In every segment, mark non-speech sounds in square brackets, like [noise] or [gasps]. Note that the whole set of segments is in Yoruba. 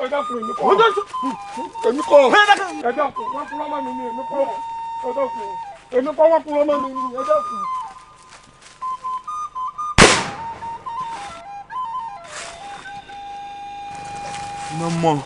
ẹ dákun èmi kọ́ èmi kọ́ ẹ dákun wọ́n kú lọ́mọ mi ni èmi kọ́ ẹ dákun èmi kọ́ ni ẹ dákun. mọ́mọ́.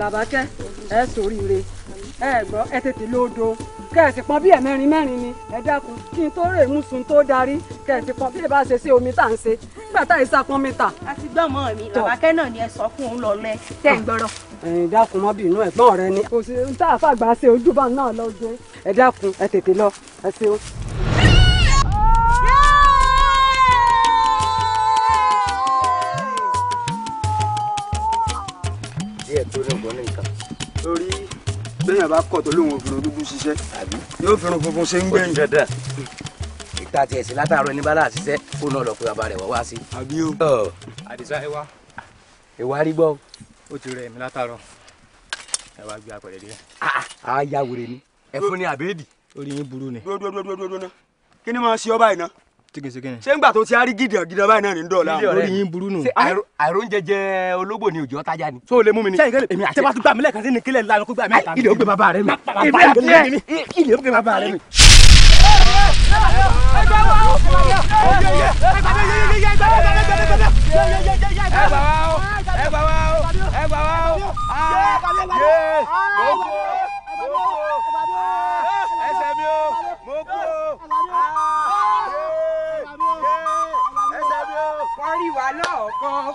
làbákẹ́ ẹ ṣoríire ẹ gbọ́ ẹ tètè lódo kẹ̀sì pọn bí ẹ̀mẹ́rin mẹ́rin ni ẹ dákun kí n tó rè mú sun tó darí kẹ̀sì pọn bí ẹ bá ṣe sí omi tá ń ṣe nígbà tá ìsà pọn mi tà. a ti gbọ́ mọ́ mi làbákẹ́ náà ni ẹ sọ fún un lọ lẹ tẹ́ ń gbọ́rọ̀. ẹ dákun mọ́ bínú ẹ̀gbọ́n rẹ ni. kò sí tá a fàgbà ṣe ojúbọ náà lọ́jọ́ ẹ dákun ẹ tètè lọ ẹ ṣeun. bá kọ̀ tó lóun òfin dúdú ṣiṣẹ́ yóò fẹ́ràn funfun ṣe ń gbẹ̀yìn. ìta tiẹ̀ sí látàárọ̀ ẹni bá láà ṣiṣẹ́ kó náà lọ pé bàbá rẹ̀ wá wá sí. àbí o. àdìsá ẹ wá. ìwà rí gbọ́. ó ti rẹ̀ mí látàárọ̀ ẹ wá gbé apẹ̀rẹ̀ díẹ̀. a ah, ah, ah, ya wèrè ni ẹ fún ni àbẹ́ẹ̀dì. orí yín burú ni. dúró dúró dúró dúró kí ni máa ṣe ọ báyìí náà ṣé ńgbà tó ti á rí gidan gidan báyìí náà ní dọ̀la lórí yín burú nù. àìróúnjẹjẹ ológbò ni òjò ọtajà ni. tó o lè mú mi ni. sẹ́yìn kẹ́lẹ́ tẹ́wá tó gbà mí lẹ́ẹ̀kan sí ni kílẹ̀ ńlá ló kó gbà mí. ilé ó gbé bàbá rẹ mi. èmi àti ẹ ilé ó gbé bàbá rẹ mi. ẹ gbà wá o ẹ gbà wá o ẹ gbà wá o. Ah,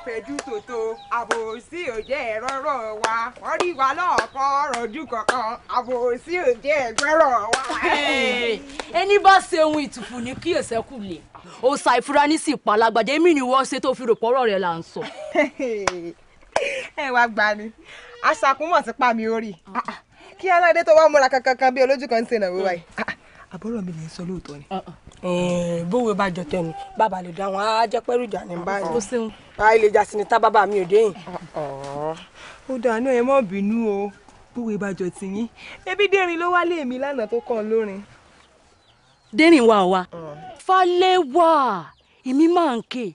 fẹjú tòótó àbòsí ò jẹ́ ẹ̀rọ̀rọ̀ wa wọ́n wa náà rọ̀jú kankan àbòsí ò ẹ̀gbẹ́rọ̀ wa. ẹni bá ṣe ohun ìtùfù ní kí èsẹ́kù lè o ṣà ìfurani sì pa alágbàdé mi ni wọ́n ṣe tó fi rò pọ́rọ̀ rẹ̀ là ń sọ. ẹ wá gbà ni aṣàkúmọ̀ ti pa mi orí ah, ah. kí aládé tó wá múra kankan bí olójú kan ń ṣe náà wíwáyé àbúrò mi lè sọ lóòótọ́ ni. Uh-uh. Eh, bówó bá jọ tẹnu bàbá lè dá wọn á jẹ pẹ́rù ìjà ní báyìí ó ṣeun báyìí lè jásí ni tá bàbá mi ò déyìn. Uh-uh. ó dáa náà ẹ má bínú o bówó bá jọ tìyín ebi dẹ́rìn ló wálé mi lánàá tó kàn lórin. dẹ́rìn wà wá uh-uh. falẹ̀ wà èmi máa ń ké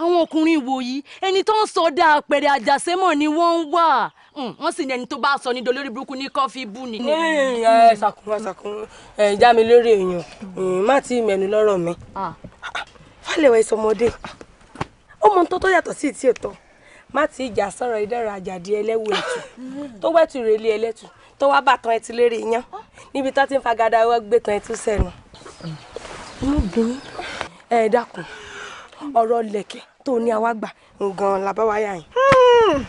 àwọn ọkùnrin wòyí ẹni tó ń sọdá àpẹẹrẹ àjàṣẹ́mọ̀ ni wọ́n ń wà Hmm, wọ́n sì ní ẹni tó bá sọ ní dolórí burúkú ní kọ́fí bù ni. ẹ ṣàkóso ṣàkóso ẹ já mi lórí èèyàn hmm, má ti mẹ́nu lọ́rọ̀ mi ah. fálẹ̀wẹ̀ ìsọmọdé ọmọ tó tó yàtọ̀ sí ìtì ètò má ti ìjà sọ̀rọ̀ ìdára àjàdí ẹlẹ́wù ẹ̀tù tó wẹ́tù rèlé ẹlẹ́tù tó wá bàtàn ẹtì lérí iyán níbi tó ti ń fagada wọ́n gbé tan ẹtù sẹ́nu. ẹ dákun ọ̀rọ̀ lẹ̀kẹ̀ tó ní awágbà ngan làbáwáyà yìí. Hmm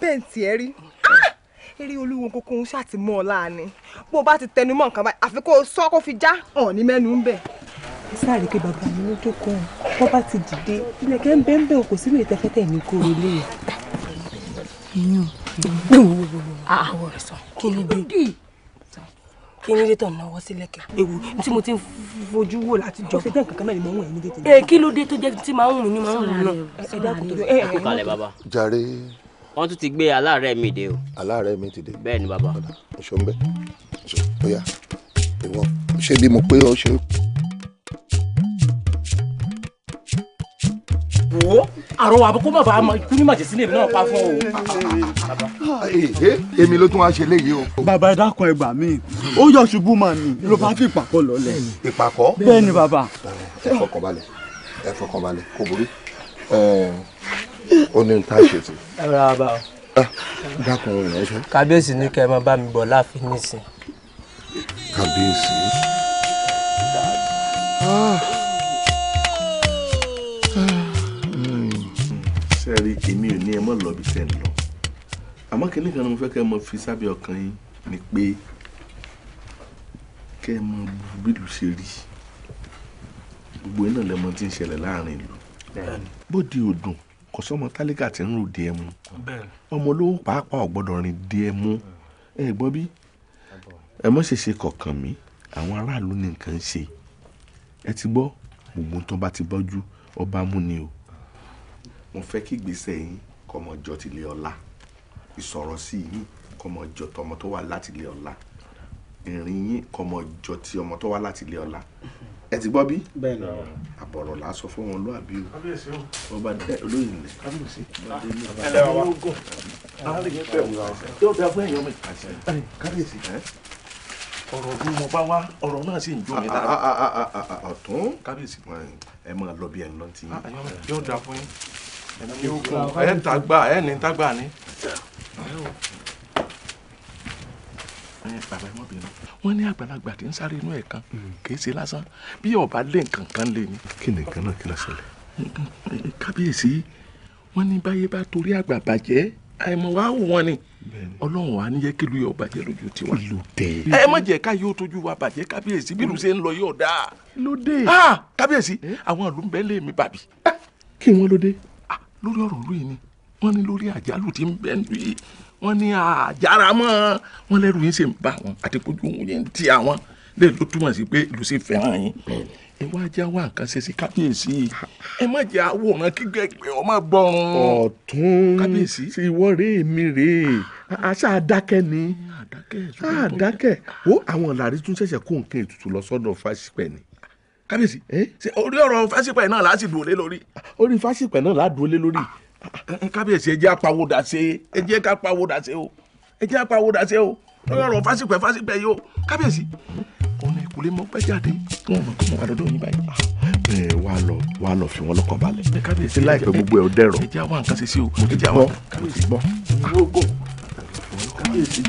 pẹ́ǹtì ẹ rí ah! eré olúwo kókó ń ṣáà ti mọ́ ọ láàánú bó o bá ti tẹnu mọ́ nǹkan báyìí àfi kó o sọ kó fi já hàn ní mẹ́nu ń bẹ̀. ẹ sáré pé bàbá mi ló tó kàn án wọ́n bá ti dìde ilẹ̀kẹ́ ń bẹ́ẹ̀ bẹ́ẹ̀ kò sínú ìtẹ́fẹ́tẹ́ ní kó o lé e. iyún àwọn rẹ̀ sọ kí ni dé kí ni dé tó náwó sí lẹ́kẹ̀ ewu tí mo ti ń fojú wò láti jọ. ọ̀sẹ̀ tẹ́ nǹkan kan mẹ́rin mọ́ ń wọ̀nyí ní tètè. ẹ eh, kí ló dé tó jẹ́ tí máa ń rùn ní máa ń rùn náà. ẹ dákun tó ẹ ẹ ẹ jàre wọ́n tún ti gbé aláàárẹ̀ mi dé o. aláàárẹ̀ mi ti dé. bẹ́ẹ̀ ni bàbá. ṣo ń bẹ ṣo ó ìwọ ṣé bí mo pé ọ ṣe. wo àrò àbúkú bàbá kú ní màjèsí lèmi náà pa fún o. èmi ló tún wá ṣe léyìí o. bàbá ẹ dákun ẹ ó yọ ṣubú mà ní ló bá fi ìpàkọ́ lọ́lẹ̀. ìpàkọ́. bẹ́ẹ̀ ni bàbá. ẹ fọkànbalẹ̀ ẹ fọkànbalẹ̀ kò burú ó ní tá a ṣe sí. ẹ rà bá o. Ah, dákun ìránṣẹ́. kábíyèsí ní kẹ́ ẹ máa bá mi bọ̀ láàfin nísìn. kábíyèsí. sẹ́ẹ̀rì ah. èmi ò ní ẹ mọ́ lọ́ọ́ bí tẹ́ ń lọ àmọ́ kínní kan ni mo fẹ́ kẹ́ ẹ mọ fi sábẹ́ ọkàn yín ni pé kẹ́ ẹ mọ bílù ṣe rí gbogbo iná lẹ́mọ tí ń ṣẹlẹ̀ láàrin ìlú bó di ọdún kò sọmọ tálíkà tí ń rò di ẹmu ọmọ olówó pàápàá ọ̀gbọ́dọ̀ rìn di ẹmu ẹ gbọ́ bí ẹ mọ́ ṣèṣe kọ̀ọ̀kan mi àwọn aráàlú ní nǹkan ń ṣe ẹ ti gbọ́ gbogbo tó bá ti bọ́jú ọba mú ni o mo fẹ́ kí gbèsè yín kọmọjọ tilé ọlá ìsọ̀rọ̀ sí yín kọmọjọ tọmọ tó wà láti ilé ọlá ìrìn yín kọmọjọ ti ọmọ tó wà láti ilé ọlá ẹ ti gbọ́ bí àbọ̀rọ̀ là á sọ fún wọn lóàbí o ọba dẹ olóyìn lẹ kábíyèsí ọ̀rọ̀ bí mo bá wá ọ̀rọ̀ náà sì ń jó mi ah, dára. Ah, ah, ọ̀tún kábíyèsí ẹ máa lọ bí ẹ ń lọ tí. yóò dáa fún yín ẹ ń tagbá ẹ ní tagbá ni bàbá ẹ mọ̀ bínú wọ́n ní àgbàlagbà tí ń sáré inú ẹ̀ kan hmm. kì í ṣe lásán bí ọba lé nǹkan kan lé ni. kí ni nǹkan náà kí ló ṣẹlẹ̀. kábíyèsí wọ́n ní báyé bá torí àgbà bàjẹ́ àìmọ̀ wá wò wọ́n ni ọlọ́run wa ní yẹ kí lu yọ bàjẹ́ lójú tiwa. ló dé. ẹ má jẹ́ ká yóò tójú wa bàjẹ́ kábíyèsí bí lùsẹ̀ ń lọ yóò dáa. ló dé. kábíyèsí eh? àwọn ìlú ń bẹ lé mi bàbí. Ah! kí wọ́n ló ah! lórí ọ̀rọ̀ olú ni wọ́n ní lórí àjálù tí ń bẹ nù yìí wọ́n ní àjàràmọ́ wọ́n lẹ́rù yín ṣe ń bá wọn àti kojú òun yẹn ń ti àwọn lẹ́yìn ló túmọ̀ sí pé ìlú sì fẹ́ràn yín ẹ wá já wá nǹkan ṣe sí kábíyèsí ẹ má jẹ́ àwòrán kíkẹ́ pé ọmọ bọ̀rùn. ọ̀tún kábíyèsí ti wọ́rẹ́ mi rèé aṣá adákẹ́ ni adákẹ́ ó àwọn làrí tún ṣẹ̀ṣẹ̀ kó nǹkan ètùtù lọ sọ́dọ̀ fásipẹ̀ ni kábíyèsí eh? orí ọ̀rọ̀ fásipẹ̀ náà láti dùn lé lórí. orí fásipẹ̀ náà láti dùn lé lórí ah kábíyèsí ẹ jẹ́ apawódà ṣe ẹ jẹ́ ká pawódà ṣe o ẹ jẹ́ apawódà ṣe o lórí ọ̀rọ̀ fásipẹ̀ fásipẹ̀ yìí o kábíyèsí ọ̀nà ìkúlé mọ́ pẹ́ jáde kí wọ́n mọ̀ kí wọ́n wà lọ́dọ̀ yín báyìí. ẹ wà lọ wà lọ fi wọn lọ́kàn balẹ̀ sí láìpẹ́ gbogbo ẹ o dẹ̀rọ̀. ẹ jẹ́ àwọn ṣe sí o mo ti bọ́ mo ti bọ́. Ah! kábíyèsí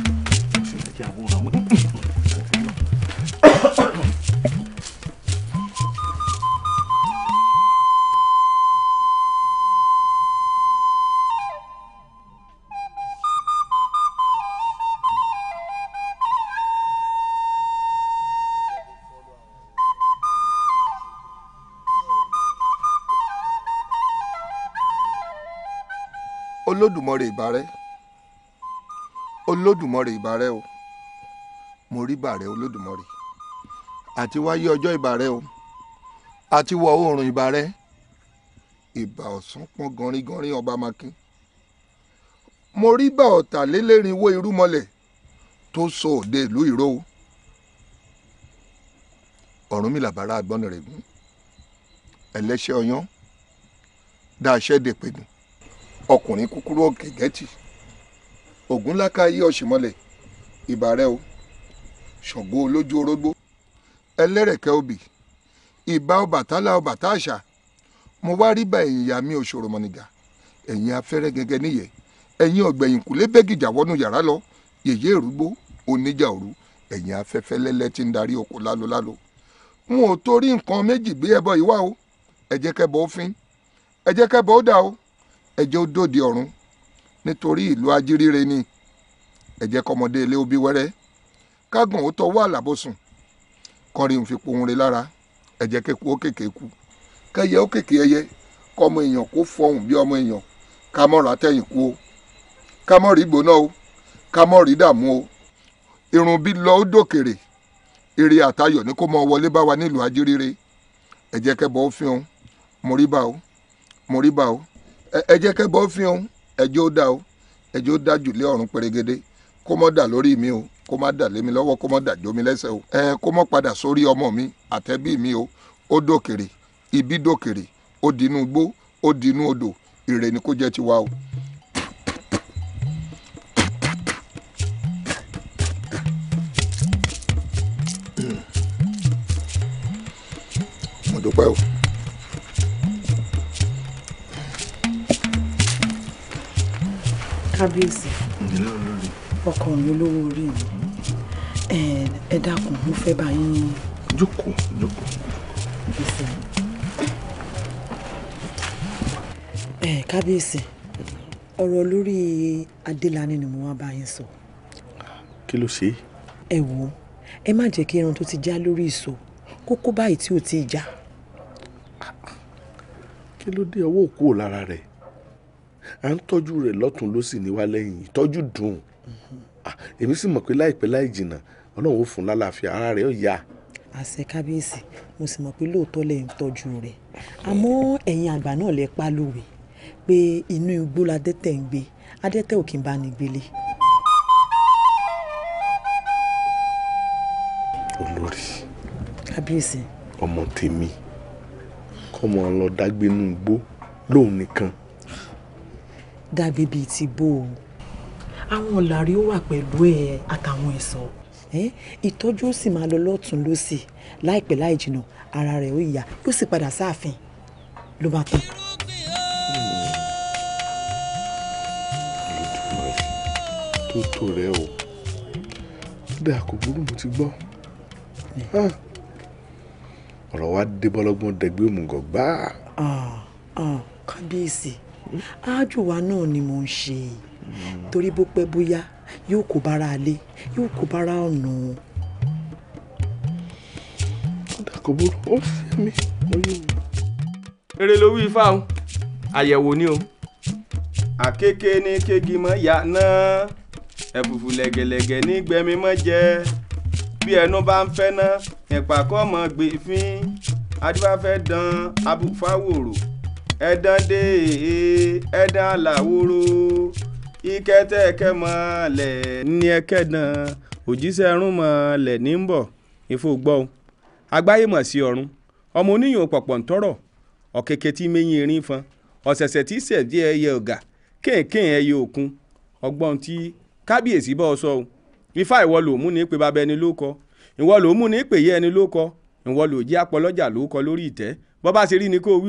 olódùmarè ìbàrẹ olódùmarè ìbàrẹ o mo rí bàrẹ olódùmarè àti wáyé ọjọ́ ìbàrẹ o àti wọ oòrùn ìbàrẹ ìbà ọ̀sán pọ́n gọ̀rìngọ̀rìn ọba makin mo rí bá ọ̀tàlélẹ́rìnwó irúmọlẹ̀ tó so òde ìlú ìró o ọ̀run mi làbára àgbọ́nrẹ̀gún ẹlẹ́ṣẹ̀ ọyán dáṣẹ́ dèpẹ̀dùn ọkùnrin kúkúrú ọ̀gẹ̀gẹ̀tì ògúnláka yí ọ̀ṣìmọ́lẹ̀ ìbàrẹ́ o ṣògo olójú orógbó ẹlẹ́rẹ̀kẹ́ obì ìbà ọbàtálá ọbàtáṣà mo wá rí bá ẹ̀yìn ìyá mi òṣòro mọ̀nìjà ẹ̀yìn afẹ́rẹ́ gẹ́gẹ́ níyẹ̀ ẹ̀yìn ọ̀gbẹ̀yìn kúlé bẹ́gìjà wọnú yàrá lọ yèyé ìrúgbó oníjà òru ẹ̀yìn afẹ́fẹ́ lẹ́lẹ́ tí ń darí oko lálolálo n ò torí nǹkan méjì gbé ẹbọ ìwá o ẹ jẹ́ kẹ́bọ ó fín ó dà o ẹ jẹ́ ó dòde ọ̀run nítorí ìlú ajíríre ni ẹ jẹ́ kọ́mọdé ilé obí wẹ́rẹ́ kágùn ó tọwọ́ àlàbòsùn kọrin òfin pohùn rẹ̀ lára ẹ jẹ́ kéku ó kéke ku kẹyẹ ó kéke ẹyẹ kọmọ èèyàn kó fọhùn bí ọmọ èèyàn ká mọ́ra tẹ̀yìn kú o ká mọ́ o ká mọ́ o irun bí lọ ó dòkèrè eré àtayọ̀ ní kó mọ wọlé bá wa nílùú ajíríre ẹ jẹ́ ó fi hàn o mọ̀ríbà o ẹ jẹ́ kẹ́ bọ́ fi hàn ẹjọ́ ó dá o ẹjọ́ ó dá jù lé ọ̀run pẹ̀rẹ́gẹ́dẹ́ kó mọ́ dà lórí mi o kó má dà lé mi lọ́wọ́ kó mọ́ dà jó mi lẹ́sẹ̀ o ẹ kó mọ́ padà sórí ọmọ mi àtẹ́bí mi o ó dòkèrè ibi dòkèrè ó dinú igbó ó dinú odò ire kó jẹ́ tiwa o. mo dúpẹ́ o. kábíyèsí ọkọ mi olówó orí mi ẹ dákun mo fẹ́ bá yín. jókòó jókòó. ẹ kábíyèsí ọ̀rọ̀ lórí adélani ni mo wá bá yín sọ. kí ló ṣe é. ẹ wo ẹ má jẹ́ kí irun tó ti já lórí ìṣó kókó báyìí tí ò tí ì já. kí ló dé ọwọ́ òkú lára rẹ̀ à ń tọ́jú rẹ̀ lọ́tún lósì níwá lẹ́yìn ìtọ́jú dùn èmi sì mọ̀ pé láìpẹ́ láì jìnnà ọlọ́run ó fún lálàáfíà ara rẹ̀ ó yá. àṣẹ kábíyèsí mo sì mọ̀ pé lóòótọ́ lẹ̀ ń tọ́jú rẹ̀ àmọ́ ẹ̀yin àgbà náà lẹ pa lówe pé inú igbó ladẹ́tẹ̀ ń gbé adẹ́tẹ̀ ò kì í bá ní gbélé. olórí kábíyèsí ọmọ tèmi kọ́mọ lọ dágbénú igbó lóun nìkan dàbí bíi ti bó o àwọn ọ̀làrí ó wà pẹ̀lú ẹ̀ àtàwọn ẹ̀sọ́. ìtọ́jú ó sì máa lọ lọ́tún lọ́sì láìpẹ́ láì jìnnà ara rẹ̀ ó yá yóò sì padà sáàfin ló bá tán. tó tó rẹ o dá kò burú mo ti gbọ́ ọ̀rọ̀ wa dé bọ́lọ́gbọ́n dẹgbẹ́ òmùgọ̀ gbáà. kábíyèsí. Ah, ah, áájò wa náà ni mò ń ṣe torí bó pẹ́ bóyá yóò kó bára alé yóò kó bára ọ̀nà. ọ̀dà eré ló wí ifá o àyẹ̀wò ni o àkékè ní kégi mọ́ yá náà ẹ̀fùfù lẹ̀gẹ̀lẹ̀gẹ̀ ní gbẹ̀mí mọ́ jẹ bí ẹnu bá ń fẹ́ ná ẹ̀pà mọ́ gbé fín adúbáfẹ́ dán abúfáwòrò ẹ̀dán dé èé e, ẹ̀dán làwòrò ìkẹtẹ ẹkẹmọlẹ ní ẹkẹdàn òjíṣẹ́ rúnmọlẹ ní ń bọ̀ ìfò gbọ́ o agbáyé mọ̀ sí ọ̀run ọmọ oníyàn pọ̀pọ̀ ń tọrọ ọ̀kẹ́kẹ́ tí mẹ́yìn erin fan ọ̀sẹ̀sẹ̀ tí sẹ̀dí ẹyẹ ọ̀gà ẹyẹ òkun ọgbọ́n tí kábíyèsí bọ́ sọ o ifá ìwọ mú ní pé bàbá ẹni ló kọ ìwọ mú ní yẹ ẹni ló kọ ìwọ jẹ́ apọlọ́jà lórí ìtẹ́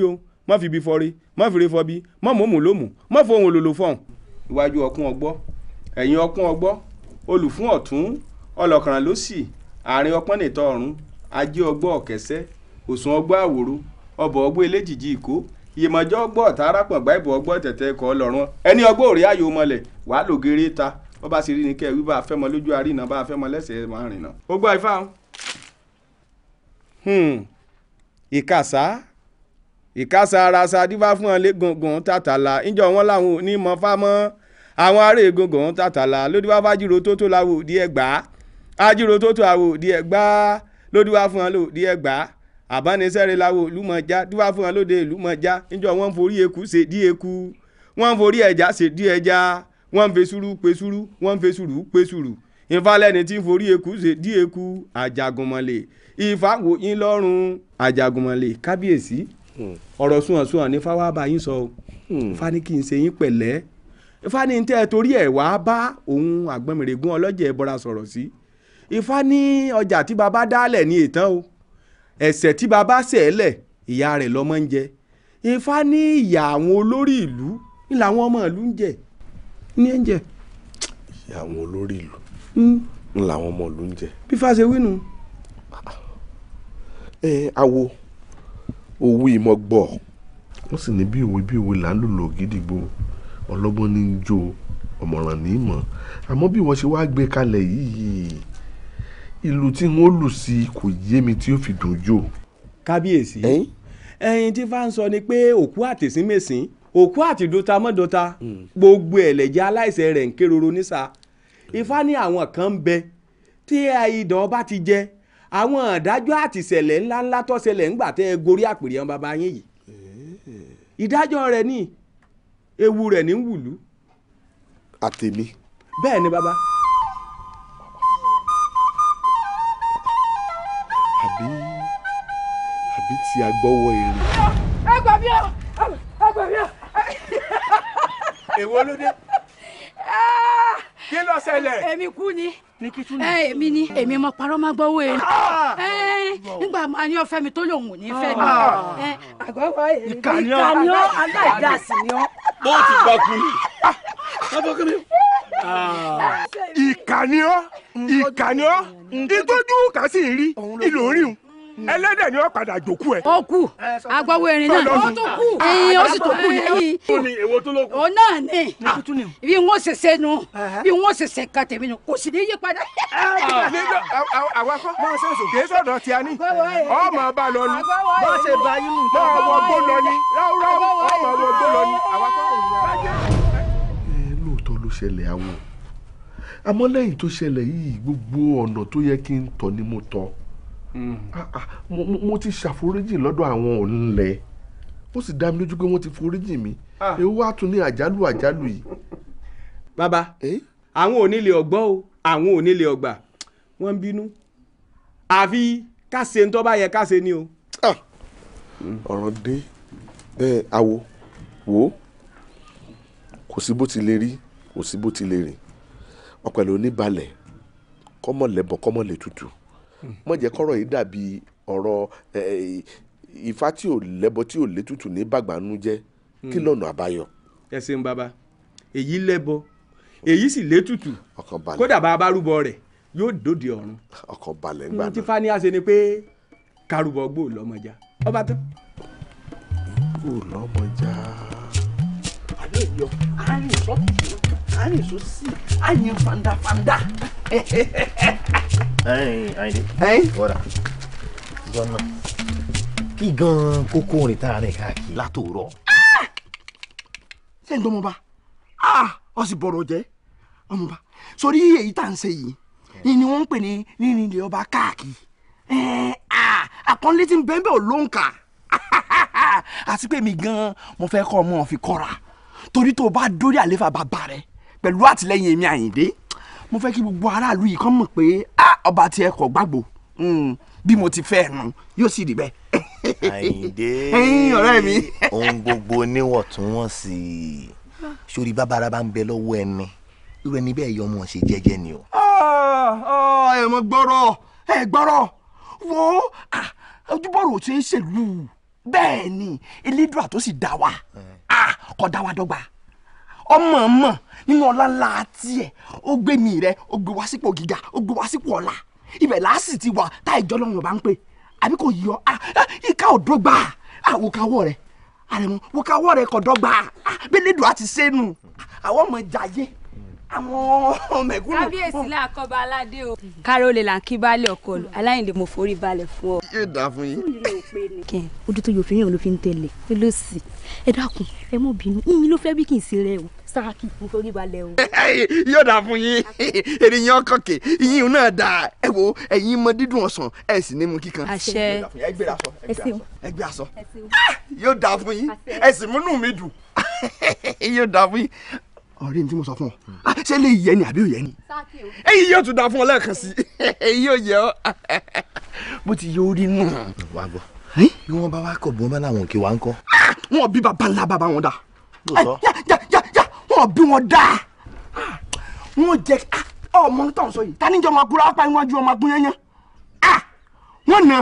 o má fi ibi fọre má fi re fọbi má mòmù lómù má fohùn òlòlò fọhùn. iwájú ọkùn ọgbọ́ ẹ̀yìn ọkùn ọgbọ́ olùfún ọ̀tún ọlọ́kàrán ló sì àárín ọpọ́n nìtọ́ ọ̀run ajé ọgbọ́ ọ̀kẹ́sẹ́ òsùn ọgbọ́ àwòrò ọbọ̀ ọgbọ́ eléjìjì ìkó ìyèmọ̀jọ́ ọgbọ́ ọ̀tá arápọ̀n gbá ìbò ọgbọ́ tẹ̀tẹ̀ ẹ̀kọ́ ọlọ́run ẹni ọgbọ́ òrè ayò mọlẹ̀ wàá lògèrè ta bọ́ba sì rí ni kẹ́ wí bá a fẹ́ mọ lójú àríná bá a fẹ́ mọ lẹ́sẹ̀ máa rìn náà. ó gbọ́ ifá hmm. ìkàsá ìkásá arasa dífá fún ọlẹ́ gọ̀ngàn tàtàlà ìjọ wọn làwọn ò ní mọ fámọ́ àwọn ará ègòngàn tàtàlà lódìwá fájírò tó tó làwọn òdi ẹgbà ájírò tó tó àwọn òdi ẹgbà lódìwá fún ọlẹ́ òdi ẹgbà àbánisẹ́rẹ́ làwọn olùmọ̀já dífá fún ọlẹ́ òde olùmọ̀já ìjọ wọn forí eku ṣe dí eku wọ́n forí ẹja ṣe dí ẹja wọ́n ń fe sùúrù pe sùúrù wọ́n ń fe sùúrù pe sùúrù ìfalẹ́ni tí forí eku ṣe dí eku àjàgùnmọ̀lẹ̀ ìfàwòyìn lọ́rùn àjàgùnmọ̀lẹ̀ kábíyèsí Hmm. ọ̀rọ̀ sunwọ̀nsunwọ̀n ní fáwọn bá yín sọ o fani kì í ṣe yín pẹ̀lẹ́ fani tẹ́ ẹ torí ẹ̀ wá bá òun àgbọ̀nmìrègún ọlọ́jẹ̀ ẹ̀bọra sọ̀rọ̀ sí ifá ní ọjà tí baba dálẹ̀ ní ìtàn o ẹ̀ṣẹ̀ tí baba ṣẹ̀ẹ́lẹ̀ ìyá rẹ̀ lọ́mọ ń jẹ ifá ní ìyà àwọn olórí ìlú ní làwọn ọmọ ìlú ń jẹ ní ẹ̀ ń jẹ. ìyà àwọn olórí ìlú ń hmm. làwọn ọmọ ìlú ń jẹ. bí fáṣe wínú. ẹ awo owó ìmọ̀ gbọ́. wọ́n sì ní bí òwe bí òwe là ń lòlò gidigbo ọlọ́gbọ́n ní í jó ọ̀mọ̀ràn ní í mọ̀ àmọ́ bí wọ́n ṣe wá gbé kalẹ̀ yìí ìlú tí wọ́n lù sí kò yé mi tí ó fi dùn jò. kábíyèsí ẹyin tí fáwọn sọ ni pé òkú àtẹ̀sínmẹ̀sìn òkú àtìdóta mọ́dọ́ta hmm. gbogbo ẹ̀lẹ́jà aláìsẹ̀ rẹ̀ ń kéroro nísà hmm. ifá ní àwọn kan ń bẹ tí idán bá ti jẹ àwọn ìdájọ́ àtìṣẹ̀lẹ̀ ńláńlá tó ṣẹlẹ̀ ńgbà tẹ́ ẹ gorí àpèrè ọmọ bàbá yín yìí ìdájọ́ rẹ̀ ní ewu rẹ̀ ní wùlú. àtẹ̀mí. bẹ́ẹ̀ ni bàbá. àbí àbí tí a gbọ́wọ́ èrè. ẹ gbà mí o ẹ gbà mí o. èwo ló dé ah! kí ló ṣẹlẹ̀. èmi kú ni ní kí tún ní. ẹ eh, èmi ni èmi mọ parọ́ má gbọ́ owó èlé ah! eh, nígbà máa ní ọ̀fẹ́ mi tó lòun ò ní fẹ́ mi. àgọ́wọ́ èmi ìkànnì ọ́ aláìdáàsì ni ọ́. bó ti gbà ah! ah! kú ni. sábà kí ni. ìkànnì ọ́ ìkànnì ọ́ ìtọ́jú kà sí rí ìlò orí un ẹlẹ́dẹ̀ ni ó padà jókòó ẹ̀. ó kú agbọ́wọ́ erin náà ó tún kú ẹyin ó sì tún kú lẹ́yìn. ó náà ní bí wọ́n ṣẹ̀ṣẹ̀ nu bí wọ́n ṣẹ̀ṣẹ̀ kan tèmi nu kò sì ní yí padà. àwa kọ́ máa ṣe sùn kìí sọ̀dọ̀ tí a ní ọmọ ọba lọ ni bá ṣe bá yín nù. máa wọ gbó lọ ni ráúráú ọmọ wọ gbó lọ ni àwa kọ́. ẹ lóòótọ́ ló ṣẹlẹ̀ àwọn àmọ́ lẹ́yìn tó ṣẹlẹ̀ yìí gbogbo ọ̀nà tó yẹ kí n tọ̀ ni mo tọ̀ Ah, ah, mo ti ṣàforíjì lọ́dọ̀ àwọn òǹlẹ̀ ó sì dá mi lójú pé wọ́n ti foríjì mi èwo ah. wá tún ní àjálù àjálù yìí. bàbá eh? àwọn onílé ọgbọ́n o àwọn onílé ọgbà wọ́n ń bínú àfi ká ṣe ń tọ́ bá yẹ ká ni o. ọ̀ràn dé bẹ́ẹ̀ awo Wo. ó kò sí bó ti lè rí kò sí bó ti lè rìn ọ̀pẹ̀lẹ̀ oníbalẹ̀ kọ́mọ̀lẹ́bọ̀ kọ́mọ̀lẹ́ tutù mọ̀ jẹ́ kọ́rọ̀ yìí dàbí ọ̀rọ̀ ifá tí ò lẹ́bọ tí ò létùtù ní bàgbánú jẹ́ kí hmm. lọ́nà àbáyọ. ẹ ṣeun bàbá èyí lẹ́bọ èyí sì létùtù kódà bá a bá rúbọ rẹ̀ yóò dòde ọ̀run. ọkàn balẹ̀ ń gbà náà. tí fani àṣẹ ni pé kárùbọ̀ gbò lọ́mọjà ọba tán. gbò lọ́mọjà. àlọ́ ìyọ àárín ìsọ́kùn sáré sósì àyìn fandafanda. ẹyin [laughs] Àyìndé bọ́dà gbọ́nà kí gan kókó rìn tá a rìn káàkiri látòórọ̀. Ah! ṣé n tó mọ bá ọ ah! sì bọ̀rọ̀ jẹ́ ọmọba sórí èyí tá à ń ṣe yìí ni wọ́n ń pè ní rírìn ilé ọba káàkiri eh, ah! àpọ́nlé tí ń bẹ́ẹ̀ bẹ́ẹ̀ ló ń kà [laughs] àti pé mi gan mo fẹ́ kọ́ ọmọ fi kọ́ra torí tó o bá dórí àléfà bàbá rẹ pẹ̀lú àtìlẹ́yìn èmi àyìndé mo fẹ́ kí gbogbo aráàlú yìí kàn mọ̀ pé ọba tí kọ̀ gbàgbọ́ hmm, bí mo ti fẹ́ nu yóò sì rí bẹ́ẹ̀. àyìndé ọ̀rẹ́ mi. ohun gbogbo níwọ̀ntúnwọ̀nsì sórí bàbára bá ń bẹ lọ́wọ́ ẹni irú ẹni bẹ́ẹ̀ yọ ọmọ ṣe jẹ́jẹ́ ni o. Ah, ah, ẹ mọ gbọ́rọ̀ ẹ gbọ́rọ̀ wo ah, ojúbọ̀rọ̀ tí ń ṣèlú bẹ́ẹ̀ ni elédùà tó sì dá wa kò dá wa dọ́gba ọmọ mọ̀ nínú ọlá ńlá àti ẹ̀ ó gbé mi rẹ ó gbé wá sípò gíga ó gbé wá sípò ọlá ibẹ̀ láàsì ti wà tá ìjọ lọ́run ọba ń pè àbí kò yọ ìka ò dọ́gba àwòkáwọ́ rẹ̀ àrẹ̀mọ́ wòkáwọ́ rẹ̀ kò dọ́gba bẹ́lẹ́dùn àti sẹ́nu àwọn ọmọ jayé àwọn mẹ̀kúnnù. kábíyèsí làkọ́ba aládé o. kárólè là ń kí baálé ọkọ lù aláìndè mo forí balẹ̀ fún ọ. yóò dáa fún yín. kẹ́hìn ojú tó yóò fi yàn ló fi ń tẹ̀lé ẹ ló sì ẹ dákun ẹ mọ̀ bínú yín ló fẹ́ bí kì í ṣe rẹ o sáàkì mo forí balẹ̀ o. yóò dáa fún yín ènìyàn ọkọ̀kẹ́ yín náà dáa ẹ wo ẹ̀yin mọ dídùn ọ̀sán ẹ sì ní mu kíkan. àṣẹ ẹ gbé aṣọ ẹ gbé aṣọ ah, yóò dáa fún yín ẹ sì múnú mi dùn [laughs] yóò dáa fún yín ọ̀rẹ́ mi mo sọ fún ọ ah, ṣé lè yẹ ni àbí ò yẹ ni. èyí yóò tún da fún ọ lẹ́ẹ̀kan sí [laughs] èyí yóò yẹ ọ bó [laughs] ti yọ orí náà. wàá gbọ́ bí wọ́n bá wá kọ̀ bí wọ́n bá láwọn òkè wa ń kọ́. Ah, wọn bí baba ńlá baba wọn dá. wọn bí wọn dá ah, wọn jẹ ọmọ tó sọ yìí tani jẹ ọmọ agbóra apá iwájú ọmọ agbóyán yẹn wọn na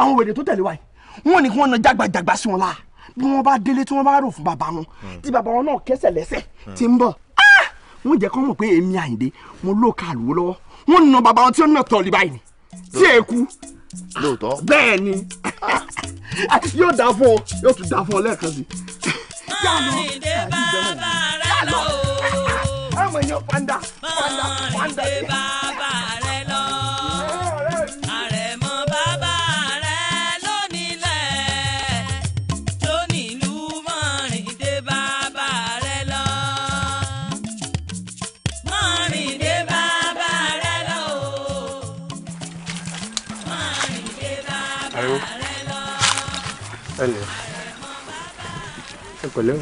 àwọn wèrè tó tẹ̀lé wa yìí wọn ni kí wọn na jágbajàgba sí wọn láà bí wọ́n bá délé tí wọ́n bá rò fún bàbá wọn tí bàbá wọn náà kẹsẹ̀ lẹ́sẹ̀ ti ń bọ̀ ah! wọ́n jẹ́ kọ́ mọ̀ pé èmi àyìndé mo ló ka àlùwò lọ́wọ́ wọ́n nà bàbá wọn tí ó nà tọ̀lì báyìí ni tí è kú. lóòótọ́ bẹ́ẹ̀ ni ah, yóò dá fún ọ yóò tún dá fún ọ lẹ́ẹ̀kan sí. àyìndé bàbá rẹ̀ lọ. àwọn èèyàn panda panda panda. ẹlẹ ẹ pẹ̀lẹ́ o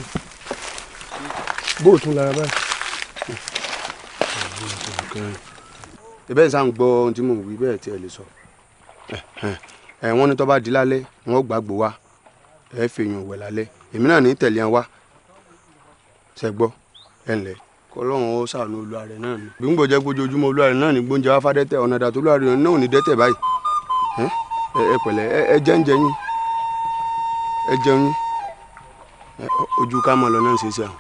bóòtù lára báyìí. ìbẹ́ ìsà ń gbọ́ ohun tí mò ń wí bẹ́ẹ̀ tí ẹ lè sọ ẹ wọ́n ní tó bá di lálẹ́ wọ́n gbàgbọ́ wa ẹ fèèyàn wẹ̀ lálẹ́ èmi náà ní tẹ̀lé wa ṣe gbọ́ ẹ ǹlẹ́ kọlọ́run ó ṣàánú olúwarẹ náà ni bí ń gbọ́jẹ́ gbójoojúmọ́ olúwarẹ náà ni gbóúnjẹ wá fádẹ́tẹ̀ ọ̀nà dàtọ́ olúwarẹ náà ò ní dẹ́tẹ̀ báyìí ẹ pẹ̀lẹ́ ẹ jẹ́ ń jẹ yín ẹ jẹun ojú ká mọ̀ lọ náà ṣe é ṣe àwọn.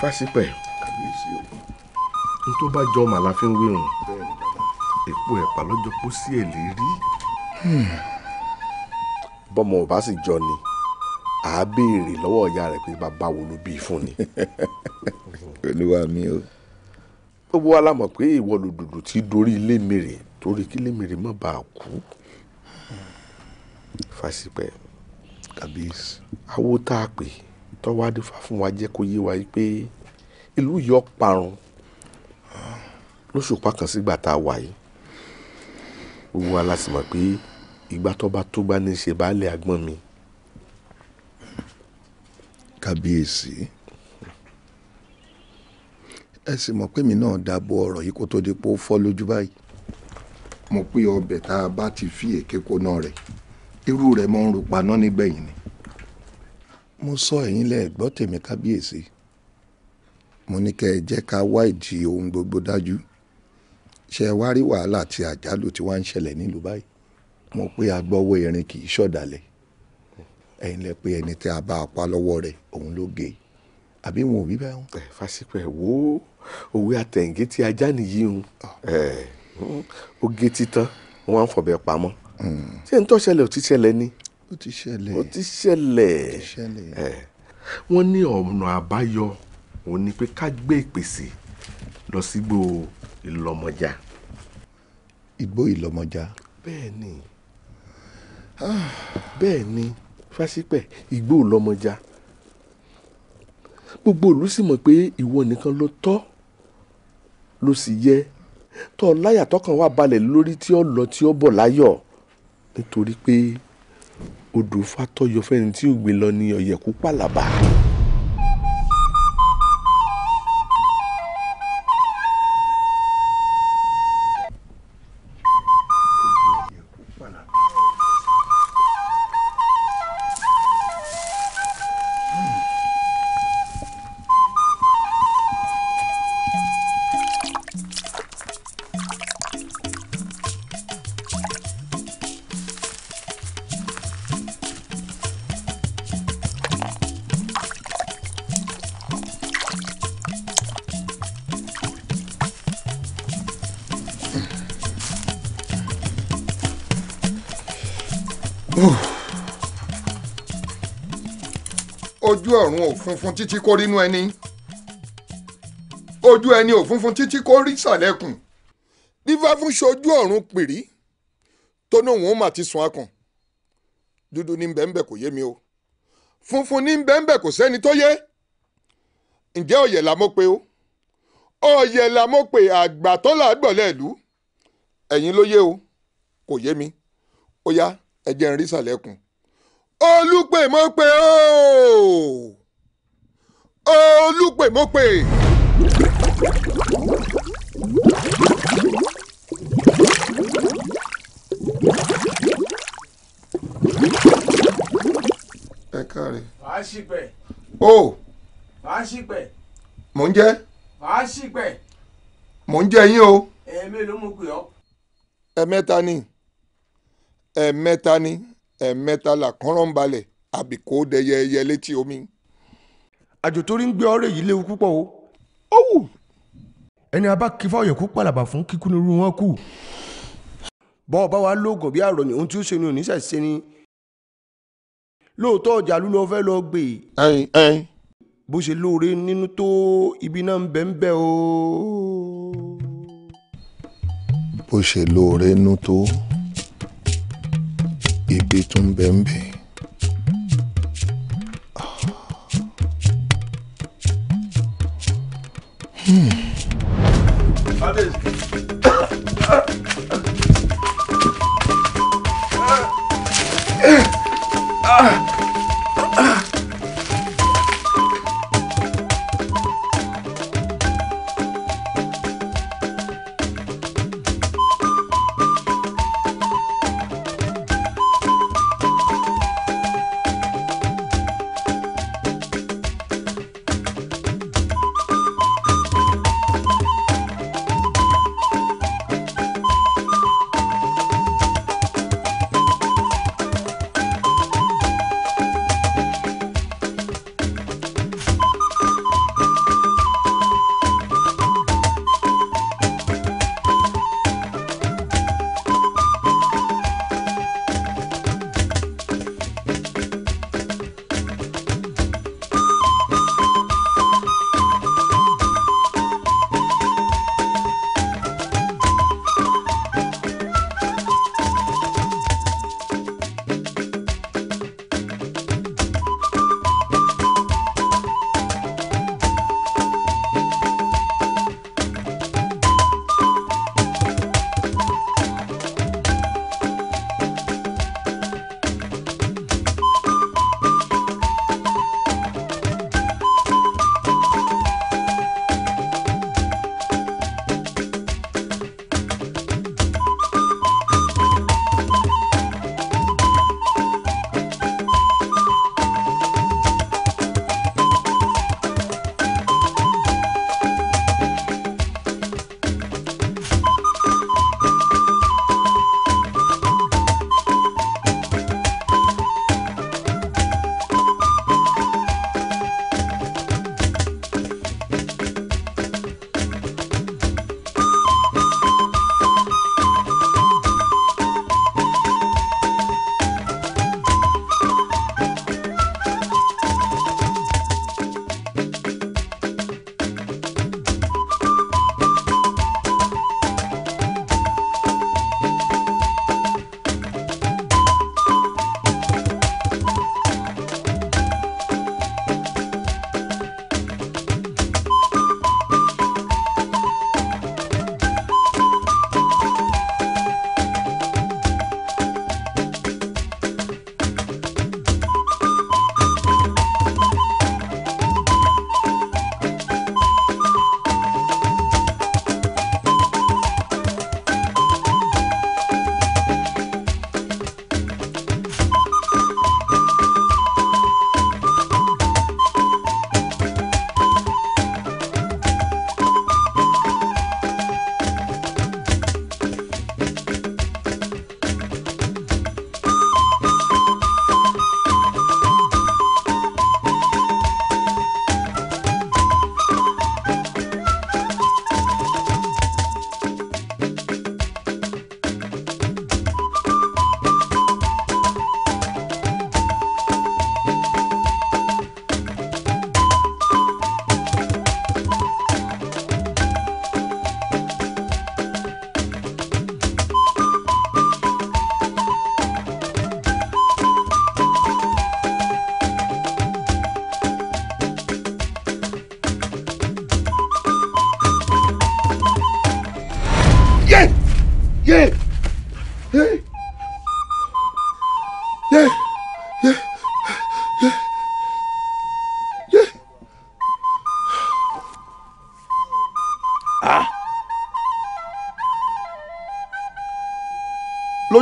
fásipẹ̀ n tó bá jọ màlá fi ń wéhùn èpo ẹ̀pà lọ́jọ́ kó sí èlé rí. bọ́mọ ò bá sì jọ ni à á béèrè lọ́wọ́ ìyá rẹ̀ pé bàbá wo ló bí fún ni. olúwa mi o gbogbo wa la mọ̀ pé ìwọ lòdòdò tí dorí ilé mèrè torí kí ilé mèrè má bàa kú fásipẹ́ kàbíyèsí awo tá a pè tọ́wádìí fà fún wa jẹ́ kó yé wa pé ìlú yọ parun lóṣùpá kan sígbà tá a wà yìí gbogbo wa la sì mọ̀ pé ìgbà tó bá ní í ṣe baálé agbọ́n mi kàbíyèsí. Si ẹ sì mọ̀ pé mi náà dáàbò ọ̀rọ̀ yìí kó tó di pé ó fọ́ lójú báyìí. mo pé ọbẹ̀ tá a bá ti fi èké kóná rẹ̀ irú rẹ̀ mọ́ ń ro paná nígbẹ̀yìn ni. mo sọ ẹ̀yin lẹ́ẹ̀ gbọ́ tèmi kábíyèsí mo ní kẹ́ ẹ jẹ́ ká wá ìdí ohun gbogbo dájú ṣe wá rí wàhálà àti àjálù tí wàá ń ṣẹlẹ̀ nílùú báyìí mo pé agbọ́wọ́ erin kì í ṣọ̀dàlẹ̀ ẹ̀yin lẹ pé ẹni tí a bá apá lọ́wọ́ rẹ̀ òun ló gé àbí wọn ò bí báyìí. ẹ fásikẹ wo òwe àtẹ̀ǹgé tí ajá nìyí ń hmm, ó gé títán wọn á fọ̀bẹ pamọ́ hmm. ṣé n tó ṣẹlẹ̀ ò ti ṣẹlẹ̀ ni ó ti ṣẹlẹ̀ ó ti ṣẹlẹ̀ wọ́n ní ọ̀nà àbáyọ òun ni pé ká gbé ìpèsè lọ sígbó ìlọmọjà. igbó ìlọmọjà. bẹ́ẹ̀ ni ah. bẹ́ẹ̀ ni fásipẹ̀ igbó ìlọmọjà gbogbo ìlú sì mọ̀ pé ìwọ nìkan ló tọ́ ló sì yẹ tó láyà tọkàn wà balẹ̀ lórí tí ó lọ tí ó bọ̀ láyọ̀ nítorí pé odò fatọ́yọ fẹ́ni tí ò gbé lọ ní ọ̀yẹ̀kú pàlàbà. funfun títí kó rínú ẹni ojú ẹni ò funfun títí kó rí sàlẹ̀kùn Diva fún ṣojú ọ̀run pìrí tó ní òun ó mà ti sùn akàn dúdú ní bẹ́ẹ̀nbẹ́ kò yé mi o funfun ní bẹ́ẹ̀nbẹ́ kò sẹ́ni tó yé ǹjẹ́ ọ̀yẹ̀ la mọ̀ pé o ọ̀yẹ̀ la mọ̀ pé àgbà tó là gbọ̀lẹ̀ ìlú ẹ̀yin ló yé o kò yé mi ó yá ẹ jẹ́ n rí sàlẹ̀kùn olùpè mọ̀ pé o. Oh! olùpèmọ́pè. ẹ káre. fàásìpẹ̀. o. fàásìpẹ̀. mò ń jẹ́. fàásìpẹ̀. mò ń jẹ́ yín o. ẹ̀ẹ́mẹ́ ló mú pè ọ́. ẹ̀mẹ́ta ni ẹ̀mẹ́ta ni ẹ̀mẹ́ta là ń balẹ̀ àbíkó dẹyẹ ẹyẹ létí omi àjò tó rí ń gbé ọ̀rẹ́ yìí léwu púpọ̀ o. ó wù. ẹni abá kí fáwọn yẹ̀kú pàlàbà fún kíkún irú wọn kù. bọ́ ọba wa lóògùn bí àrọ̀ ni ohun tí ó ṣe ni oníṣẹ́ ṣe ni. lóòótọ́ ọjà ló lọ fẹ́ lọ gbè. bó ṣe lóore nínú tó ibi náà ń bẹ ń bẹ o. bó ṣe lóore nínú tó ibi tún bẹ ń bẹ. Hmm. [coughs] Ah!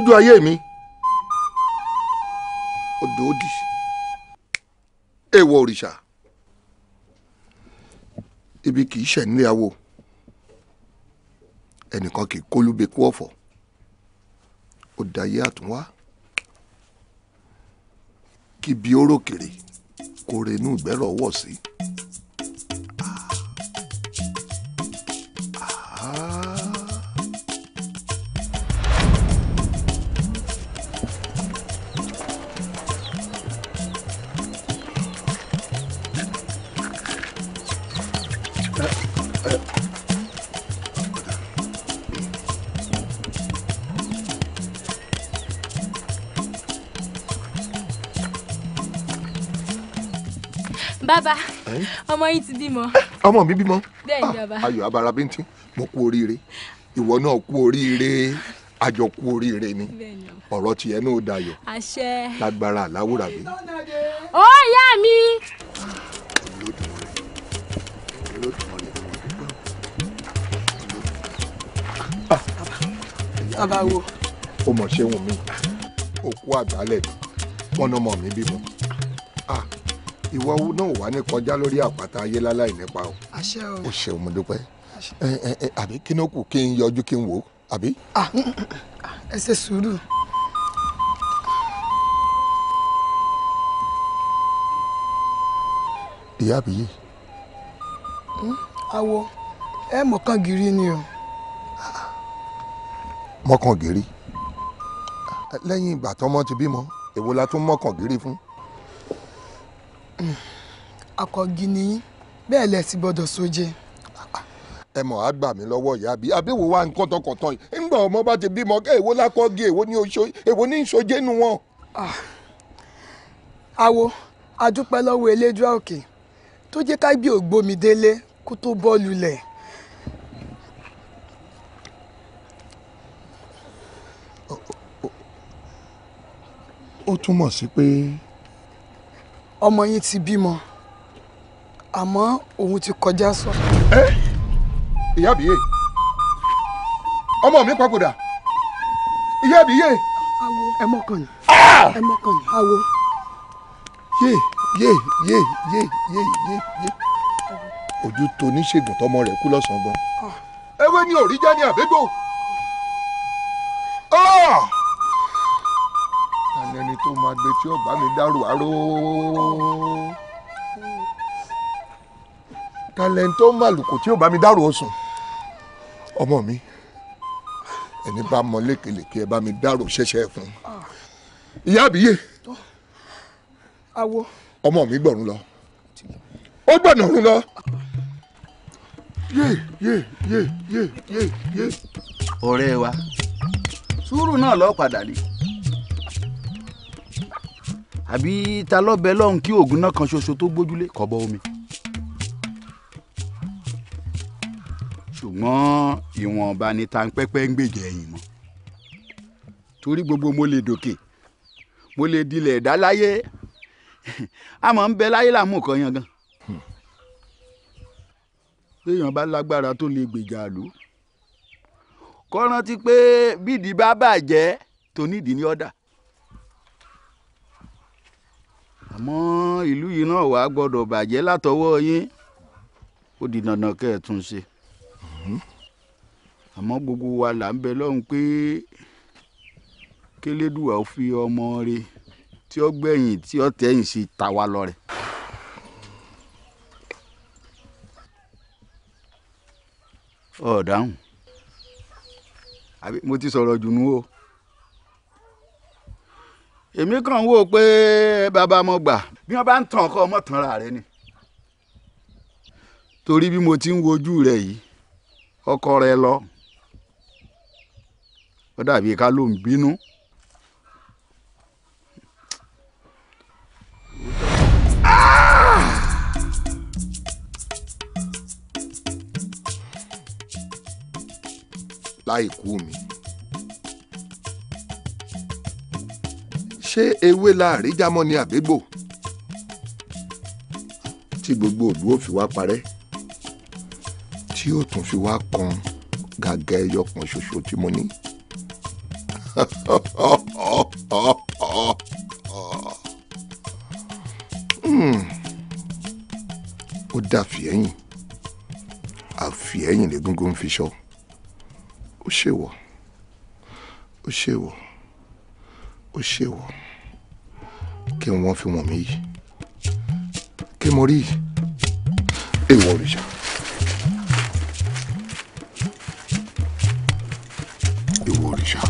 lójú ayé mi odò òdì èèwọ̀ òrìṣà ibi kì í ṣẹ̀ nílé awo ẹnìkan kì í kólúbe kú ọ̀fọ̀ ó dayé àtúnwá kí bí ó rò kèrè kó ìgbẹ́rọ̀ wọ̀ sí. Si. bàbá ọmọ yín ti bímọ. ọmọ mi bímọ. bẹ́ẹ̀ ni ah, bàbá. ayọ̀ abara bíntín mo kú oríire ìwọ náà kú oríire àjọ kú oríire ni ọ̀rọ̀ tiẹ̀ náà dayọ̀ lágbára àláwùrà mi. ó yá mi. bàbá wo. ó mọ̀ ṣé wùn mí òkú àgbálẹ̀ ni wọ́n náà mọ̀ mí bímọ. Ah, ìwọ náà wà ní kọjá lórí àpáta ayé láláì nípa o. àṣẹ o o ṣeun mo dúpẹ́ àbí kí ni ó kù kí n yọjú kí n wò ó àbí. Mm, mm, mm. ẹ ṣe sùúrù. ìyá àbíyè. awo hmm? ẹ mọ̀kàn gírí ni o. mọ̀kàn gírí lẹ́yìn ìgbà tọ́mọ ti bímọ èwo la tún mọ̀kàn gírí fún akọgi ni yín bẹ́ẹ̀ lẹ̀ sì gbọ́dọ̀ sóje. ẹ mọ̀ á gbà mí lọ́wọ́ ìyá àbí àbẹ̀wò wa nǹkan tọkàntàn yìí ńgbà ọmọ bá ti bímọ kẹ́ èwo lákọ́gi èwo ní oṣó èwo ní ìṣojé nu wọn. àwo ah. adúpẹ́ lọ́wọ́ elédùá òkè tó jẹ́ ká gbé ògbómi délé kó tó bọ́ lulẹ̀. ó túmọ̀ sí pé ọmọ yín ti bímọ àmọ́ òun ti kọjá sọ. ẹ ìyá àbíyè ọmọ mi papòdà ìyá àbíyè. awo ẹ mọkàn yín ah! awo. yé yé yé yé yé yé yé ojú tó oníṣègùn tọmọ rẹ̀ kú lọ́sàn gan. Ah. ewé ni òrí jẹ́ ní àbẹ́gbò. Ah! ẹni tó máa gbé tí ọba mi dárò aró. tálẹ́ńtọ́ màlùkù tí ọba mi dárò osùn ọmọ mi ẹni bá mọ lékelèké ẹ bá mi dárò ṣẹ̀ṣẹ̀ fún ìyá àbíyè ọmọ mi gbọ̀rún lọ ó gbọ̀nà ọ̀run lọ. yé yé yé yé yé ọ̀rẹ́ wa sùúrù náà lọ́ọ́ padà ni àbí ta lọ́bẹ̀ lọ́hùn kí oògùn náà kan ṣoṣo tó gbójúlé kọ́ bọ́ omi. ṣùgbọ́n ìwọ̀nba ni ta pẹ́pẹ́ ń gbèjà ẹ̀yìn mọ́ torí gbogbo mo lè dòkè mo lè dilẹ̀ ẹ̀dá láyé àmọ́ ń bẹ láyé làmú kan yan gan. téèyàn bá lágbára tó lè gbèjà àlò kọ́ rántí pé bídìí bá bàjẹ́ tó nídìí ní ọ̀dà àmọ́ ìlú yìí náà wàá gbọ́dọ̀ bàjẹ́ látọwọ́ yín ó di dandan kẹ́ ẹ̀ tún ṣe mhm. àmọ́ gbogbo wa là ń bẹ lọ́hùn pé kélédùwà ó fi ọmọ rẹ̀ tí ó gbẹ̀yìn tí ó tẹ̀yìn sí ta wá lọ́rẹ. ọ̀ọ́dáhùn àbí mo ti sọ̀rọ̀ jù nú o èmi kàn ń wò pé bàbá mo gbà bí wọ́n bá ń tàn ọkọ ọmọ tàn ra rẹ ni torí bí mo ti ń wojú rẹ yìí ọkọ rẹ lọ ó dàbí ká ló ń bínú. láìkú mi. ṣé ewé láàrí jámọ́ ni àbégbò tí gbogbo òlú ó fi wá parẹ́ tí ó tún fi wá kan gàgà ẹyọ kan ṣoṣo tí mo ní. [laughs] ó dà fìẹ́yìn àfìẹ́yìn lẹ́gúngún fi ṣọ ó ṣèwọ̀ ó ṣèwọ̀ ó ṣèwọ̀ kí wọ́n fi wọ̀n mí yìí kí mo rí èèwọ̀ òrìṣà. èèwọ̀ òrìṣà.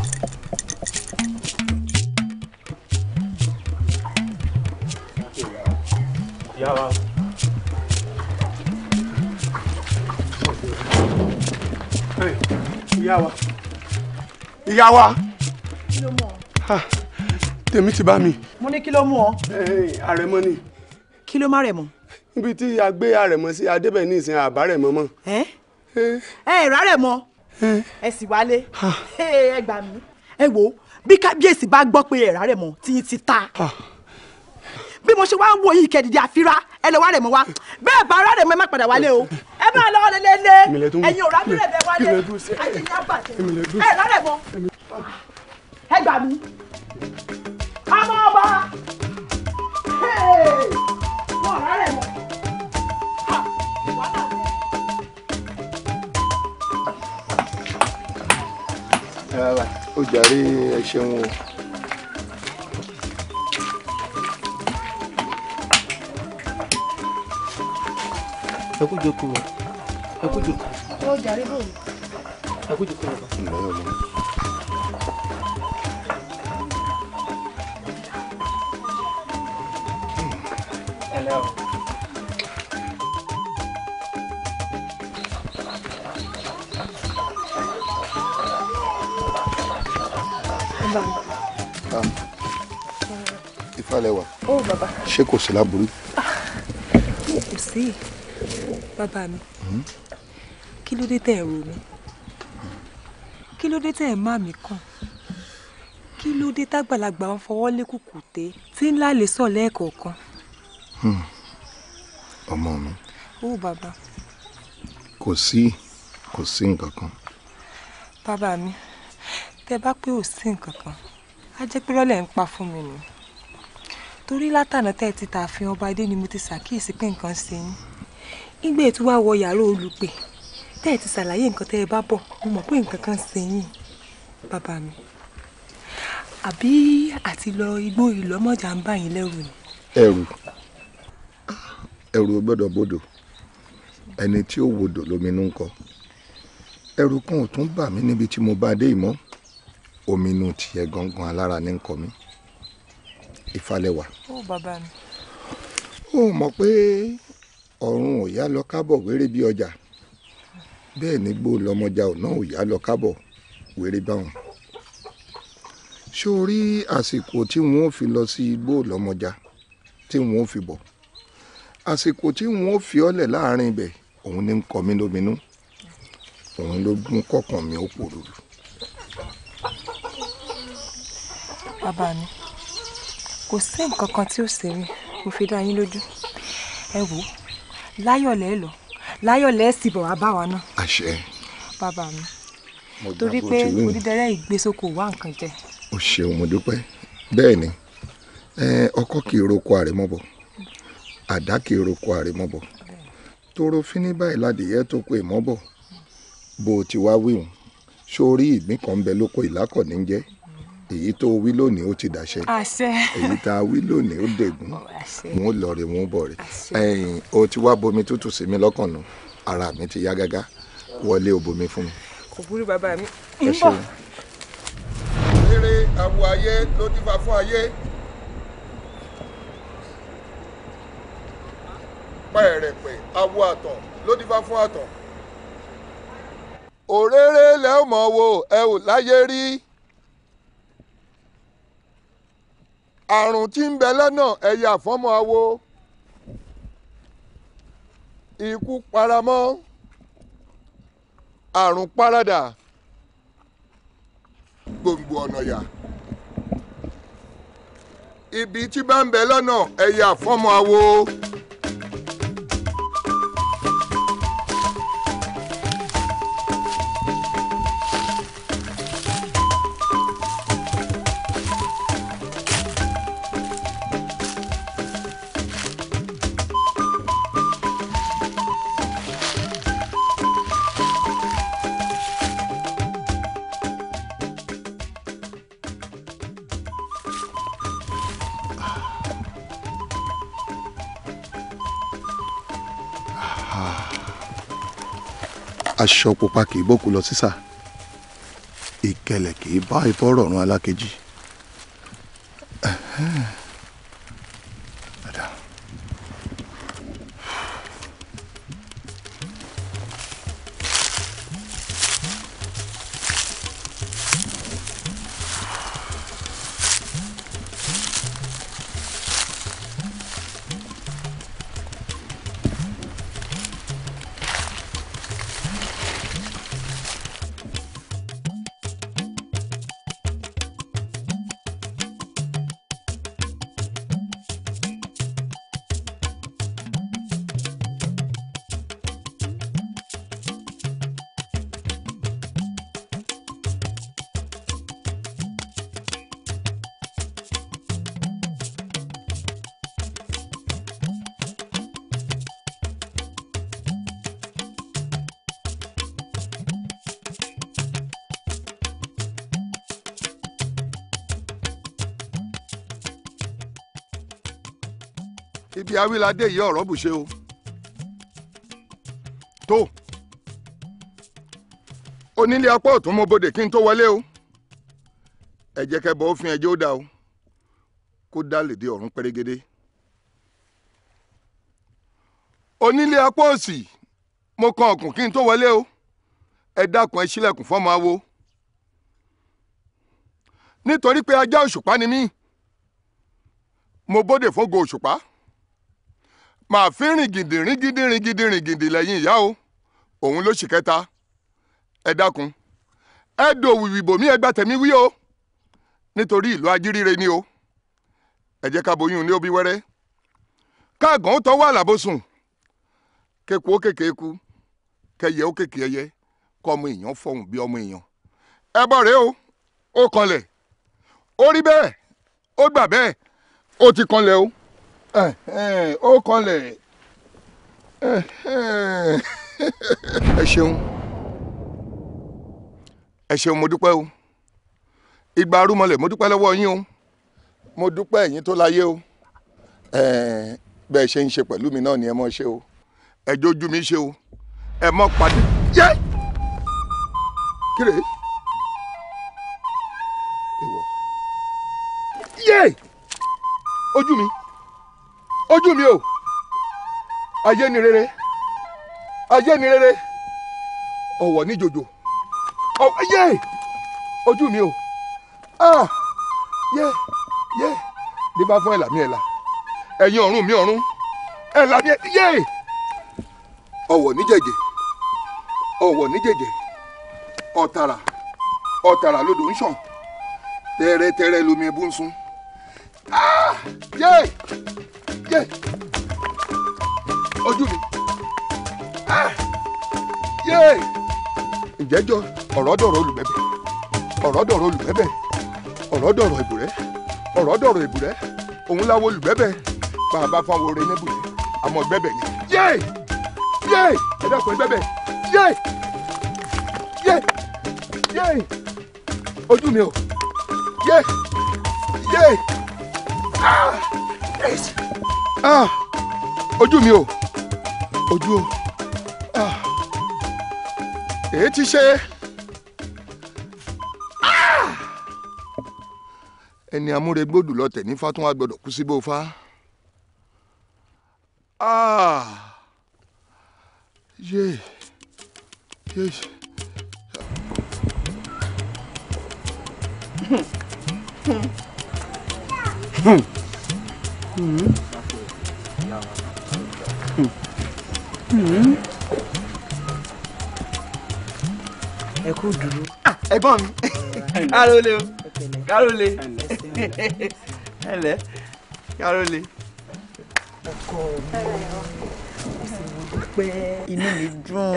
ìyá wa ìyá wa ti bá mi. Adé kí ló mú ọ. àrẹ̀mọ ni. kí ló má rẹ̀ mọ́. níbi tí a gbé àrẹ̀mọ sí adébẹ̀ ní ìsìn àbá rẹ̀ mọ́ mọ́. ẹ ẹ rárẹ̀ mọ́ ẹ sì wálé ẹ gbà mí. ẹ wo bí kábíyèsí bá gbọ́ pé ẹ̀rá rẹ̀ mọ́ tí ti ta bí mo ṣe wá ń wo yìí kẹ̀dìdì àfira ẹ lè wá rẹ̀ mọ́ wa bẹ́ẹ̀ bá ara rẹ̀ mọ́ ẹ má padà wálé o ẹ bá lọ́wọ́ lé lé ẹ̀yin ò rábìrẹ̀ ká máa bá wọn rárẹ̀ mọ́. ó jàre ẹ ṣeun o. ẹ kú jókòó ẹ kú jókòó. ó jàre bò. ẹ kú jókòó lẹ wà. ó bàbá. ṣé kò sí láburú. Ah, kò sí bàbá mi hmm? kí ló dé tẹ̀ ẹ̀ rò mí kí ló dé tẹ̀ ẹ̀ má mi kàn kí ló dé tágbàlagbà ń fọwọ́ lé kùkùté tí ńlá lè sọ lẹ́ẹ̀kọ̀ọ̀kan. Hmm. ọmọ mi. ó bàbá. kò sí kò sí nǹkan kan. bàbá mi tẹ bá pé ò sí nǹkan kan á jẹ́ pé rọ́lẹ̀ ń pa fún mi nìyẹn torí látànà tẹ́ ẹ ti tààfin ọba adé ni mo ti ṣàkíyèsí pé nǹkan ṣe yín ìgbé ètò wá wọ yàrá olùpè tẹ́ ẹ ti ṣàlàyé nǹkan tẹ́ ẹ bá bọ̀ mo mọ̀ pé nǹkan kan ṣe yín bàbá mi àbí àti lọ igbó ìlọmọjà ń bà yín lẹ́rù ni. ẹrù ẹrù ò gbọ́dọ̀ bodò ẹni tí ó wodò lóminú ń kọ ẹrù kan ò tún bà mí níbi tí mo bá dé ìmọ̀ ominú tiẹ̀ gangan alára ní ń mi ìfalẹ̀ wà. ó bàbá mi. ó mọ̀ pé ọ̀run ò yá lọ kábọ̀ wéré bí ọjà bẹ́ẹ̀ ni gbó lọmọjà ò náà ò yá lọ kábọ̀ wéré báwọn. ṣó rí àsìkò tí wọn ò fi lọ sí igbó lọmọjà tí wọn ò fi bọ̀ àsìkò tí wọn ò fi ọlẹ̀ láàrin ibẹ̀ òun ni ń kọ mí lóminú òun ló gún kọkàn mi ó pòrúurú. bàbá mi. kò sí nǹkan kan tí ó ṣe mí mo fi dá yín lójú ẹ wò láyọ̀lẹ́ lọ láyọ̀lẹ́ sì bọ̀ wá bá wa náà. àṣẹ. bàbá mi torí pé onídẹrẹ́ ìgbésókò wá nǹkan jẹ. o ṣeun mo dúpẹ́ bẹ́ẹ̀ ni ọkọ kì í roko àrèmọ́bọ̀ àdá kì í roko àrèmọ́bọ̀ tóró fíní báyìí ládìyẹ tó kó ìmọ́bọ̀ bó o ti wá wíwùn sórí ìgbín kan ń bẹ lóko ìlákọ̀ ní jẹ́ èyí tó wí lónìí ó ti dàṣẹ èyí tá a wí lónìí ó dègún wọn ò lọ rè wọn ò bọ̀ rè ẹ̀yìn o ti wá bomi tútù sí mi lọ́kàn nù ara mi ti yá gágá wọlé o bomi fún mi. kò burú bàbá mi ń bọ̀. eré àwọ̀ ayé ló dífá fún ayé. pẹ̀rẹ̀pẹ̀ àwọ̀ àtàn ló dífá fún àtàn. òréré lẹ́ wo ẹ ò láyé rí. àrùn tí ń bẹ lọ́nà ẹ̀yà fọ́mọ awo ikú paramọ́ àrùn paradà gbòǹgbò ọ̀nà yà ibi tí bá ń bẹ lọ́nà ẹ̀yà fọ́mọ awo. aṣọ pupa kì í bòkú lọ sísà ìkẹlẹ̀ kì í bá ìfọ̀rọ̀rùn alákejì. awilade yìí ọ̀rọ̀ bùṣe o tó onílé apá ọ̀tún mo bodè kí n tó wọlé o ẹ jẹ́ kẹ́ òfin ẹjọ́ dá o kó dá lèdè ọ̀run pẹ́rẹ́gẹ́dé onílé apá òsì mo kan ọ̀kùn kí n tó wọlé o ẹ dákun ẹ ṣílẹ̀kùn fọ́mọ awo nítorí pé ajá òṣùpá ni mí mo bóde fógo òṣùpá màá fi rìngìdì gidi rìngìdì gidi lẹ́yìn ìyá o òun ló ṣì kẹta ẹ dákun ẹ dò wìwìbò mi ẹ gbà tẹ̀mí wí o nítorí ìlú ajíríre ni o ẹ jẹ́ ká boyún ní obí wẹ́rẹ́ káàgàn ó tọ́ wà lábòsùn kéku ó kéke ku kẹyẹ ó kéke ẹyẹ kọ́ ọmọ èèyàn fọhùn bí ọmọ èèyàn ẹ bọ̀ rẹ o ó kanlẹ̀ ó rí bẹ́ẹ̀ ó gbà bẹ́ẹ̀ ó ti kanlẹ̀ o ó kọlẹ̀ ẹ [laughs] ṣeun ẹ ṣeun mo dúpẹ́ o ìgbà arúmọlẹ̀ mo dúpẹ́ lọ́wọ́ yín o mo dúpẹ́ ẹ̀yin tó láyé o bẹ́ẹ̀ ṣe ń ṣe pẹ̀lú mi náà ni ẹ mọ̀ ṣe o ẹ jójú mi ṣe o ẹ mọ̀ pàdé yẹ́ kíre ìwọ yẹ́ ojú mi ojú mi o ayé ni rere ayé ni rere ọ̀wọ̀ ní jòjò ọ̀wọ̀ yé ojú mi o ah yé yé bí bá fún ẹ̀là mi ẹ̀là ẹ̀yin ọ̀run mi ọ̀run ẹ̀là mi yé ọ̀wọ̀ ní jẹ̀jẹ̀ ọ̀wọ̀ ní jẹ̀jẹ̀ ọ̀tàrà ọ̀tàrà lodò ń ṣàn tẹ́rẹ́tẹ́rẹ́ lomi ẹbú ń sun ah yé jẹ́ ojú mi ah! yé ìjẹ́jọ́ ọ̀rọ̀ dọ̀rọ̀ olùbẹ̀bẹ̀ ọ̀rọ̀ dọ̀rọ̀ olùbẹ̀bẹ̀ ọ̀rọ̀ dọ̀rọ̀ ìbùrẹ́ ọ̀rọ̀ dọ̀rọ̀ ìbùrẹ́ òun láwo olùbẹ̀bẹ̀ bàbá fáwọn orin níbùrẹ́ àmọ́ ìbẹ̀bẹ̀ ni yé yé ẹ dákun ìbẹ̀bẹ̀ yé yé yé ojú mi o yé yé ah yes. Ah, ojú mi o ojú o ah, èyí ti ṣe ah! ẹni amúregbòdù lọtẹ ní fátúnwá gbọ́dọ̀ kú síbò fa yé yé. Hmm. Hmm. Hmm. Hmm. ẹ kú dúró. Ah, ẹ̀gbọ́n mi kárólé o kárólé ẹlẹ kárólé. ọkọ mi inú mi dùn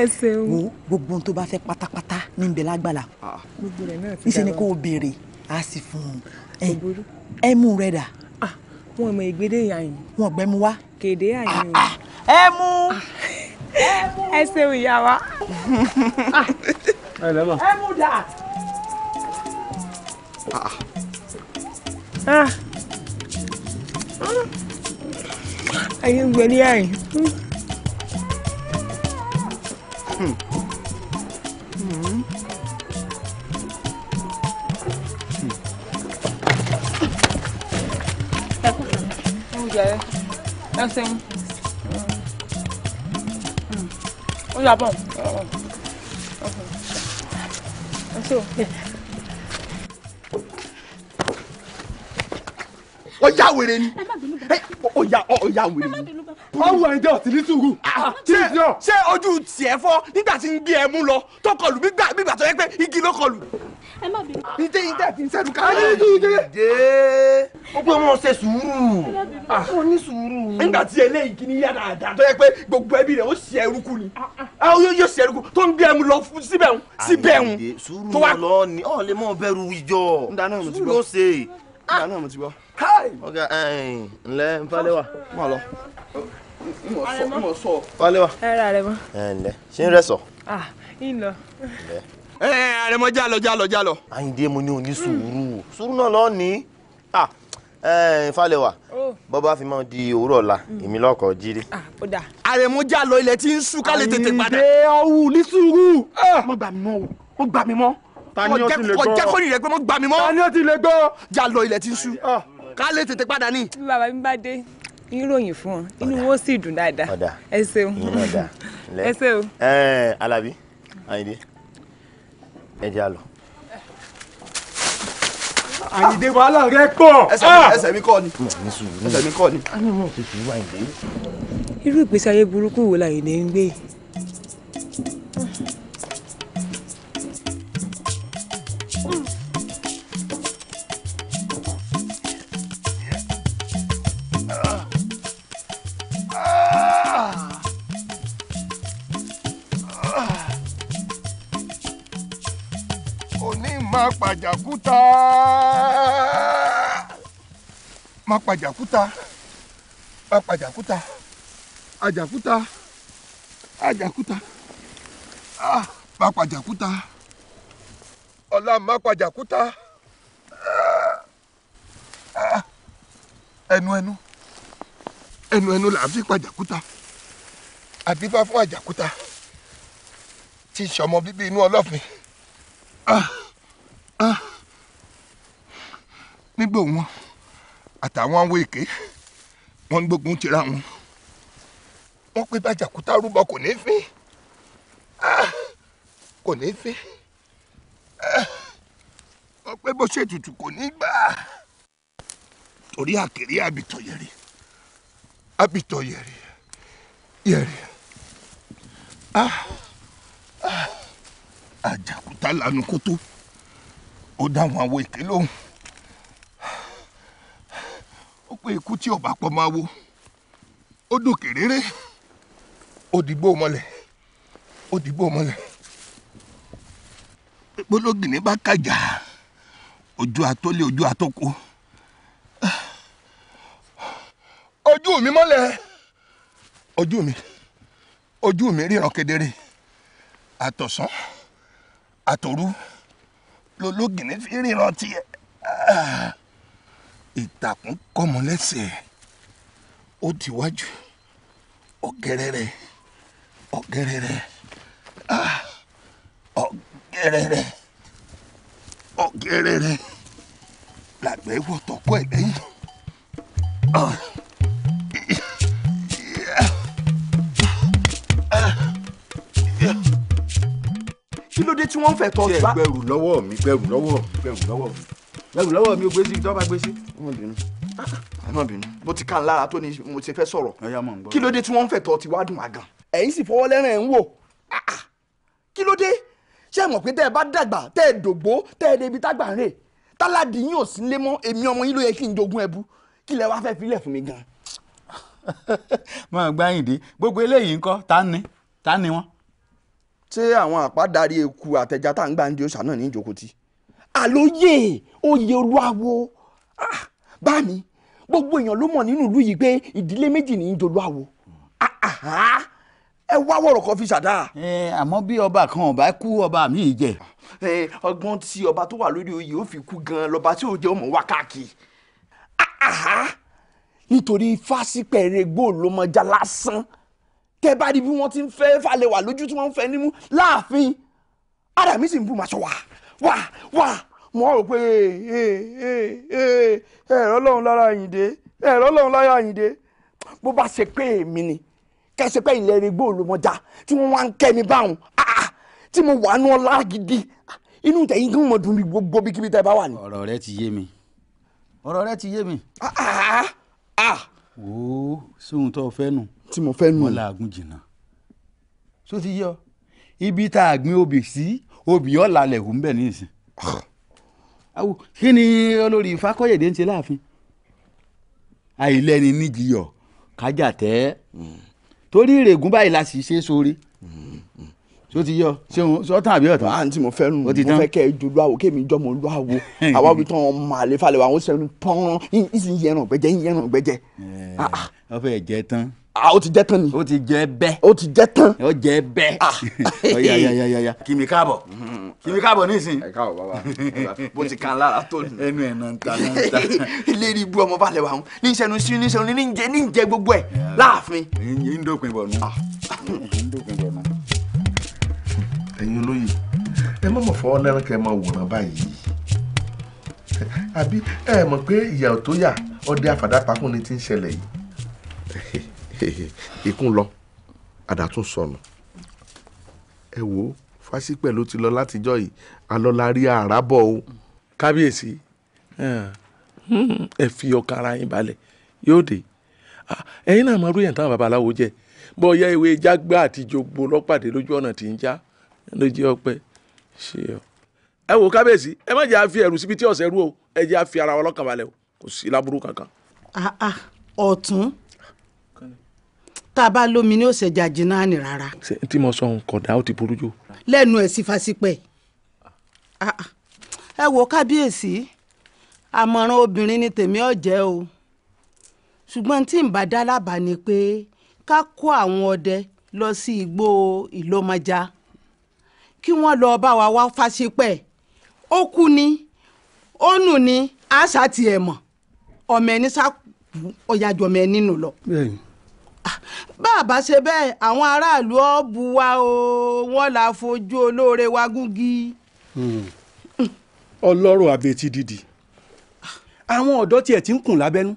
ẹsẹ̀ o gbogbo ohun tó bá fẹ́ pátápátá ní ń bẹ lágbàlá ah. níṣẹ́ ni kò béèrè á sì fún un ẹ mú rẹ dà wọn mọ ìgbédè àyìn. wọn gbẹ mu wá. kéde àyìn o. Ah, ah, ẹ mú. [laughs] ẹ ṣeun ìyá wa. Ah. ẹ mú dà. ẹyin gbẹ ní àyìn. Hmm. hmm. ẹ ṣeun mm. mm. ó yàbọ̀ ẹ ṣe o. ọjà wèrè ni ọjà ọjà wèrè ni ọwọ ẹjọ sì ní sùúrù. Ah, ah. ṣé ojú tiẹ̀ fọ́ nígbà tí ń gbé ẹ mú lọ tó kọlù gbígbà tó yẹ pé igi ló kọlù ẹ má bínú. ìdè ìdè àti ìṣẹ́dùn ká lè dé ìdè. ìdè ó pé wọn ṣe sùúrù wọn ah, ní sùúrù. nígbà tí eléyìí kì í yá dáadáa tó yẹ pé gbogbo ẹbí rẹ ó ṣe ẹrúkú ni ah, ah. yóò yóò ṣe ẹrúkú tó ń gbé ẹmu lọ síbẹ̀ ń síbẹ̀ ń. sùúrù lọ ni ọ̀ lè mọ̀ bẹ̀rù ìjọ sùúrù ló ṣe ìgbà náà mo ti gbọ́. ọ̀gá ǹlẹ́ nfàlẹ́wà mọ̀ lọ. nmọ̀ sọ sọ. nfàlẹ́wà. ẹ ra rẹ mọ. ẹ ǹlẹ́ ṣé ń rẹ sọ. ah ń lọ. ǹlẹ́ ẹ eh, ẹ eh, eh, àrẹ̀mọ já lọ já lọ já lọ. àyìndé mo ní òní sùúrù sùúrù náà lọ ní ìfàlẹ̀wà ah, oh. bọ́bá fi máa di òwúrọ̀ ọ̀la mm. èmi lọ́kọ̀ jírí. Ah, àrẹ̀mọ já lọ ilẹ̀ tí ń sùn ká lè tètè padà. àyìndé ọ̀hún ní sùúrù ah. mo gbà mí mọ́ o mo gbà mí mọ́. tani ó ti lè gbọ́ ọjẹ́ kọ́ni rẹ̀ pé mo gbà mí mọ́. tani ó ti lè gbọ́. já lọ ilẹ̀ tí ń sùn ká lè tètè padà ní. bí bàbá mi bá dé ìròyìn fún ọ inú wọn sì dùn dáadáa ẹ ṣeun [laughs] ẹ ṣeun. ẹ Alábí Àyìndé ẹ jẹ́ àlọ́. àyìndé wàhálà rẹ pọ̀. ẹsẹ̀ mi kọ́ ah! ni ẹsẹ̀ mi kọ́ ni. irú ìgbésí ayé burúkú wo làyìndé ń gbé yìí pàjàkúta má pàjàkúta má pàjàkúta àjàkúta àjàkúta ah, má pàjàkúta ọlá má pàjàkúta ah, ẹnu ẹnu ẹnu ẹnu là á fi pàjàkúta àdífá fún àjàkúta tí ìṣọmọ bíbí inú ọlọ́fin. Ah. Ah. nígbà wọn àtàwọn àwọn èké wọn gbógun tira wọn wọn pé bá jàkúta rúbọ kò ní fín ah. kò ní fín ah. wọn pé bó ṣe tutù kò ní gbà torí àkèrè àbìtọ yẹrì àbìtọ yẹrì yẹrì àjàkúta lanu kótó ó dáhùn àwọn èké lóhùn ó pé ikú tí ọba pọ̀ máa wo ó dòkè réré ó dìgbò mọ́lẹ̀ ó dìgbò mọ́lẹ̀ gbólógìní bá kàjà ojú àtọ́lé ojú àtọ́kọ ojú mi mọ́lẹ̀ ojú mi ojú mi ríran kedere àtọ̀sán àtòru lológìní fi ríran tiẹ̀ ìtàkùn kọ́mọ lẹ́sẹ̀ ó ti wájú ọ̀gẹ́rẹ́rẹ́ ọ̀gẹ́rẹ́rẹ́ ah! ọ̀gẹ́rẹ́rẹ́ ọ̀gẹ́rẹ́rẹ́ làgbẹ́ wọ̀tọ̀kọ́ ẹ̀ lẹ́yìn. Ah! kí ló dé tí wọ́n ń fẹ́ tọ́ sí wa. gbẹrù lọ́wọ́ mi gbẹrù lọ́wọ́ mi gbẹrù lọ́wọ́ mi gbẹrù lọ́wọ́ mi ò gbé sí ibi tí wọ́n bá gbé sí. ọmọ bínú ọmọ ah, ah. bínú. mo ti kàn lára tó ni mo ti fẹ́ sọ̀rọ̀ kí ló dé tí wọ́n ń fẹ́ tọ́ ti wá dùn wá gan. ẹ̀yin sì fọwọ́ lẹ́rìn ẹ̀ ń wò ah, kí ló dé ṣé ẹ mọ̀ pé tẹ́ ẹ bá dàgbà tẹ́ ẹ dògbó tẹ́ ẹ débi tágbà ń rè táládì yín ò sí lé mọ́ èmi ọmọ yín ló yẹ kí n jogún ẹbú kí lẹ wá fẹ́ filẹ̀ fún mi gan. [laughs] máa gbá yìí dé gbogbo eléyìí ńkọ́ ta ni ta ni wọ́n ṣé àwọn àpádarí eku àtẹ̀já tá à ń gbà ń di òòṣà náà ní ìjókòtì. àlóyè oyè olúwawo ah, bá mi gbogbo èèyàn ló mọ̀ nínú ìlú yìí pé ìdílé méjì ní í dolúwawo ah, ah, ẹ wá wọ̀rọ̀ kan fi ṣàdá. ẹ àmọ́ bí ọba kan ọba kú ọba mi jẹ. ẹ ọgbọ́n tí ọba tó wà lórí oyè ó fi kú gan-an lọ́ba tí ò jẹ́ ọmọ wa káàkiri. nítorí fásipẹ̀rẹ̀ gbòòlómọjà lásán tẹ́ bá rí bí wọ́n ti ń fẹ́ falẹ̀ wà lójú tí wọ́n ń fẹ́ nímú láàfin ara mi sì ń bù màṣọ wà wà wà mo rò pé eh, eh, eh, ẹ̀rọ lọ́run lára àyìndé ẹ̀rọ lọ́run lára àyìndé bó bá ṣe pé èmi ni kẹsẹ̀ pé ilẹ̀ erigbó olùmọ̀já tí wọ́n wá ń kẹ́ mi báwọn ah, ah, tí mo wà nú ọlá gidi ah, inú tẹ̀yìn kí mo dùn mí gbogbo bí kíbi tẹ́ bá wà ní. ọ̀rọ̀ rẹ ti yé mi ọ̀rọ̀ rẹ ti yé mi. wo sóhun tó o fẹ́ nù tí mo fẹ́ nù. wọn la àgùn jìnnà tó ti yọ ibi tá a gbin obì sí obì ọ̀la lẹ̀kùn bẹ̀ nísìn. awo kí ni olórí Fákọ̀yèdé ń ṣe láàfin àìlẹ́ni níjìyọ̀ kájà tẹ́ torí ìrègùn báyìí la sì ṣe sórí tó ti yọ ṣéun sọtàn àbí ọtàn. àǹtí mo fẹ́ nù mo fẹ́ kẹ́ ẹ jolú àwò kémi jọ́ mo lú àwò [laughs] àwa bí tán máa àwọn sẹ́nu tán ìsìn yẹran gbẹ́jẹ́ ìyẹran gbẹ́jẹ́. ọ̀fẹ́ jẹ tán ah o ti jẹ tán ni. o ti jẹ bẹ́ẹ̀. o ti jẹ tán. o jẹ bẹ́ẹ̀. ọ̀ya ya ya ya ya. kìmí káàbọ̀ kìmí káàbọ̀ nísìn. ẹ káàbọ̀ bàbá bó ti kan lára tó nù. ẹnu ẹ̀ náà ń ta náà ń ta. [laughs] lérí ibú ọmọ balẹ̀ wa ń ní sẹ́nu sí ní sẹ́nu ní jẹ ní jẹ gbogbo ẹ̀ láàfin. ẹyin ń dópin bọ̀ nù. Ah. ẹyin olóyè ẹ má mọ̀ fọwọ́ lẹ́rìn kẹ́ ẹ máa wòran báyìí àbí ẹ mọ̀ pé ìyà tó yà ọdẹ àfàdá pakùn ni ti ń [laughs] ikun lọ àdá tún sọnù ẹ ti lọ látijọ́ yìí alọ́lá àràbọ̀ o. ẹ fi ọkàn ara yín balẹ̀ yóò dé ẹ̀yin náà táwọn babaláwo jẹ bóyá ìwé jágbá àti jogbo lọ́pàdé lójú ọ̀nà tí ń já ṣe ọ. ẹ wo kábíyèsí ẹ má jẹ́ àfi ẹ̀rù tí ọ̀sẹ̀ rú o ẹ jẹ́ àfi ara o kò sí kankan. ọ̀tún tá a bá lómi ní òṣèjà jìnnà ni rárá. tí mo sọ nǹkan dá ó ti burú jù. lẹ́nu ẹ̀ sí fáṣípẹ́ ah, ah. ẹ wo kábíyèsí àmọ̀ràn obìnrin ni tèmi ọ̀jẹ́ o ṣùgbọ́n tí n bá dá lábàá ni pé ká kó àwọn ọdẹ lọ sí igbó ìlómọjà kí wọ́n lọ bá wa wá fáṣípẹ́ ó kú ni ó nù ni àṣà tiẹ̀ mọ̀ ọmọ ẹni sá ọ̀yàjọ̀mọ̀ ẹni nù lọ. bẹ́ẹ̀ni bá a bá ṣe bẹ́ẹ̀ àwọn aráàlú ọ̀ bu wa o wọ́n la fojú olóore wa gúngi. Hmm. ọlọ́rọ̀ abẹ́tí dìdì àwọn ọ̀dọ́ tiẹ̀ ti ń kùn lábẹ́nú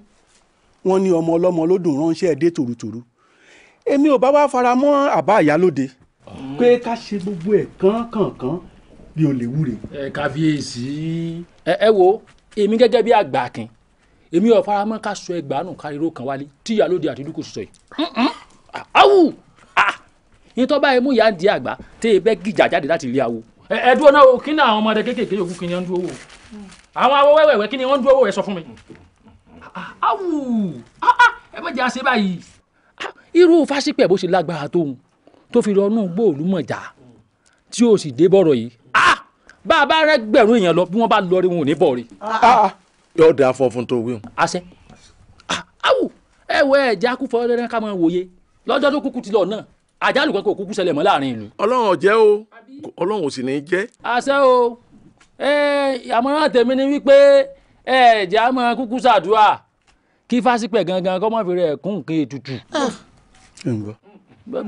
wọ́n ní ọmọ ọlọ́mọ lódùn ránṣẹ́ ẹ̀dẹ́ tòrutòru èmi ò bá wá fara mọ́ àbá ìyálóde ah. pé ká ṣe gbogbo ẹ̀ kánkànkán bí o lè wúre. ẹ kábíyèsí ẹ wo èmi gẹ́gẹ́ bí àgbà akin èmi ò fara mọ́ ká sọ ẹgbàá nù ká irú kan wálé tí ìyá lóde àti dúkù sọ yìí. awù yìí tọ́ báyìí mú ìyá ń di àgbà tẹ́ ẹ bẹ́ gìjà jáde láti ilé awo. ẹ ẹ dúró náà o kí ni àwọn ọmọdé kéékèèké yòókù kí ni wọ́n dúró wò àwọn awọ wẹ́wẹ́wẹ́ kí ni wọ́n dúró wò ẹ sọ fún mi. awù ah, ah! ẹ má jẹ́ àṣẹ báyìí. Ah, irú fásipẹ̀ bó ṣe lágbára tóun tó fi rọnú gbòòlù mọ̀já tí ó sì dé bọ̀rọ̀ yìí bá a bá rẹ́gbẹ̀rún èèyàn lọ bí wọ́n bá lọ rí wọn ò ní bọ̀ rí yóò dáa fọ fún tó wíwọn. àṣẹ ah, awo ẹ wọ ẹ jẹ akúfọ rẹrẹ ká máa wòye lọ́jọ́ tó kúkú ti lọ náà àjálù kan kò kúkú ṣẹlẹ̀ mọ́ láàrin ìlú. ọlọ́run ò jẹ́ o ọlọ́run ò sì ní í jẹ́. àṣẹ o àmọ̀ràn tèmi ni wípé ẹ jẹ́ àmọ́ kúkú ṣàdúrà kí fásipẹ̀ gangan kọ́ mọ́ fi rẹ̀ kún nǹkan ètùtù.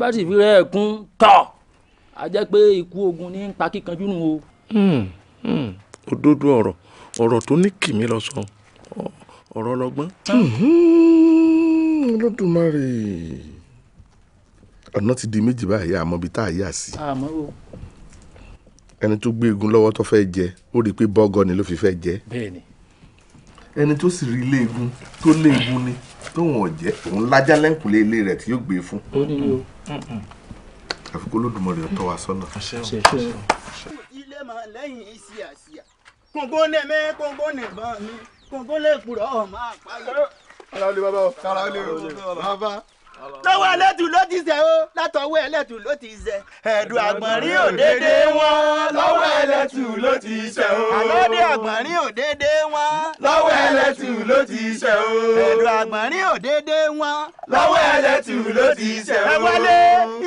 bá sì fi rẹ̀ kún tọ̀ a jẹ́ pé ikú ogun ní ń pa kíkanjú nù o. òdodo hmm, hmm. ọ̀rọ̀ ọ̀rọ̀ tó ní kìmí lọ sọ ọ̀rọ̀ ọlọ́gbọ́n. olódùmarè ọ̀nà ti di méjì báyìí àmọ́ ibi tá a yà sí. ẹni tó gbé egun lọ́wọ́ tó fẹ́ jẹ ó rí i pé bọ́gọ́ ni ló fi fẹ́ jẹ. ẹni tó sì rí ilé egun tó lé egun ni tóun ọ̀jẹ́ òun lájà lẹ́ǹkùlé ilé rẹ̀ tí yóò gbé e fún. ó ní o àfi kó lódùmarè ọ̀tọ̀ wa sọ́nà. ilé màá lẹ́yìn isi àsíà kòǹgó ní ẹ̀mí kòǹgó ní ìbọn mi kòǹgó lè kúrọ̀ ọ̀ máa pààyè. ara olè bàbá o ara olè o bàbá. lọ́wọ́ ló ti ṣẹ̀ o látọwọ́ ẹlẹ́tù ló ti ṣẹ̀. ẹ̀dùn àgbọ̀nrín òdédé wọn lọ́wọ́ ẹlẹ́tù ló ti ṣẹ̀ o. àlọ́dẹ àgbọ̀nrín òdédé wọn lọ́wọ́ ẹlẹ́tù ló ti ṣẹ̀ o. ẹ̀dùn àgbọ̀nrín òdédé wọn lọ́wọ́ ẹlẹ́tù ló ti ṣẹ̀ o. ẹ wọlé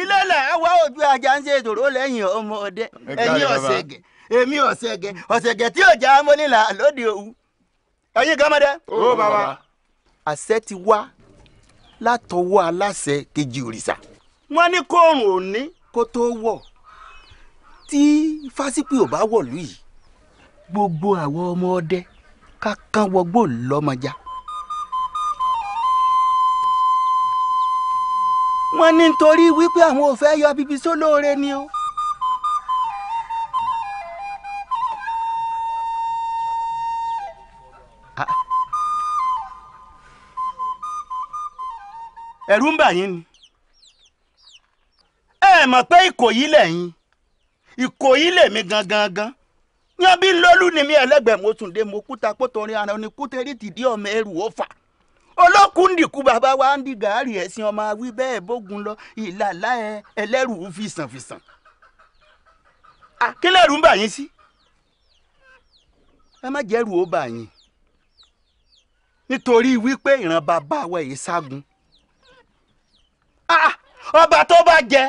ilé lẹ̀ ẹ wá ojú ajá ń ṣe ìdòró lẹ́yìn ọmọdé ẹ̀yìn ọ̀sẹ̀gẹ̀ èmi ọ̀sẹ̀gẹ̀ ọ̀sẹ̀gẹ̀ tí ò já mọ́lẹ́là lóde òwú ẹ̀yin gọ́mọdé. ó bàbá. àṣẹ ti wá látọwọ́ aláṣẹ kejì òrìṣà wọ́n ní kóòrùn òní kó tó wọ̀ tí fásitì ò bá wọ̀lú yìí gbogbo àwọn ọmọ ọdẹ kankan wọgbó lọ́mọjà. wọ́n ní nítorí wípé àwọn ò fẹ́ yọ bíbí sólóore ni o. ẹ̀rú ń bà yín ni ẹ mọ̀ pé Ìkòyí lẹ́yìn Ìkòyí lèmi gangan gan yan bí lólú ni mi ẹlẹ́gbẹ̀ẹ́ mo tún dé mo kúta pótorin ara ni kútẹ́rì tìdí ọmọ ẹrù ó fà olókùn ndìkú bàbá wa ń di gàárì ẹ̀sìn ọmọ awí bẹ́ẹ̀ bógun lọ ìlàlá ẹ ẹlẹ́rù fìsànfìsàn kílẹ̀rù ń bà yín sí ẹ má jẹ́rù ó bà yín nítorí wípé ìran bàbá wa yìí ságun Ah, ọba tó bá jẹ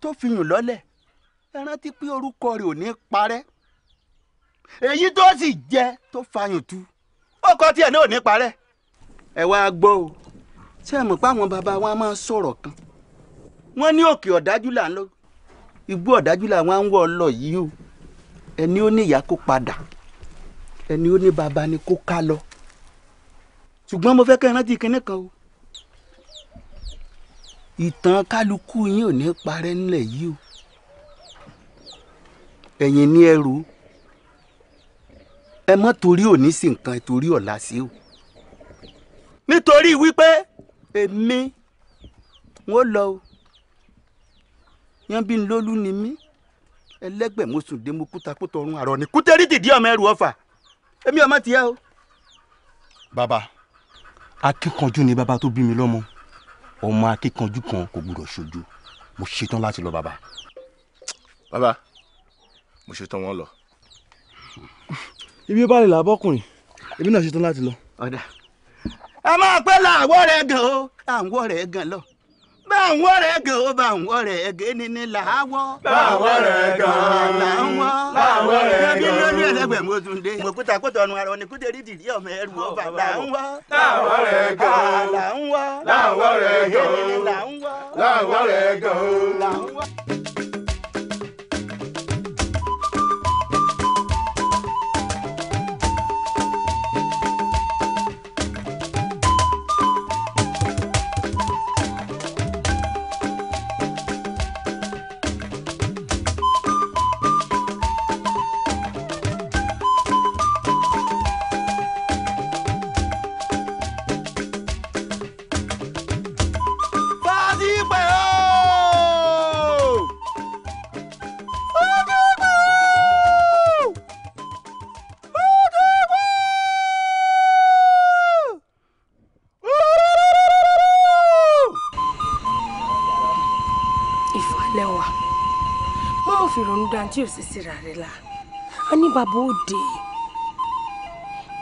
tó fi yùn lọ́lẹ̀ ẹ rántí pé orúkọ rẹ̀ ò ní parẹ́ èyí tó sì jẹ tó fàyàn tu ọkọ tiẹ̀ náà ò ní parẹ́ ẹ wá gbọ́ o ṣé ẹ mọ̀ pé àwọn bàbá wa máa sọ̀rọ̀ kan wọ́n ní òkè ọ̀dájú là ń lọ igbó ọ̀dájú làwọn ń wọ̀ lọ yìí o ẹni ó ní ìyá kó padà ẹni ó ní bàbá ni kó ká lọ ṣùgbọ́n mo fẹ́ kẹ́ ẹ rántí kinní kan o ìtàn kálukú yín ò ní parẹ́ nílẹ̀ yìí o ẹ̀yin ní ẹrù ẹ mọ́ torí òní sí nǹkan ẹ torí ọ̀la sí o nítorí wípé èmi wọ́n lọ o yan bí n lólú ni mí ẹlẹ́gbẹ̀ mo sùn dé mo kúta kó tọrun àrọ ni kútẹ́rì dìdí ọmọ ẹrù ọfà èmi ọmọ tìyà o. bàbá akíkanjú ni bàbá tó bí mi lọ́mọ ọmọ akíkanjú kan kò gbúdọ̀ ṣojú mo ṣetán láti lọ bàbá. bàbá mo ṣetán wọn lọ. ibi ó bá lè làbọ́kùnrin èmi náà ṣetán láti lọ. ọ̀dà ẹ máa pẹ́ làwọ̀ rẹ̀ gan o àwọ̀ rẹ̀ gan lọ báwọn rẹ̀ gan ó báwọn rẹ̀ gan níní là á wọ́. báwọn rẹ̀ gan là ń wọ́. báwọn rẹ̀ gan bí lórí ẹlẹgbẹ́ mo tún dé. mo kúta kó tọnu ara ọni kúndé rídìí rí ọmọ ẹrù ọba là báwọn rẹ̀ gan là ń wọ́. báwọn rẹ̀ gan là ń wọ́. báwọn rẹ̀ gan là tí ò sì síra rẹ la a ní bàbá òde.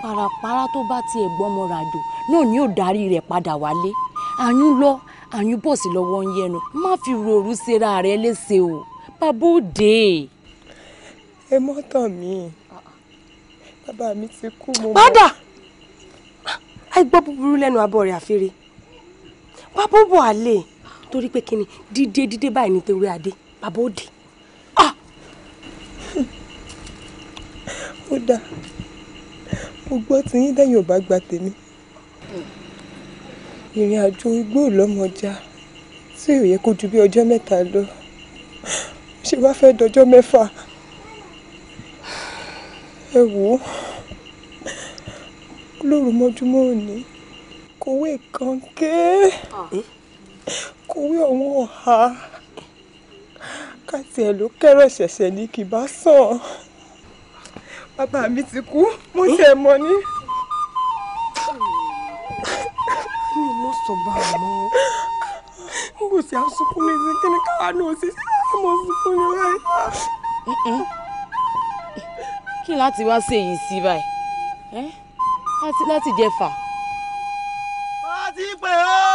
parapara tó bá tiẹ̀ gbọ́mọ ràjò náà ni yóò darí rẹ̀ padà wálé àyún lọ àyún bọ̀ sí lọ́wọ́ ń yẹnu má fi rorú síra rẹ léṣe o bàbá òde. ẹ mọ́tàn mi bàbá mi ti kú mo. padà àìgbọ́ búburú lẹ́nu abọ́ rẹ̀ àfẹ́rẹ́ bàbá òbò àlè torí pé kíni dídé dídé báyìí ní tewé adé bàbá òde. ó dáa mo gbọ́ tí yín dẹ́yìn ò bá gba tèmi ìrìn àjò igbó lọ́mọjà tí ò yẹ kó ju bí ọjọ́ mẹ́ta lọ ṣé wàá fẹ́ dọjọ́ mẹ́fà ẹ wò ó lóru mọ́júmọ́ òní kòwé kànkẹ́ kòwé ọ̀hún ọ̀há káàtì ẹ̀ ló kẹ́rọ̀ ṣẹ̀ṣẹ̀ ní kì bá sàn bàbá mi ti kú mo ṣe mọ̀ ni. mi ò mọ sọgbà mọ bó ṣe àsùnkún mi sí kí ni káwa náà ṣe ṣe mọ sunkún ni báyìí. kí láti wá ṣe èyí sí báyìí eh? láti jẹ fà. wọ́n ti pè ọ́.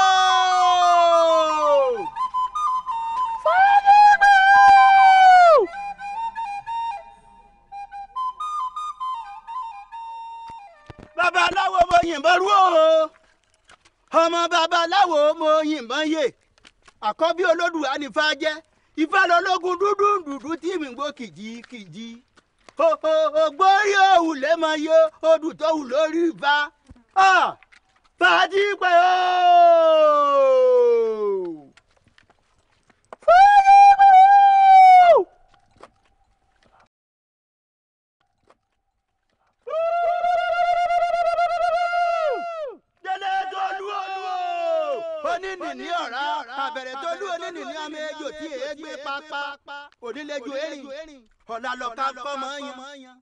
babaláwo mo yìnbọn rú o ọmọ babaláwo mo yìnbọn yè àkọ́bí olódùá ní ifá jẹ́ ifá lọ́lọ́gùn dúdú dúdú tí mi gbó kìjì kìjì ògbórí òwú lẹ́mọ yó odù tó wù lórí ifá fàájì pé o. onínì ní ọ̀rá àbẹ̀rẹ̀ tó lú onínì ní ọmọ ejò tí èé gbé pápá onílejò erin ọ̀làlọ́ka kọ́ mọ́ yan.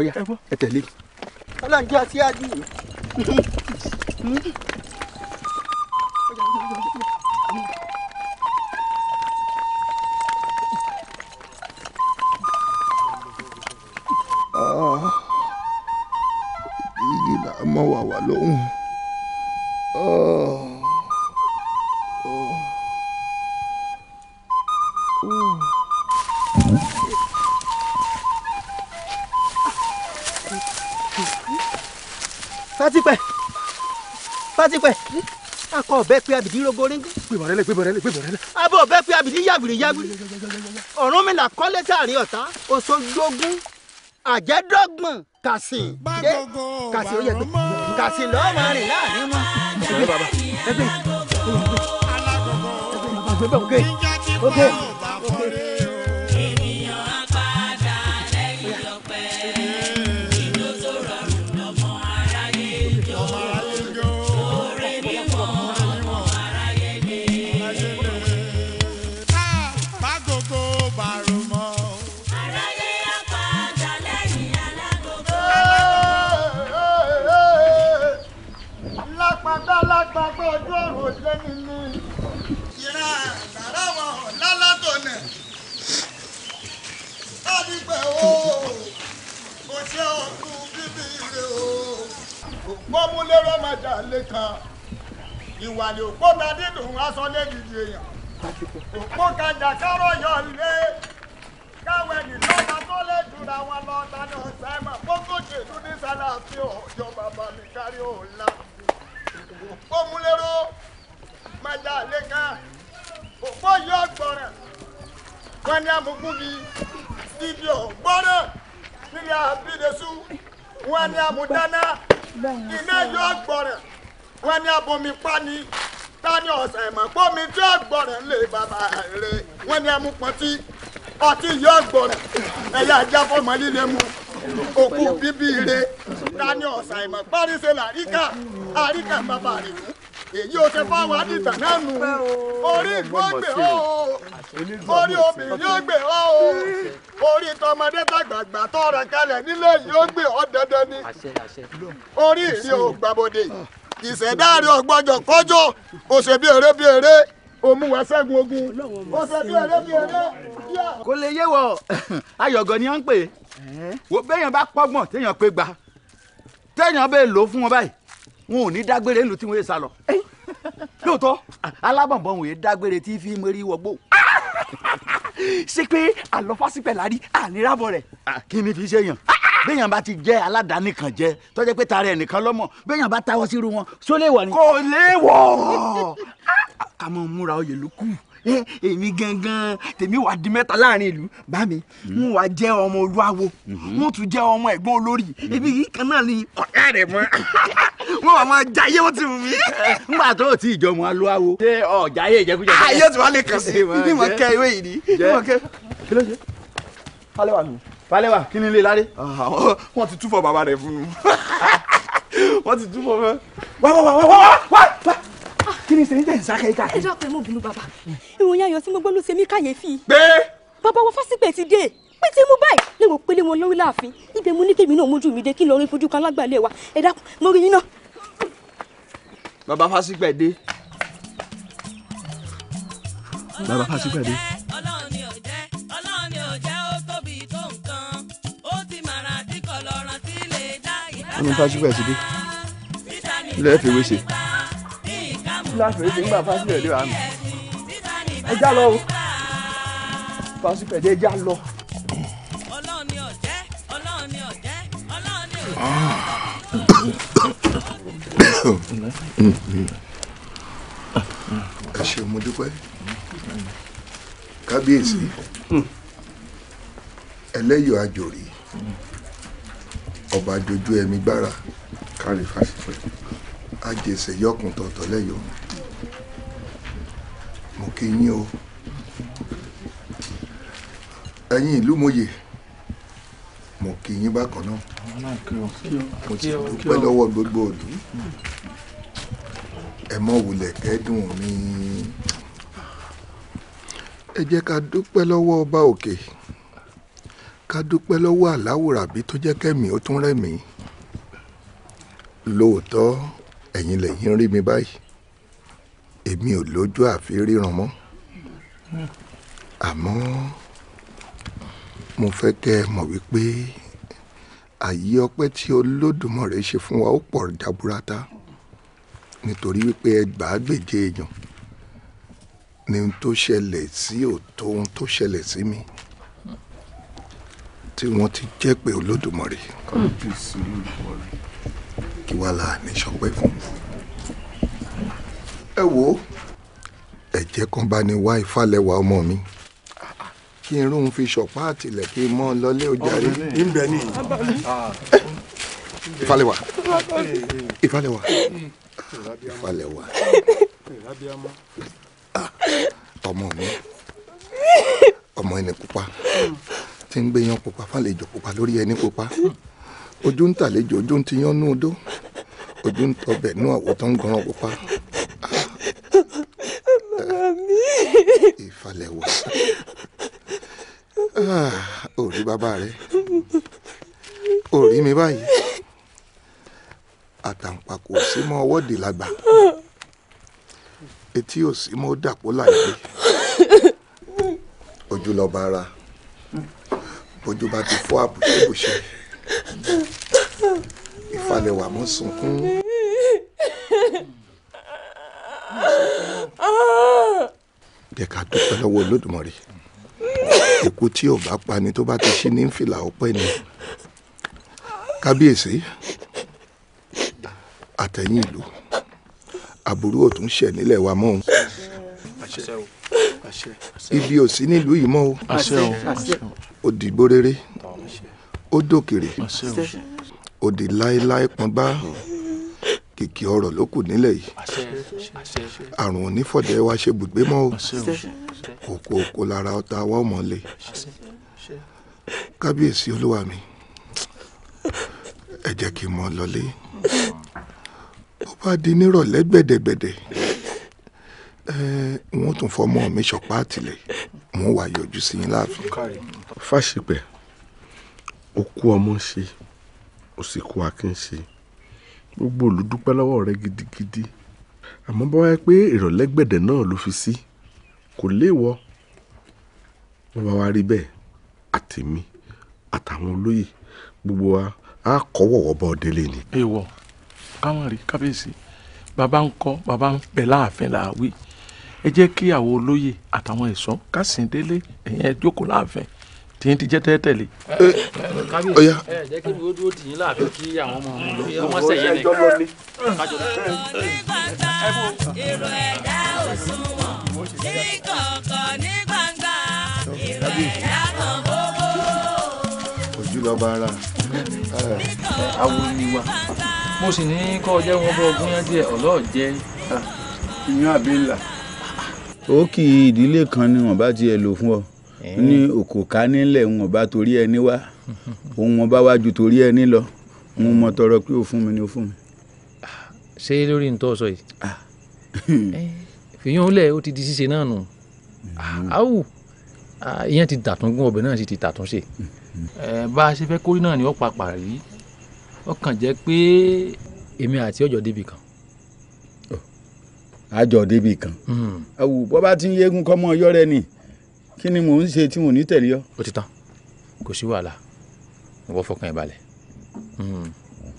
ọ̀ya ẹ tẹ̀lé. ọlọ́run jẹ́ ọtí àdúgbò. abìdí rogo ríngì. gbẹbọrẹlẹ gbẹbọrẹlẹ gbẹbọrẹlẹ. abọ bẹ pé abìdí yàgbìrì yàgbìrì. Ọ̀rúnmìlà kọ́lé sáàrin ọ̀tá Òṣogbógún àjẹ́dọ́gbọ̀n kàsì dé kàsì ó yẹ pé kàsì lọ́ọ́ máa rìn láàrin wọn. ẹgbẹ́ bàbá ẹgbẹ́ ẹgbẹ́ bàbá ẹgbẹ́ bàbá ọ̀gẹ́ ọ̀gẹ́. kò jẹ́ mi ní. dídùn aṣọ lẹ́gìdì èèyàn òpóta jàkárọ̀ yọ lé káwọn ènìyàn tó lè jura wọn lọ tani ọ̀sẹ̀ mọ̀ kókó ṣèlú ní sálàáfíà ọjọ́ bàbá mi kárí òun lá. wọn ní amúgbúgi studio gbọ́dọ̀ nílé abídẹ́sù wọn ní amúdáná iná yóò gbọ̀rẹ̀ wọn ní abomi pani tani ọ̀sẹ̀ ìmọ̀pọ̀mi tí ó gbọ̀rẹ̀ lè bàbá rẹ̀ wọn ní amúpọ̀ntì ọtí yóò gbọ̀rẹ̀ ẹ̀yà ajá fọmọ líle mu òkú bíbí ire tani ọ̀sẹ̀ ìmọ̀pọ̀rìṣẹ́ làríkà àríkà bàbá rẹ̀ kú èyí ò ṣe fáwọn àdìtà náà nù orí ìgbógbè ó orí obìnrin yóò gbè ó orí tọmọdé tàgbàgbà tọrọ kalẹ̀ nílé yóò gbè ó dandan ni orí ìrì ò gbàbọdè ìṣẹ̀dáàrí ọgbọ́jọ kọjọ òṣèbí eré bí eré òmùwà ṣẹ́gun ogun òṣèbí eré bí eré. kò lè yé wọ ayọ̀gọ̀ ni wọ́n ń pè é wo béèyàn bá pọ́gbọ̀n téèyàn pé gbà téèyàn bẹ́ẹ̀ lò ó fún wọn báyìí wọn ò ní dágbére ńlù tí wọn yé sá lọ lóòótọ́ alábọ̀nbọ̀n wòye dágbére tí fi mérí wọgbó ṣé pé àlọ́fásípẹ̀ lárí àníràbọ̀ rẹ̀. kí ni fi ṣe yàn béèyàn bá ti jẹ́ aládàáni kan jẹ́ tó jẹ́ pé tara ẹnìkan lọ́mọ béèyàn bá tawọ́ sírú wọn sólè wọ̀ ni. kò lè wọ̀. ká mọ múra oyè ló kù. Eh, èmi gangan tèmi wà di mẹ́ta láàrin ìlú bá mi n wà jẹ́ ọmọ olúwawo n tún jẹ́ ọmọ ẹ̀gbọ́n olórí ebi yìí kan náà ni ọ̀rẹ́ rẹ̀ mọ́ wọn [laughs] wà máa jayé wọn ti wù mí. nígbà tó o ti ìjọmọ alúwawo. ṣé ọ jayé ìjẹkújẹ. ayé tí wàá lè kàn sí i ìmọ̀ kẹ ìwé yìí ni ìmọ̀ kẹ. kí ló ṣe falẹ̀ wà nù. falẹ̀ wà kí ni ilé láré. Ah, wọ́n ti túfọ̀ bàbá rẹ̀ fún un ah, wọ́n ti túfọ̀ fún un. wá wá wá wá wá wá wá kí ni sèyí tẹ̀ ń sáké ká. ẹ dákun ẹ mọ bínú bàbá ìròyìn ayọ̀ tí mo gbọ́ ló ṣe mí káyéfì. pé. bàbá wa fásigbẹ̀ ti dé pé tí mo báyìí lè pélé wọn lórí láàfin ibẹ̀ mo ní kèmí náà mójú mi dé kí n lọ rí fojú kan lágbàlẹ̀ wa ẹ dákun mo rí yín náà. bàbá fásigbẹ̀ dé. bàbá fásigbẹ̀ dé. ọlọ́run fásigbẹ̀ ti dé. ilé ẹ̀ fi wé ṣe flash méjì ńgbà fásitì lè wà mí ẹ já lọ o fásitì pẹ̀lú ẹ já lọ. ẹ ṣe mo dúpẹ́ kábíyèsí hmm. ẹlẹ́yọ̀ àjòrí ọba àjòjú ẹ̀mí gbára kárí fásitì àjèsè yọkùn tọ̀tọ̀ lẹ́yọ̀ kí yín o ẹ̀yin ìlú mòye mo kí yín bákan náà mo sì dúpẹ́ lọ́wọ́ gbogbo ìlú ẹ mọ̀ wulẹ̀ kẹ́dùn mi ẹ jẹ́ ká dúpẹ́ lọ́wọ́ ọba òkè ká dúpẹ́ lọ́wọ́ aláwòrábí tó jẹ́ kẹ́mi ó tún rẹ̀ mí lóòótọ́ ẹ̀yin lẹ̀yin rí mi báyìí èmi ò lójú àfi ríran mọ́ àmọ́ mo fẹ́ kẹ́ ẹ mọ̀ wípé àyè ọpẹ́ tí Olódùmarè ṣe fún wa ó pọ̀ jaburata nítorí wípé ẹgbàágbèje èèyàn ni ohun tó ṣẹlẹ̀ sí òótọ́ ohun tó ṣẹlẹ̀ sí mi tí wọ́n ti jẹ́ pé Olódùmarè kí wàá là ní sọpẹ́ fún mi ẹ wò ó ẹ̀jẹ̀ kan bá ní wá ìfàlẹ́wà ọmọ mi kí n rún fi ṣọ̀pá àtìlẹ̀ kí n mọ́ ọ lọlé ojàre. ìbẹ̀ ni ìfàlẹ́wà ìfàlẹ́wà ìfàlẹ́wà ọmọ mi ọmọ ẹni pupa tí ń gbéyan pupa fàlejò pupa lórí ẹni pupa ojú ń tàlejò ojú ń tiyán nú odó ojú ń tọbẹ̀ nú àwòtán gan pupa bàbá mi. ìfalẹ̀ wò ah, ó rí bàbá rẹ ó rí mi báyìí àtàǹpàkò sí mọ́ ọwọ́de làgbà etí ò sí mọ́ dàpọ̀ láìpẹ́ ojú lọ́ba ara ojú bá ti fọ́ àbùṣẹ́bùṣẹ́ ìfalẹ̀ wà mọ́ sunkún jẹ́ ká dúpẹ́ lọ́wọ́ olódùmarè èkó tí ò bá pani tó bá ti ṣí ní fìlà ọpẹ́ ni kábíyèsí àtẹ̀yìn ìlú aburú ò tún ṣẹ̀ nílẹ̀ wa mọ́ o ibi ò sí nílùú yìí mọ́ o ó di gbóréré ó dòkèrè ó di láéláé pọ́ngbá kìkì ọ̀rọ̀ ló kù nílẹ̀ yìí àrùn onífọ̀dẹ́ wa ṣe bùgbé mọ́ o òkú òkú lára ọ̀tá wa ọmọ le kábíyèsí olúwa mi ẹ jẹ́ kí n mọ̀ lọlé ó bá di nírọ̀lẹ́ gbẹ̀dẹ̀gbẹ̀dẹ̀ wọ́n tún fọmọ mi ṣọ̀pá àtìlẹ̀ wọ́n wà yọjú sí yín láàfin. fàṣìpẹ̀ ó kú ọmọ ṣe ó sì kú akínṣe gbogbo olùdúpẹ́ lọ́wọ́ rẹ gidigidi àmọ́ bá wáyé pé ìrọ̀lẹ́ gbẹ̀dẹ̀ náà ló fi sí kò léèwọ̀ wọ́n bá wá rí bẹ́ẹ̀ àtèmi àtàwọn olóyè gbogbo wa á kọ́wọ̀wọ́ bọ́ délé ni. èèwọ̀ káwọn rí kábíyèsí bàbá ń kọ́ bàbá ń bẹ̀ láàfin làwí ẹ jẹ́ kí àwọn olóyè àtàwọn ẹ̀ṣọ́ kásìn délé ẹ̀yẹn jókòó láàfin tí ń ti jẹ́ tẹ́tẹ̀lé. ọ̀ya. Eh, ẹ eh, jẹ́ kí mi ó dúró tì yín láàbí kí àwọn ọmọ mi lọ wọ́n sẹ̀ yẹn nìkan. èrò ẹ̀dá òṣùwọ̀n ní kọ̀ọ̀kan ní gbangba èrò ẹ̀dá kan gbogbo. ojú lọ bá ara awo ni wa. mo sì ní kọ́ ọ jẹ́ wọn bọ́ ọgbọ́n yẹn díẹ̀ ọ̀lọ́ọ̀ jẹ́. Ah, ìyún àbí ńlá. ó kì í ìdílé kan ni wọn bá tiẹ̀ lò fún ọ ní òkòká nílẹ̀ ń wọ́n bá torí ẹni wá òun wọ́n bá wájú torí ẹni lọ ń mọ tọrọ pé ó fún mi ni ó fún mi. ṣé lórí ní tó sọ yìí fìyàn lẹ̀ ó ti di ṣíṣe náà nù mm-hmm. áwù ìyẹn ti dàtúngún ọbẹ̀ náà sì ti dàtúnṣe bá a ṣe fẹ́ kórìí náà ni ó pa pàrí ó kàn jẹ́ pé èmi àti ọjọ́ débi kan àjọ débi kan. àwù hmm. bọ́ bá ti ń yegun kọ́ mọ́ ọyọ́ rẹ ni kí ni mò ń ṣe tí mò ní tẹ̀lé ọ. ó ti tán kò sí wàhálà ìwọ fọkàn ẹ balẹ̀.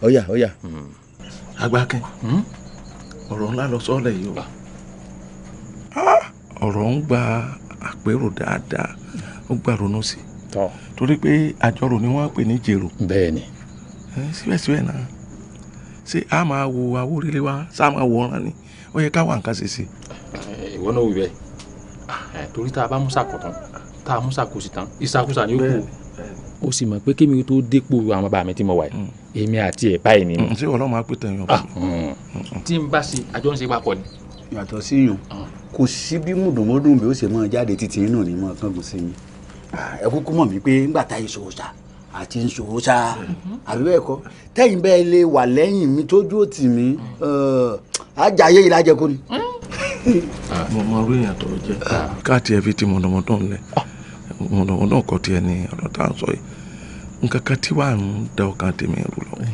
ọ̀yà ọ̀yà. agbákin ọ̀rọ̀ ńlá lọ sọ́ọ̀lẹ̀ yìí o ah. Ah, ọ̀rọ̀ ń gba àpérò dáadáa ó gba ronú sí i torí pé àjọrò ni wọ́n pè ní jèrò. bẹ́ẹ̀ni. síbẹ̀síbẹ̀ náà ṣé a máa wo àwòrán wa ṣá máa wòran ni ó yẹ ká wà nǹkan ṣe sí i. ìwọ náà wù bẹ́ẹ̀ torí tá a bá musa kọ̀tàn tá a musa kò sí tán ìsakusa ni ó kù ó sì mọ̀ pé kémi tó dépò àwọn bàbá mi tí mo wà yìí mm. èmi àti ẹ̀ báyìí ni. Mm, ṣé wọn náà máa pè tẹ̀yìn ọ̀pọ̀. Ah, mm. tí n bá ṣe àjọ ń ṣe papọ̀ ni. yàtọ̀ sí yàn ah. kò sí bí mùdùmọ́dùn bí ó ṣe máa jáde títí inú ni mo kángun sí mi ẹ kúkú mọ̀ mí pé ńgbà tá ìṣòro ṣá àti ìṣòro ṣá mm-hmm. àbí bẹ́ẹ̀ kọ́ tẹ́yìn bẹ́ẹ̀ lè wà lẹ́yìn mi tójú òtì mi àjàyè eh, ìlàjẹ̀kọ́ ni. Ah, mo mọ orí káàtì ẹ fi ti mọ̀dọ̀mọ̀dọ̀ ńlẹ̀ mọ̀dọ̀mọ̀dọ̀ kọ́ tiẹ̀ ní ọ̀rọ̀ tá à ń sọ yìí kan tí wàá ń eh.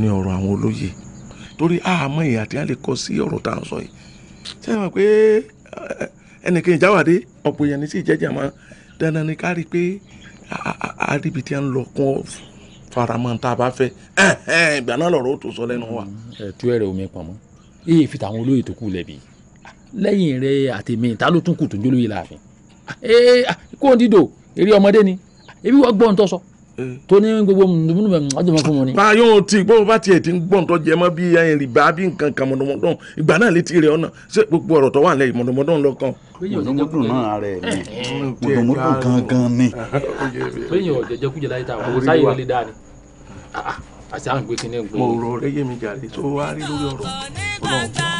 ni ọ̀rọ̀ àwọn olóyè torí àmọ́ ìyá tí a lè kọ́ sí ọ̀rọ̀ tá à ń sọ yìí ṣé ẹ mọ̀ pé eh, ẹnìkan ìjáwádé ọ̀pọ̀ èèyàn ní sí ìjẹ́jẹ́ ni ká rí i pé tí a ń lọ kún faramọ́ tá a bá fẹ́ ìgbà náà ó tó sọ lẹ́nu wa. Mm, ẹ lẹ́yìn rẹ àtẹ̀mí ta ló tún kù tó ń jólóye láàfin ee kó o dídò eré ọmọdé ni ebi wọ́n gbọ́ ntọ́ sọ eh. tó ní gbogbo mùtúmùtúmù ọjọ́ máa fún wọn ni. báyọ̀ ti gbọ́ bá tiẹ̀ ti ń gbọ́ ntọ́ jẹ́ mọ́ bí rìbá bí nǹkan kan mọ̀dọ̀mọ̀dọ̀ ìgbà náà létí rẹ̀ ọ̀nà ṣé gbogbo ọ̀rọ̀ tó wà lẹ́yìn mọ̀dọ̀mọ̀dọ̀ ń lọ kàn. mọ̀dọ̀mọ̀dọ̀ náà rẹ̀ mọ̀dọ̀mọ̀dọ̀ gangan ni. Eh, eh.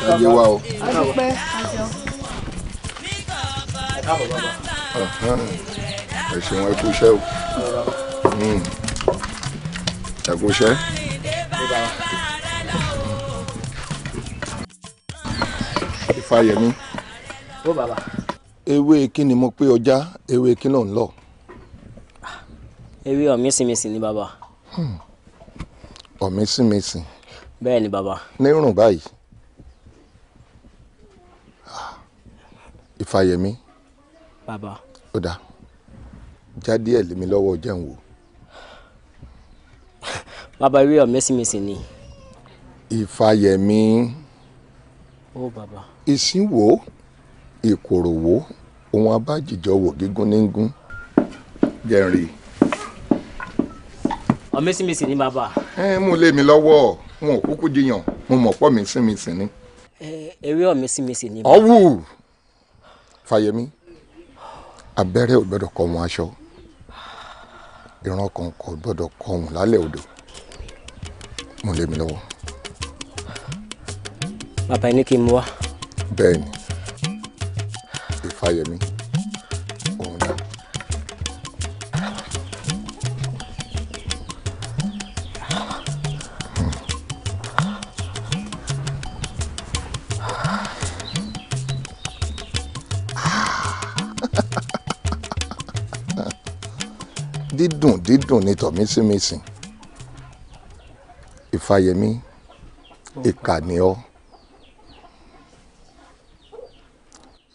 ṣáájú wa o. ẹ ṣeun ẹ kú iṣẹ́ o hmm. ẹ kú iṣẹ́. Ifáyẹmí ewé kí ni mo pé ọjà ewé kí ló ń lọ. ewé ọ̀mísìmísìn ni bàbá. Hmm. ọ̀mísìmísìn. bẹ́ẹ̀ ni bàbá. nírùn báyìí. Ifáyẹmí. bàbá. ó dáa já díẹ̀ lèmi lọ́wọ́ jẹun wò. bàbá eré ọ̀ mẹ́sìmẹ́sì ni. Ifáyẹmí. ó bàbá. ìsínwó ìkòròwó ohun abájìjọ wò gígùn nígún jẹrin. ọ̀mẹ́sìmẹ́sì ni bàbá. ẹ mú lèmi lọ́wọ́ wọn ò kúkú jiyàn mo mọ̀ pọ̀ mí sínmi sí ni. ẹ eré ọ̀mẹ́sìmẹ́sì ni. ọ̀wù. Oh, fàyẹmí abẹ́rẹ́ ò gbọ́dọ̀ kọ́ wọn aṣọ ìran kan kò gbọ́dọ̀ kọ́ wọn lálẹ́ odò mo lé mi lọ́wọ́. bàbá yìí ní kí n mú wa. bẹ́ẹ̀ni ìfàyẹmí. E dídùn dídùn ni tọ̀mísìmísìn ìfàyèmí ìkà ni ọ́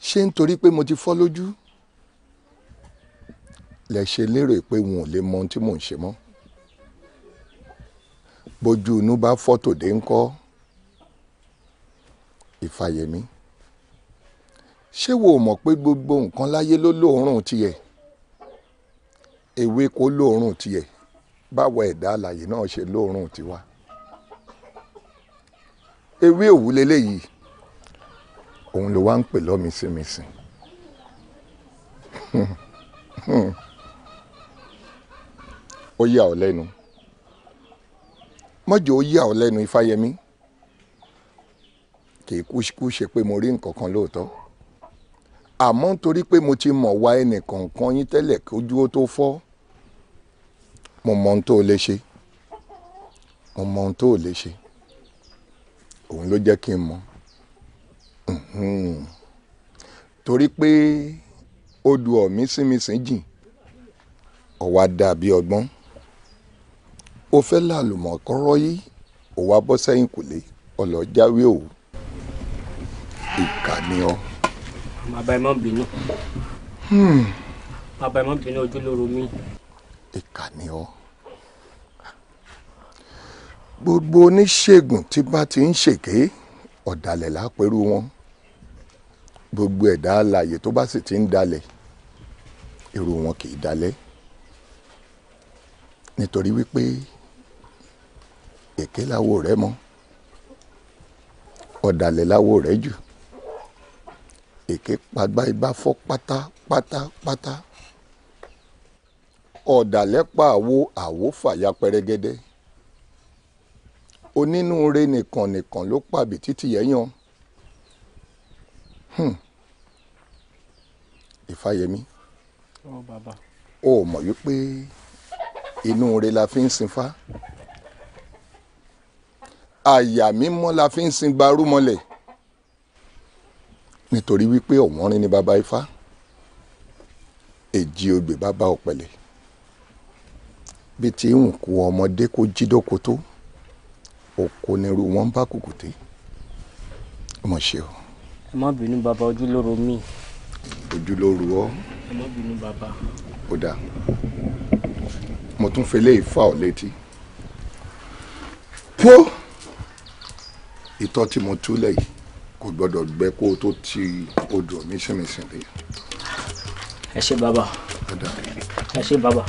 ṣé nítorí pé mo ti fọ́ lójú lẹ ṣe lérò pé wọn ò lè mọ ohun tí mò ń ṣe mọ́ bójú inú bá fọ́ tòde ńkọ́ ìfàyèmí ṣé wo mọ̀ pé gbogbo nǹkan láyé ló lóòórùn tiẹ̀ ewéko lóòrùn tiẹ̀ báwo ẹ̀dá alàyè náà ṣe lóòrùn tiwa ewé òwú leléyìí òun ló wá ń pè lọ́mísìmísìn [laughs] ó yà ọ́ lẹ́nu mọ́jọ́ ó yà ọ́ lẹ́nu Ifáyẹmí kì í kú ṣe pé mo rí nǹkan kan lóòótọ́ àmọ́ nítorí pé mo ti mọ̀ wá ẹnìkọ̀ọ̀kan yín tẹ́lẹ̀ kójú ó tó fọ́ mo mọ ohun tó o lè ṣe mo mọ ohun tó o lè ṣe òun ló jẹ́ kí n mọ̀ torí pé odò ọ̀mí símisìn jìn ọ̀wá dàbí ọgbọ́n o fẹ́ làlùmọ̀ kọ́rọ́ yìí òwa bọ́ sẹ́yìn kùlé ọlọ́jáwé òwú ìkà ni ọ. bàbá ẹ má bínú bàbá ẹ má bínú ojúlówó mi ìkà ni ọ́ gbogbo oníṣègùn tí bá ti ń ṣèké ọ̀dàlẹ̀ lápẹ̀rù wọn gbogbo ẹ̀dá alààyè tó bá sì ti ń dalẹ̀ èrò wọn kì í dalẹ̀ nítorí wípé èké láwo rẹ mọ ọ̀dàlẹ̀ láwo rẹ jù èké pagbá ibà fọ́ pátápátápátá ọ̀dàlẹ́pà wo àwo fàya pẹrẹgẹdẹ onínúure nìkan nìkan ló pàbí títí yẹn yan hmm. ìfàyẹmí o mọ̀ wípé inú re la fi ń sin fá àyà mímọ́ la fi ń sin gbarúmọlẹ̀ nítorí wípé ọ̀wọ́n rin ni baba ifá èjì ogbè bàbá ọ̀pẹ̀lẹ̀ bí ti ń kó ọmọdé kó jídóko tó òkò nírú wọn bá kùkùté ọmọ ṣe o. ẹ má bínú bàbá ojúlóru mi. ojúlóru ọ. ẹ má bínú bàbá. ó dáa mo tún fi léyìí fà ọ́ létí. pó ìtọ́ tí mo túlẹ̀ yìí kò gbọ́dọ̀ gbẹ kó tó ti odò mi sínmi sínmi. ẹ ṣé bàbá. ó dáa. ẹ ṣé bàbá.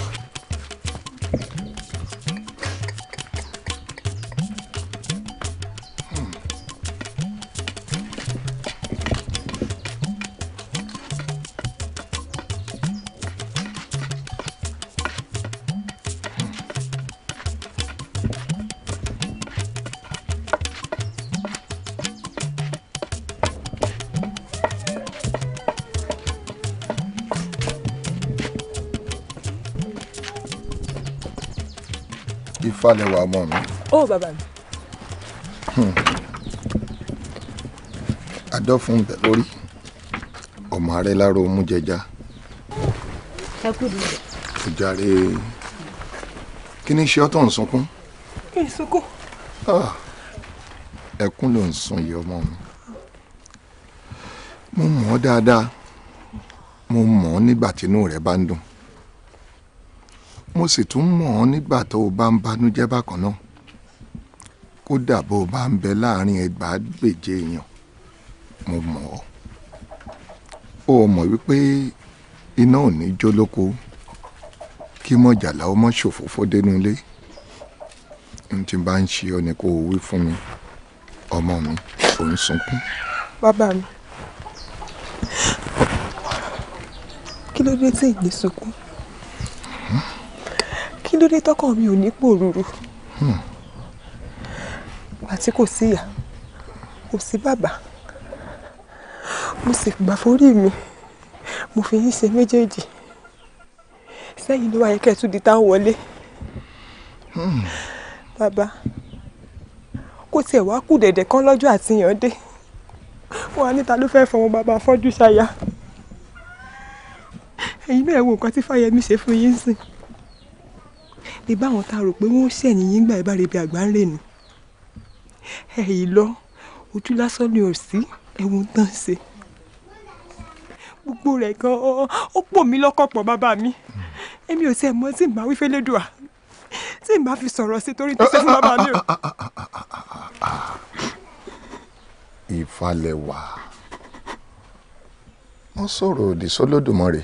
falẹ̀ wà ọmọ mi. ó oh, bàbá mi. Hmm. adọ́fun bẹ̀ lórí ọmọ rẹ lára omu jẹja. ẹ kú di. ó jàre kí ni ṣe ọ́ tó ń sunkún. kí n sunkún. Ah, ẹkún ló ń sun yìí ọmọ mi mo mọ̀ ọ́ dáadáa mo mọ̀ ọ́ nígbà tínú rẹ̀ bá ń dùn mo sì tún mọ̀ ọ́n nígbà tó o bá ń banújẹ́ bákan náà kódà bó o bá ń bẹ láàrin ẹgbàágbèje èèyàn mo mọ̀ ọ́ ó mọ̀ wípé iná ò ní jó lóko kí mọ̀jàlá ó mọ̀ ṣòfófó dénú ilé n tí bá ń ṣe ọ ni kó o wí fún mi ọmọ mi ò ń sunkún. bàbá mi kí ló dé tí ìgbésùnkún kí ló dé tọkàn mi ò ní pòrúurú hmm. àti kò síyà kò sí bàbá mo sì gbà forí mi mo fi yín ṣe méjèèjì sẹ́yìn ló wáyé kẹ́ẹ̀tún di táwọn wọlé hmm. bàbá kó tiẹ̀ wá kù dẹ̀dẹ̀ kan lọ́jọ́ àtìyàn dé wọn á níta ló fẹ́ẹ́ fọwọ́ bàbá fọ́jú ṣáya ẹ̀yin náà wo nǹkan tí fáyemí ṣe fún yín sìn bí báwọn tá a rò pé wọ́n ṣẹ̀ yín gbà ìbá rebi àgbà ń rènù ẹ̀yìn lọ ojú lásán ni ò sí ẹ̀wọ̀n tán ṣe gbogbo rẹ̀ gan ó pò mí lọ́kàn pọ̀ bàbá mi èmi ò tiẹ̀ mọ̀ tí n bá wí fẹ́ lédùá tí n bá fi sọ̀rọ̀ sí torí tó ṣe fún bàbá mi o. ìfalẹ̀ wà wọ́n sọ̀rọ̀ òdì sólódùmarè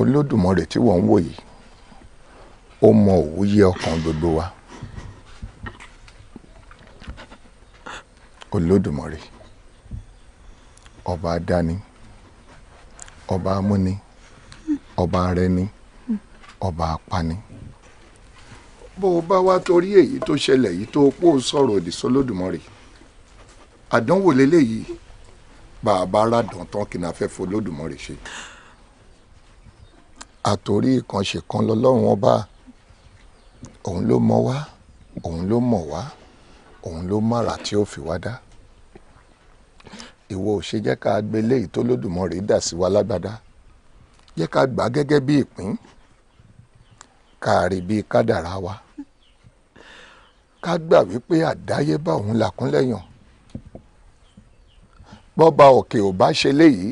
olódùmarè tí wọ́n ń wò yìí ó mọ òwúyẹ ọkàn gbogbo wa olódùmarè ọba adáni ọba amúni ọba arẹni ọba apani bó o bá wá torí èyí tó ṣẹlẹ̀ yìí tó pò sọ̀rọ̀ òdì sólódùmarè àdánwò lélẹ́yìí bàbá aládùn tán kì náà fẹ́ folódùmarè ṣe àtòrí ìkànṣe kan lọ́lọ́run ọba òun ló mọ wá òun ló mọ̀ wá òun ló mọ̀ra tí ó fi wá dá ìwọ ò ṣe jẹ́ ká gbé léyìí tó lódùmarè dà sí wa lágbádá jẹ́ ká gbà á gẹ́gẹ́ bí ìpín ká rí kádàrá wa ká gbà wípé àdáyébá òun làkúnlẹ̀yàn bọ́ba òkè ò bá ṣe léyìí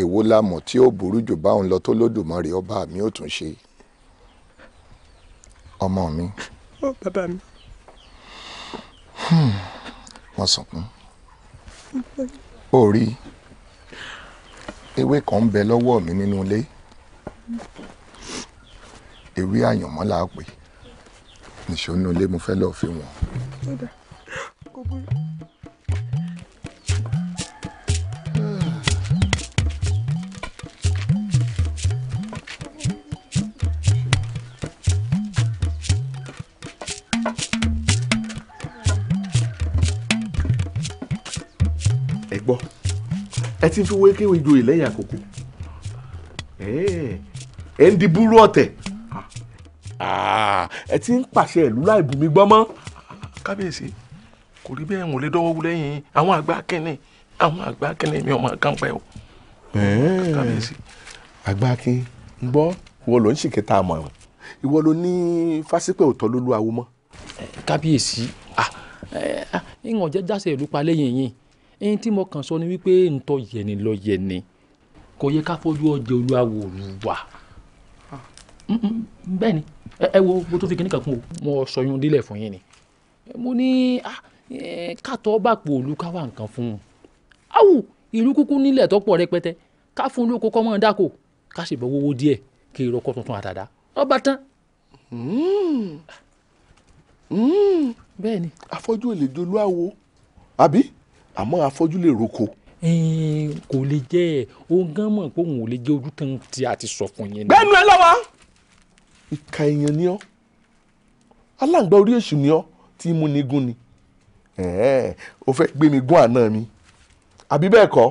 èwo la mọ̀ tí ó burú jù báwọn lọ tó lódùmarè ọba mi ò tún ṣe ọmọ mi. ó bàbá mi. Hmm, wọ́n sọkún. ó rí ewé kan ń bẹ lọ́wọ́ mi nínú ilé ewé àyànmọ́ la pè nìṣó nínú ilé mo fẹ́ lọ́ọ́ fi wọ̀n. ẹ ti fi wéké ìjòyè lẹ́yìn àkókò ẹ ń di búrú ọ̀tẹ̀ ẹ ti ń pàṣẹ ìlú láì bùnmi gbọ́n mọ́. kábíyèsí kò rí bẹ́ẹ̀ wọ́n lè dọ́wọ́ wú lẹ́yìn àwọn àgbà kẹ́ni àwọn àgbà kẹ́ni mi ò mọ̀ kán pẹ́ o. kábíyèsí. àgbà kí n gbọ́ ìwọ ló ń ṣì kẹta àmọ́ ẹ̀wọ̀n ìwọ ló ní fásipẹ̀ òtọ́ ló lu awo mọ́. kábíyèsí ìwọ̀n jẹ́ jáse ìlú pa lẹ́yìn yìí ẹni tí mo kàn sọ ni wípé ntọ́ yẹni lọ yẹni kò yẹ ká fojú ọjọ́ olúwawo olúwa bẹ́ẹ̀ ni ẹ wo bó tó fi kíní kan o mo sọyún dílẹ̀ fún yín ni mo ní ah, kàtọ́ bá pò olú ká wà nǹkan fún un awù ìlú kúkú nílẹ̀ tó pọ̀ rẹpẹtẹ ká fún olóko kọ́ mọ́ dáko ká sì bọ́ wọ́wọ́ díẹ̀ kí irọ́kọ́ tuntun àtàdá ọba tán. Hmm. Hmm. bẹ́ẹ̀ ni. afọ́jú ò lè àbí àmọ́ afọ́jú lè roko. kò lè jẹ́ ẹ̀ òun gan mọ̀ pé òun ò lè jẹ́ ojú tán tí a ti sọ fún yẹn. bẹ́ẹ̀ nu ẹ lọ́wọ́. ìka èèyàn ni ọ́ aláǹgbá orí èṣù ni ọ́ tí mú ni gún ni ó fẹ́ gbé mi gún àná mi àbí bẹ́ẹ̀ kọ́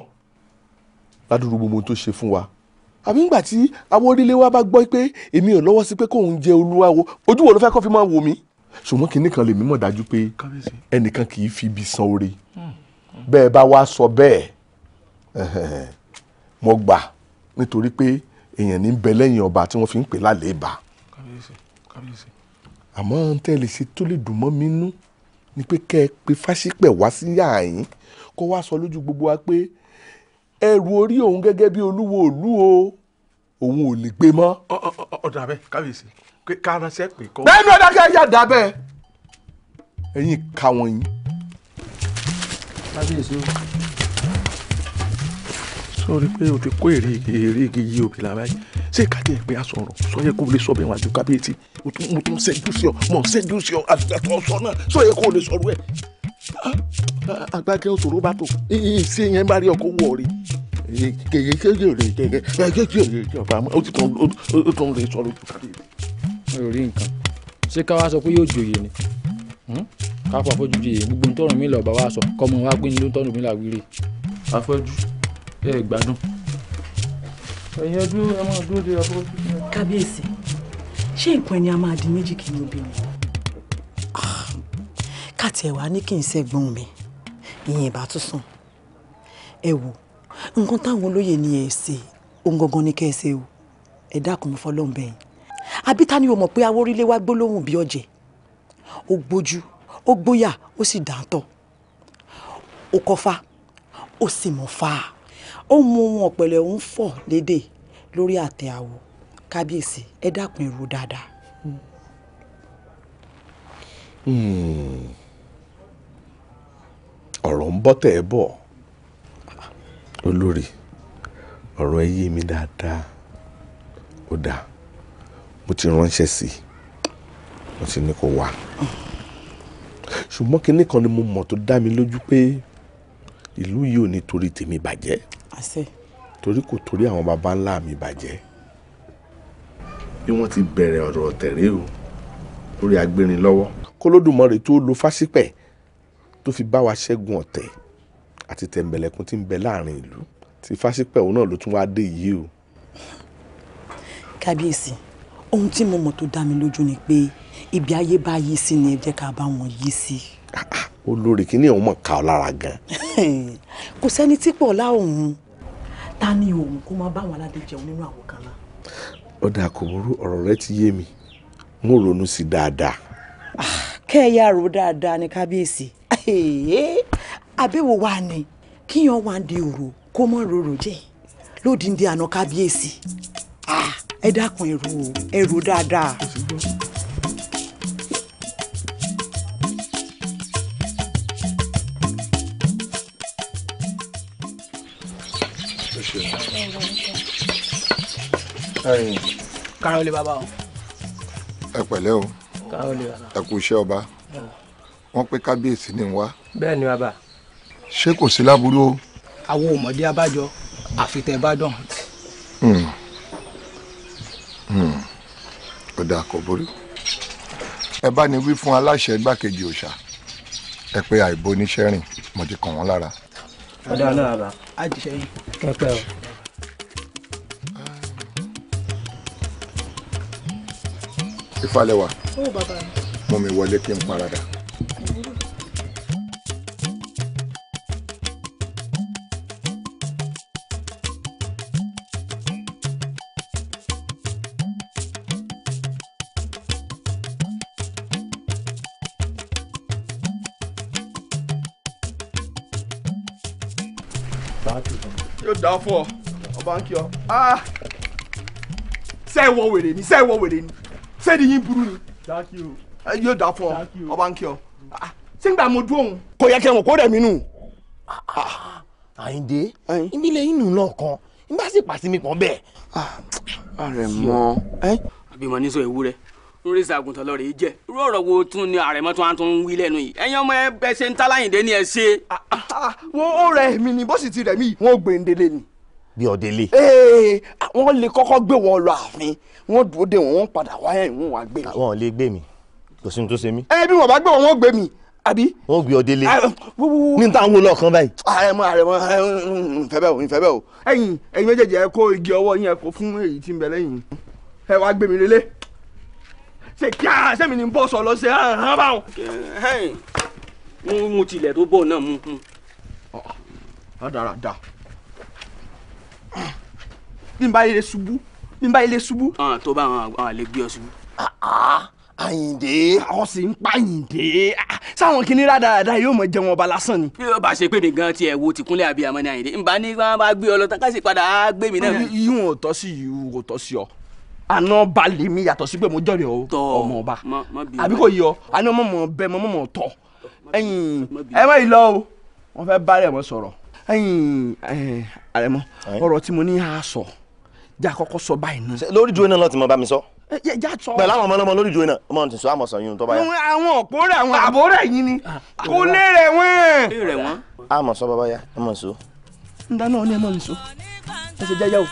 ládùúgbò gbogbo ohun tó ṣe fún wa àbí ńgbà tí àwọn orílẹ̀ wa bá gbọ́ pé èmi ò lọ́wọ́ sí pé kóun jẹ olúwa wo ojú wo ló fẹ́ kó fi máa wò mí ṣùgbọ́n kinní kan lèmi mọ̀ dájú pé ẹnìkan kì í fi ibi san oore hmm bẹ́ẹ̀ bá wá sọ bẹ́ẹ̀ mo gbà nítorí pé èèyàn ní bẹ lẹ́yìn ọba tí wọ́n fi ń pè lálẹ́ ìbà àmọ́ tẹ́ lè ṣe tó lè dùn mọ́ mi nú ni pé kẹ́ ẹ pe fásípẹ̀ wá sí àyín kó wá sọ lójú gbogbo wa pé ẹrù orí òun gẹ́gẹ́ bí olúwo òlú o òun ò lè gbé mọ́. ọ̀dà bẹ́ẹ̀ kábíyèsí kára sẹ́pẹ̀ kọ́. bẹ́ẹ̀ ni ọ̀dà kẹ́ ẹ yà dá bẹ́ẹ̀ ẹ̀yin kà wọ̀nyí kábíyèsí pé o ti kó èrè èrè igi yí òbí lára yìí ṣé káàdì ẹ̀pẹ́ àsọ̀rọ̀ sọ́yẹ́ kó lè sọ bẹ́ẹ̀ wájú kábíyèsí mo tún ṣẹ́jú sí ọ mo ṣẹ́jú sí ọ àtúntò sọ náà sọ́yẹ́ kó lè sọ̀rọ̀ ẹ̀. agbájẹ́ òṣòro bá tò ṣé yẹn bá rí ọkọ̀ wọ̀ rí kèyí kéjì ò lè jẹjẹ kéjì ò lè jẹ ti tún lè sọ̀rọ̀ ojú kábíyèsí. mi rí nǹkan ṣé káwá sọ pé yóò káfọ́ afọ́jú di èyí gbogbo tọrùn mi lọ bàbá sọ kọ́mọ wa gbé nílùú tọrùn mi là wíire afọ́jú ẹ gbádùn. ẹ̀yin ọdún ẹ máa dúró de afọ́jú. kábíyèsí ṣé nǹkan ẹni a máa di méjì kí ni obìnrin. káàtì ẹ̀wà ní kí n ṣẹ́gbọ́n mi ìyẹn ìbá tún sùn ẹ wò nǹkan táwọn olóyè ni ẹ ṣe ohun gangan ni kẹ́ ẹ ṣe o ẹ dákun fọlọ́ọ̀bẹ̀yìn àbí ta ni o mọ̀ pé awórílé wa gbólóhùn bí ọ̀jẹ̀ ó gbójú ó gbóyà ó sì dáńtọ́ ó kọ́fá ó sì mọ̀ fà á ó mú wọn ọ̀pẹ̀lẹ̀ ń fọ̀ lédè lórí àtẹ àwò kábíyèsí ẹ dákun èrò dáadáa. Hmm. ọ̀rọ̀ ń bọ́ tẹ̀ ẹ́ bọ̀ olórí ọ̀rọ̀ ẹ yé mi dáadáa ó dáa mo ti ránṣẹ́ sí i mo ti ní kó wá. Mm ṣùgbọ́n kinní kan ni mo mọ̀ tó dá mi lójú pé ìlú yìí ò ní torí tèmi bàjẹ́ torí kò torí àwọn baba ńlá mi bàjẹ́ bí wọ́n ti bẹ̀rẹ̀ ọ̀rọ̀ tẹ̀rẹ́ o lórí agbérin lọ́wọ́ kólódùmarè tó lo fásípẹ̀ tó fi bá wa ṣẹ́gun ọ̀tẹ̀ àti tẹ̀m̀bẹ̀lẹ̀kun tí ń bẹ láàrin ìlú tí fásípẹ̀ òun náà ló tún wá dé yìí o. kábíyèsí ohun tí mo mọ̀ tó dá mi lójú ni pé. Pe ibi ayé bá yí sí ni ẹ jẹ́ ká bá wọn yí sí. olórí kìíní ọ̀hún mọ̀ ká ọ lára gan. [laughs] kò sẹ́ni tí pọ̀ lá òun ta ni òun kó máa bá àwọn aládé jẹun nínú àwọn kan lá. ọ̀dà kò burú ọ̀rọ̀ rẹ ti yé mi mo ronú sí dáadáa. Ah, kẹ́ ẹ yá ro dáadáa ní kábíyèsí àbẹ̀wò [laughs] wa ni kíyan wá di òrò kó mọ̀ rorò jẹ́ lódìndín àná kábíyèsí ah, ẹ dákun ẹ̀rù ẹ̀rù dáadáa. kárọ̀lì bàbá o. ẹ pẹ̀lẹ́ o kárọ̀lì bàbá ẹ kú iṣẹ́ ọba wọ́n pé kábíyèsí ni wá. bẹ́ẹ̀ ni bàbá. ṣé kò sí láburú o. àwọn òmòdé abájọ àfitẹ́ ìbàdàn. ọ̀dà hmm. hmm. kò borí ẹ bá ní wí fún aláṣẹ igbákejì òòṣà ẹ pé àìbóníṣẹ́rìn mo ti kàn wọ́n lára. ọ̀dà náà bàbá. a jẹ́ yín. pẹ́pẹ́ o. ìfalẹ̀ wà mú mi wọlé kí n parada. yóò dá fún ọ ọba ń kí ọ ah! ṣé ẹ wọ wèrè ni ṣé ẹ wọ wèrè ni sẹ́ẹ̀dì yín burú ni yóò dà fún ọ ọba ń kí ọ sígbà ah, mo dún òun. kò yẹ kí ẹ mọ̀ kó rẹ̀ mí nù. Ah, àyìndé ibi ilé yín nù náà kan nígbà sì pàṣẹ mi kàn bẹ́ẹ̀. ààrẹ ah, mọ àbímọ ní sọ ewúrẹ́ lórí ìsàgùntàn lọ rèé jẹ irú ọ̀rọ̀ wo tún ni àrẹ̀mọ tó wá tún ń wí lẹ́nu yìí ẹ̀yin ọmọ ẹ ṣe ń tàlàyé dé ni ẹ ṣe. wọn ó rẹ mi ni bó sì ti rẹ mi wọn ò gbèǹdélé e ni gbé ọ délé. ee wọ́n lè kọ́kọ́ gbé wọn lọ ààfin wọ́n dúró dé wọn wọ́n padà wáyà ìwọn wà gbé mi. àwọn lè gbé mi kò sí ní tó ṣe mí. ẹ bí wọn bá gbé wọn wọ́n gbé mi àbí. wọn gbé ọ délé ní ta ń wo lọkàn báyìí. àrẹ̀mọ àrẹ̀mọ ìfẹ́ bẹ́ẹ̀ o ìfẹ́ bẹ́ẹ̀ o ẹ̀yin ẹ̀yin méjèèjì ẹ kó igi ọwọ́ yín ẹ kó fún èyí tí ń bẹ lẹ́yìn ẹ wá gbé mi lélé ṣe kíá sẹ́mi ni bọ́ sọ̀lọ́ ṣe hàn hàn báwọn. mo tilẹ̀ tó bọ̀ náà mú. ọ̀dàrà dà bí n bá yẹ lè ṣubú bí n bá yẹ lè ṣubú. tó bá àwọn àlè gbé ọ ṣubú. Ah, ah, Àyìndé. àwọn sì ń pa Àyìndé ah, sáwọn kìnìún rádaràda yóò mọ jẹun ọba lásán ni. bí o bá ṣe pé mi gan tiẹ̀ wo tìkúnlẹ̀ abiyamọ ni Àyìndé nbà ní wọn bá gbé ọ lọ tán padà á gbé mi náà. yíwọ̀n ò tọ́ sí yìí kò tọ́ sí ọ àná balẹ̀ mi yàtọ̀ sí pé mo jọ̀rẹ̀ ọmọ ọba àbí kò yọ àná mọ̀mọ́ bẹ́ẹ̀ mọ̀mọ́ tọ̀ ẹ̀yìn ẹ má yìí lọ o wọ́n fẹ́ bá rẹ̀ mọ́ sọ̀rọ̀ àrẹmọ ọ̀rọ̀ tí mo ní a sọ jẹ́ àkọ́kọ́ sọ báyìí náà. lórí dúró náà lọ ti mọ bá mi sọ. ẹ já sọ. pẹ̀lú àwọn ọmọ ọlọ́mọ lórí dúró náà ọmọ tuntun àmọ̀ sọ yín tó bá yá. àwọn òpórè àwọn àbórè yín ni ah, kò lè rẹ̀ wọ́n. àmọ̀ sọ bàbá yá ẹ mọ̀ sọ. ń dáná ọ ní ẹ mọ̀ mi sọ ẹ ṣe jẹ́jẹ́ o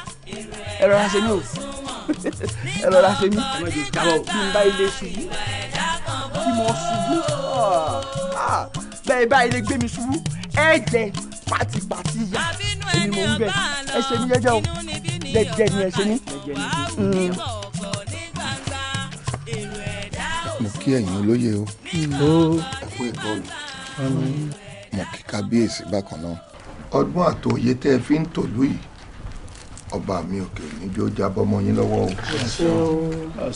ẹ rọra ṣe mí o ẹ rọra ṣe mí. bí n bá ilé pati pati ya èmi mò ń bẹ ẹ ṣe ní jẹ́jẹ́ o jẹ́jẹ́ ni ẹ ṣe ní. mo kí ẹ̀yin olóye o ẹ̀kú ẹ̀kọ́ mi mo kí kábíyèsí bákan náà ọgbọ́n àtòyé tẹ́ ẹ fi ń tòlú yìí ọba mi òkè níjó jábọ́ mọ́ yín lọ́wọ́ o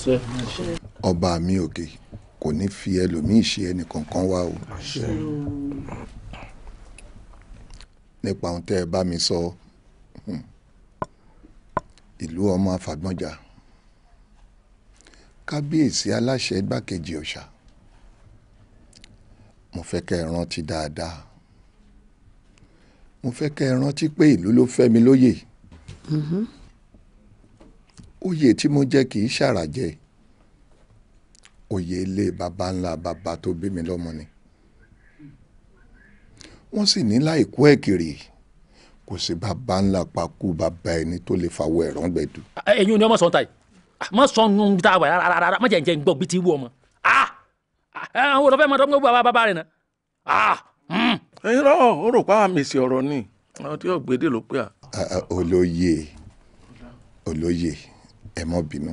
ọba mi òkè kò ní fi ẹlòmíì ṣe ẹnìkankan wá o nípa ohun tẹ́ ẹ bá mi sọ hmm. ìlú ọmọ afàgbọ́njà kábíyèsí aláṣẹ igbákejì ọ̀ṣà mo fẹ́ kẹ́ ẹ rántí dáadáa mo fẹ́ kẹ́ ẹ rántí pé ìlú ló fẹ́ mi lóyè mm-hmm. oyè tí mo jẹ kì í ṣàràjẹ oyè ilé baba ńlá baba tó bí mi lọ́mọ ni wọ́n sì ní láìkú ẹ̀kìrì kò sí bàbá ńlá pakú bàbá ẹni tó lè fawọ́ ẹ̀rọ̀ gbẹ̀dù. ẹ̀yin ni ọmọ sọ ta yìí mọ sọ ń ta wà rárá rárá mọ jẹjẹ gbọ bí wú ọmọ ah ẹ ah! wo lọ fẹ mọ dọgbọn bàbá bàbá rẹ náà ah. Hmm. irọ́ ó rò pa àmìsí ọ̀rọ̀ ni àwọn tí yóò gbédè ló pé à. olóye olóye ẹ mọ bínú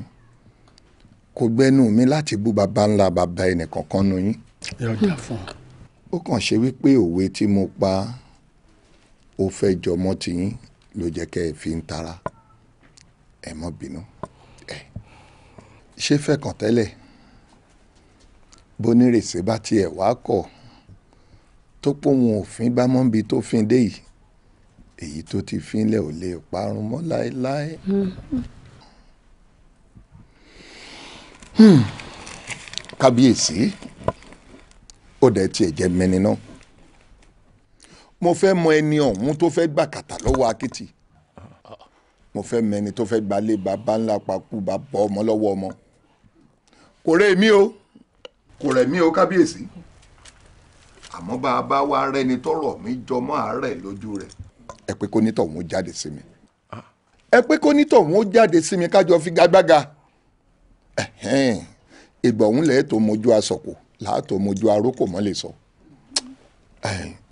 kò gbẹnu mi láti bú bàbá ńlá bàbá ẹnì kankan nù yín. ẹ ọjà fún un ó kàn ṣe wípé òwe tí mo pa ó fẹ́ jọmọ́ tiyín ló jẹ́ kẹ́ ẹ fi ń tara ẹ mọ́ bínú ẹ ṣé fẹ́kàn tẹ́lẹ̀ bonírèsè bá tiẹ̀ wá kọ̀ tó pòun òfin bá mọ́bi tó fin dé yìí èyí tó ti fínlẹ̀ ò lè parun mọ́ láéláé. Hmm. Hmm. kábíyèsí ó dẹ̀ tiẹ̀ jẹ́ mẹ́ni náà mo fẹ́ mọ ẹni ọ̀hún tó fẹ́ gbà kàtà lọ́wọ́ akitì mo fẹ́ mẹni tó fẹ́ gbalé bàbá ńlá pakú bàbá ọmọ lọ́wọ́ ọmọ kò rẹ̀ mí o kò rẹ̀ mí o kábíyèsí àmọ́ bá a bá wá rẹ́ni tọ́rọ̀ mi jọmọ́ àárẹ̀ lójú rẹ̀ ẹ pé kó nítọ̀hún ó jáde sí mi ẹ pé kó nítọ̀hún ó jáde sí mi kájọ figagbága ẹ̀hẹ́n ìgbà òun lẹ́ẹ̀ tó mojú asọ̀kò láàtọ̀ mojú arókò mọ́ lè sọ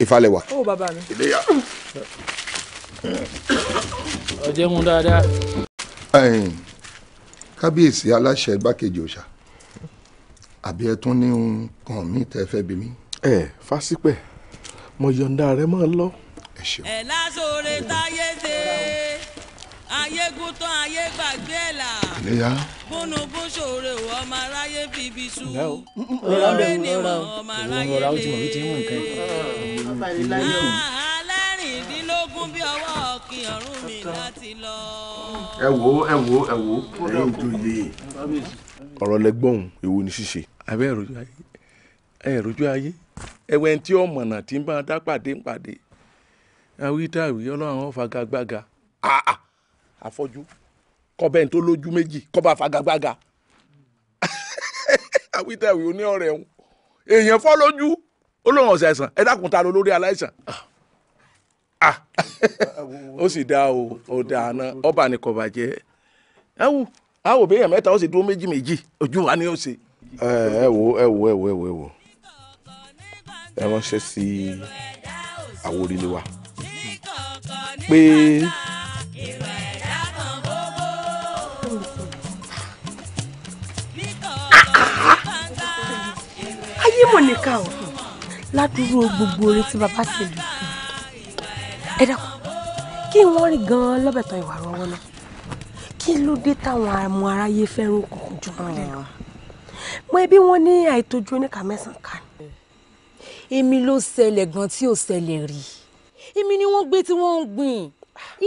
ìfalẹ̀wà. ó bàbá mi. ìléyà. ọ̀jẹ̀ mu dáadáa. kábíyèsí aláṣẹ igbákejì òòṣà àbí ẹ tún ní nǹkan mi tẹ́ fẹ́ bí mi. ẹ fásípẹ̀ mo yọ̀ǹda rẹ máa lọ. ẹ ṣeun. ẹ lásòrè táyé dé ayégún tán ayé gbàgbé ẹ̀ là. ìléyà. bónú bó ṣòro ọmọ aráyé bíbí sú lórí ni wọn ọmọ aráyé lè alẹ́rìndínlógún bí ọwọ́ ọ̀kìn ọ̀run mi láti lọ. ẹ wo ẹ wo ẹ wo tó ọ̀rọ̀ lẹ́gbọ̀n ni ṣíṣe abẹ́ ayé ayé tí tí ń bá dá pàdé ń pàdé ọlọ́run àfọ́jú. kọbẹ tó lójú méjì kọba fagagbága [laughs] àwítẹ̀wé oní ọ̀rẹ́ wọn èèyàn fọ́ lójú olóhùn ọ̀sẹ̀ àìsàn ẹ dákun ta ló lórí aláìsàn ah. [laughs] ó sì dá o ó dá àná ọba ni kọba jẹ ẹ wù á wò béèyàn mẹ́ta ó sì dúró méjì méjì ojú wa ni ó ṣe. ẹ wo ẹ wo ẹ wo ẹ wo ẹ wo ẹ ránṣẹ́ sí àwọn orílẹ̀ wa pé. lè kà ó ládùúrú gbogbo oore tí bàbá ṣe lù ẹ dákun kí wọ́n rí gan-an lọ́bẹ̀tàn ìwà rọwọ́ náà kí ló dé táwọn ọmọ aráyé fẹ́ràn òkùnkùn jù wọ́n lẹ́nu mọ ẹbí wọn ní àìtójú oníkà mẹ́sàn-án kan. èmi ló ṣẹlẹ̀ gan tí ò ṣẹlẹ̀ rí èmi ni wọ́n gbé tí wọ́n ń gbìn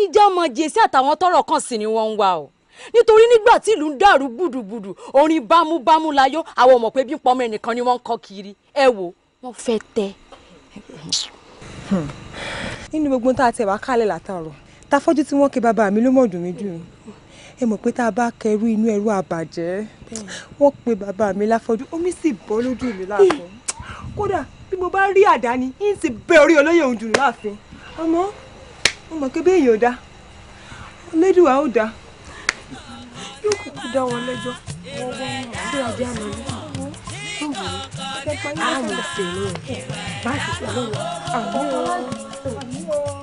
ìjà ọmọ jèsí àtàwọn tọ́rọ̀ kàn sí ni wọ́n ń wá o nítorí nígbà tí ìlú ń dàrú gbùdùgbùdù orin bámúbámú layó àwọn ọmọ pé bí pọmọ ẹnìkan ni wọ́n ń kọ kiri ẹ wo wọ́n fẹ́ tẹ. nínú gbogbo tá a tẹ̀ wá kálẹ̀ látàrọ̀ ta fọ́jú tí wọ́n ké bàbá mi ló mọ̀ dùn mí dùn ẹ mọ̀ pé tá a bá kẹrú inú ẹrú àbàjẹ́ wọ́n pe bàbá mi láfọ́jú omi sì bọ́ lójú mi láàfin kódà bí mo bá rí àdáni yín sì bẹ orí olóyè òun dùn láàfin ọmọ ọmọ kébé èèyàn dá lédùá ó dáa yóò kúkú dá wọn lẹ́jọ́ sí adé àná ní ṣùgbọ́n àwọn ìṣèlú rẹ̀ bá ṣiṣẹ́ lọ́wọ́ àmì ọ́.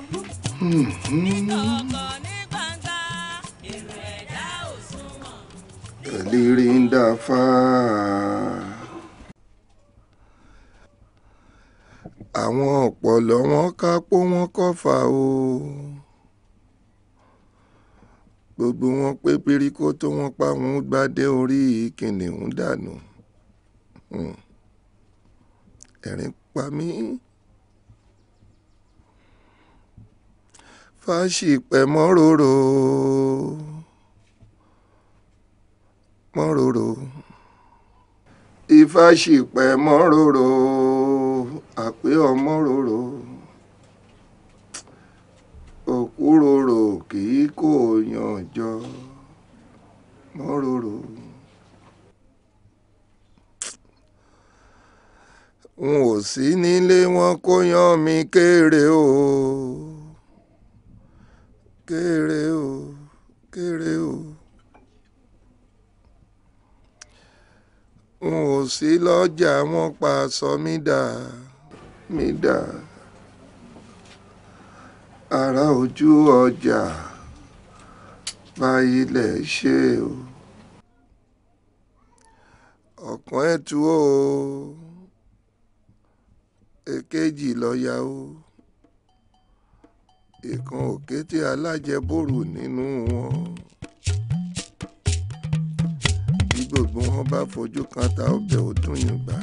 Eléré ń dá fáá. Àwọn ọ̀pọ̀ lọ́wọ́ ká pó wọn kọ́ fà o gbogbo wọn pé biriko tó wọ́n pa wọ́n gbadé orí kìnìún dànù hmm. ẹ̀rín pa mí. fàṣìpẹ̀ mọ́ròrò mọ́ròrò ìfàṣìpẹ̀ mọ́ròrò àpé ọmọ́ròrò òkúròrò kì í kó yan jọ mọ́ròrò. n ò sí nílé wọn kó yan mi kéré o kéré o kéré o. n ò sí lọ́jà wọn pa sọ mí dà mí dà. Ara ojú ọjà bá ilẹ̀ ṣe o ọ̀kan ẹ̀ tú o èkejì lọ́ya o ìkan òkété alájẹbòrò nínú wọn bí gbogbo wọn bá fojú kan ta ọbẹ̀ òdùnyùn gbà.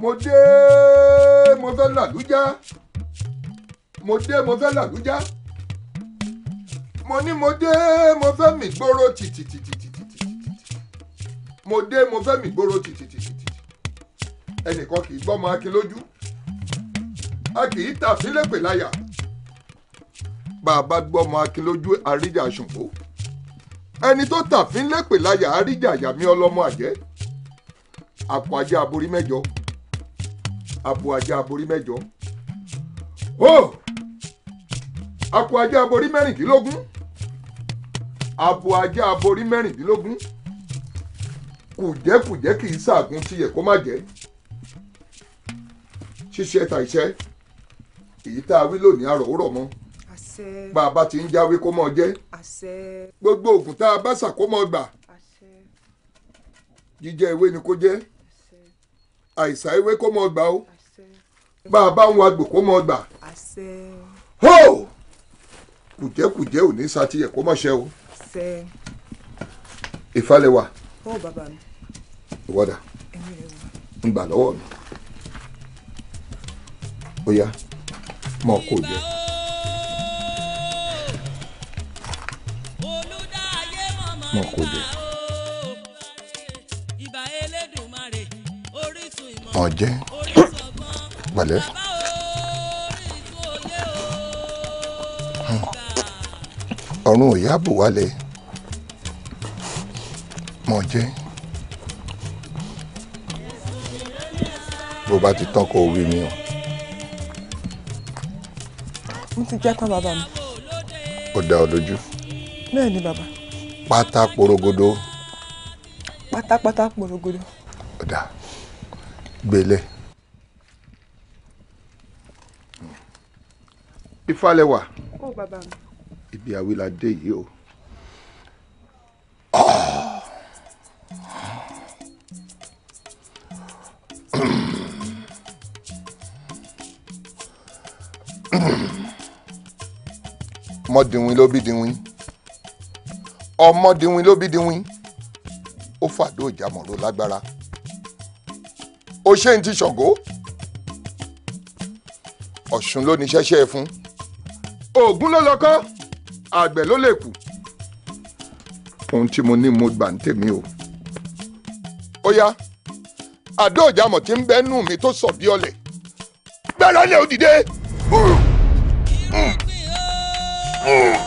mo dé mo fẹ́ làlújá mo dé mo fẹ́ làlújá mo ní mo dé mo fẹ́ mì gbòòrò tìtìtìtìtìtì mo dé mo fẹ́ mì gbòòrò tìtìtìtìtì ẹnìkan kì í gbọ́ ọmọ akin lójú a kì í tà sílẹ̀ pè láyà bàbá gbọ́ ọmọ akin lójú àríjà ṣùgbọ́ ẹni tó tàfin lépè láyà àríjà àyàmí ọlọ́mọ àjẹ́ àpò ajé aborí mẹ́jọ àpò ajá aborí mẹ́jọ ó àpò ajá aborí mẹ́rìndínlógún àpò ajá aborí mẹ́rìndínlógún kùjẹ́kùjẹ́ kì í ṣàgùn tí yẹ kó má jẹ́ ṣíṣe ta iṣẹ́ èyí tá a wí lónìí àròwúrọ̀ mọ́ bá a bá ti ń jáwé kó mọ́ jẹ́ gbogbo oògùn tá a bá ṣà gbà jíjẹ ewé ni kó jẹ́ àìsàn ewé kó mọ́ gbà ó. Àṣẹ bá a bá ń wa gbòkó mọ gbà. ho kùjẹ́kùjẹ́ ò ní satiyẹ̀ kó mọ̀ ṣe o. àṣẹ. ìfalẹ̀ wa. ó bàbá mi. ìwọ́dà ń gbà lọ́wọ́ mi. ó yá mọ kò jẹ. mọ kò jẹ. ọ̀jẹ̀ pẹ̀lẹ́. Hmm. ọ̀run ìyá àbúwálé mọ̀ jẹ́ bó bá ti tán kó wí mi o. mo ti jẹ́ tán bàbá mi. ó dá ọ lójú. bẹ́ẹ̀ ni bàbá. pátá porogodo. pátápátá porogodo. ó dà gbélé. ìfàlẹ́wà ó bàbá mi ibi àwìlàdé yìí o. ọmọdéwìn [coughs] ló bí diwìn ọmọdéwìn ló bí diwìn ó fàdó ìjàmọ̀ ló lágbára ó ṣe ń ti ṣàngó ọ̀ṣun ló ní ṣẹ́ṣẹ́ fún oògùn ló lọ́kọ́ àgbẹ̀ ló lè kù ohun tí mo ní mo gbà ń tèmi o ó yá àdó ìjàmọ̀ tí ń bẹ́nu mi tó sọ bí ọlẹ̀ gbẹ́rẹ́ lè ó Mm. Mm.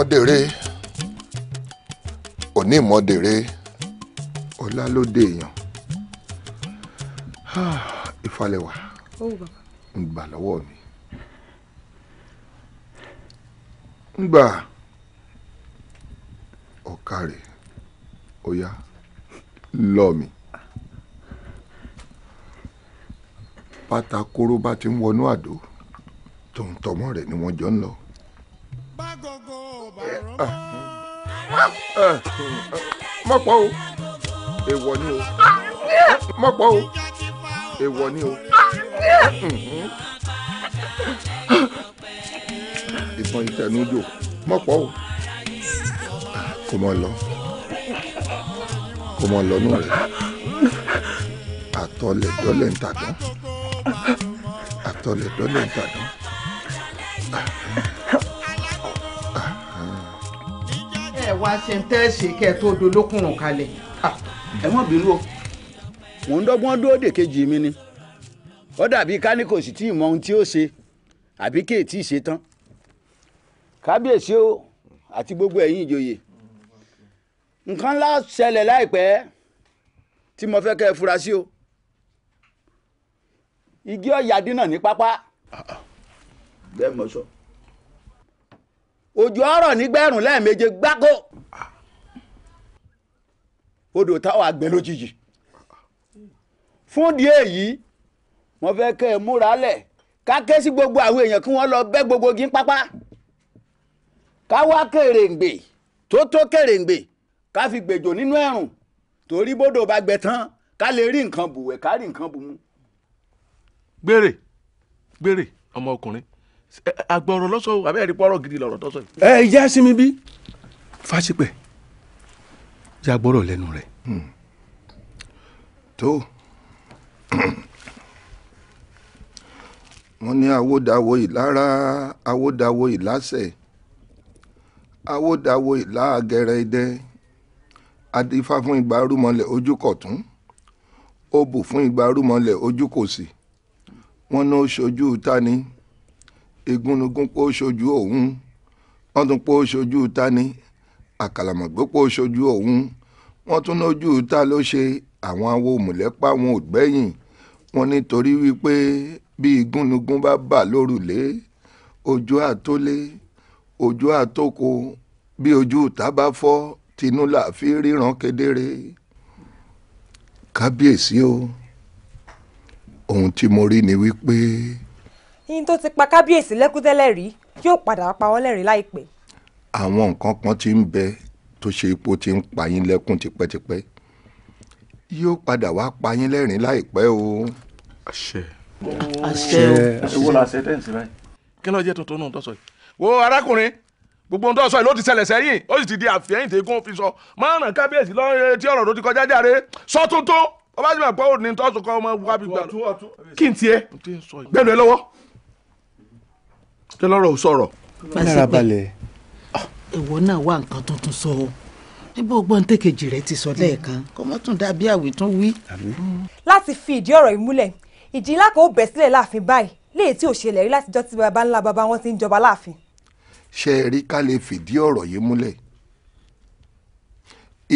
ìmọ̀dèrè òní ìmọ̀dèrè ọ̀la ló dé èèyàn ìfalẹ̀wà ń gbà lọ́wọ́ mi ń gbà ọ̀ka rẹ̀ ó yá lọ́ mi. pátákóró bá ti ń wọnú àdó tòun tọmọ rẹ̀ ni wọ́n jọ ń lọ. Eh, mọ̀pọ̀ o èèwọ̀ ni o mọ̀pọ̀ o èèwọ̀ ni o. Mhm. ìbọn ìtẹnujò mọ̀pọ̀ o kò mọ̀ lọ kò mọ̀ lọ́nù rẹ̀ àtọ̀lẹ̀dọ́lẹ̀ ń tàdán àtọ̀lẹ̀dọ́lẹ̀ ń tàdán. wá ṣe ń tẹ́ẹ̀sì kẹ́ ẹ tó dolókùnrùn kalẹ̀. ẹ mọ̀ bínú o mò ń dọ́gbọ́n dúró dè kejì mi ni ó dàbí kání kò sì tí ì mọ ohun tí ó ṣe àbí kí ètí ṣe tán kábíyèsí o àti gbogbo ẹ̀yin ìjòyè nǹkan ńlá ṣẹlẹ̀ láìpẹ́ tí mo fẹ́ kẹ́ ẹ fura sí o igi ọ̀yà dínà ní pápá. bẹ́ẹ̀ mọ̀ sọ. òjò ọ̀rọ̀ nígbẹ̀rún lẹ́ẹ̀méje gbáko odò táwọn àgbẹ̀ lójijì fún díẹ̀ yìí wọ́n fẹ́ kẹ́ ẹ múra lẹ̀ ká ké sí gbogbo àwọn èèyàn kí wọ́n lọ bẹ́ gbogbo igi pápá ká wá kèrèǹgbè tó tó kèrèǹgbè ká fi gbèjò nínú ẹ̀rùn torí bódò bá gbẹ tán ká lè rí nǹkan bùwẹ̀ ká rí nǹkan bùmu. gbèrè gbèrè ọmọkùnrin àgbọ̀rọ̀ lọ́sọ̀ọ́ àbẹ́ẹ̀rí pọ́rọ̀ gidi lọ̀rọ̀ tọ́sọ̀ yìí. ẹ ìyá sí bí fásipẹ̀ já gbọ́rọ̀ lẹ́nu rẹ̀. Hmm. tó wọ́n ní awódàwọ̀ ìlara awódàwọ̀ ìlàsẹ̀ awódàwọ̀ ìlà àgẹrẹ idẹ adífá fún ìgbà rúmọlẹ̀ ojú kọ̀tún ó bù fún ìgbà rúmọlẹ̀ ojú kòsì wọ́n ní ó ṣojú tani igúnnugún pé ó ṣojú òun wọ́n tún pé ó ṣojú tani àkàlàmọ̀gbòpọ̀ ṣojú òun wọ́n tún lójú ta ló ṣe àwọn awo mọ̀lẹ́pà wọn ò gbẹ́yìn wọn nítorí wípé bí igúnnugún bá bà lórùlé ojú àtólé ojú àtóko bí ojú ìta bá fọ́ tinú là fi ríran kedere kábíyèsí o ohun tí mo rí ni wípé. yín tó ti pa kábíyèsí lẹ́kún tẹ́lẹ̀ rí yóò padà pa ọ́ lẹ́rìn láìpẹ́ àwọn nǹkan kan ti ń bẹ tó ṣe ipò ti ń pa yín lẹ́kún tipẹ́tipẹ́ yóò padà wá pa yín lẹ́rìn láìpẹ́ o. àṣẹ. àṣẹ o. àṣẹ wo la ṣe tẹ́ǹsì báyìí. kí ló jẹ́ tuntun náà tó sọ yìí. wo arákùnrin gbogbo ohun tó sọ yìí ló ti ṣẹlẹ̀ sẹ́yìn ó sì ti di àfihàn tẹ́gùn fi sọ márùn kábíyèsí lọ́rẹ́ eh, tí ọ̀rọ̀ tó ti kọjá jáde sọ tuntun ó bá ti mọ̀ pé ó ní tọ́sùn kọ́ ọmọ wa bí gbà lọ. kí n tiẹ̀ gbẹ́nu ẹ lọ́wọ́ kí lọ́rọ̀ ò sọ̀rọ̀ ìwọ náà wá nǹkan tuntun sọ ọ níbo gbọ́n tẹ́kejì rẹ ti sọ lẹ́ẹ̀kan mm. kó mọ́ tún dàbí àwì tún wí. Mm. láti fi ìdí ọ̀rọ̀ yìí múlẹ̀ ìjì ńlá kan ó bẹ̀ sílẹ̀ láàfin báyìí léyìí tí ò ṣẹlẹ̀ rí látijọ́ tí baba ńlá baba wọn ti ń jọba láàfin. ṣe é rí ká lè fìdí ọ̀rọ̀ yìí múlẹ̀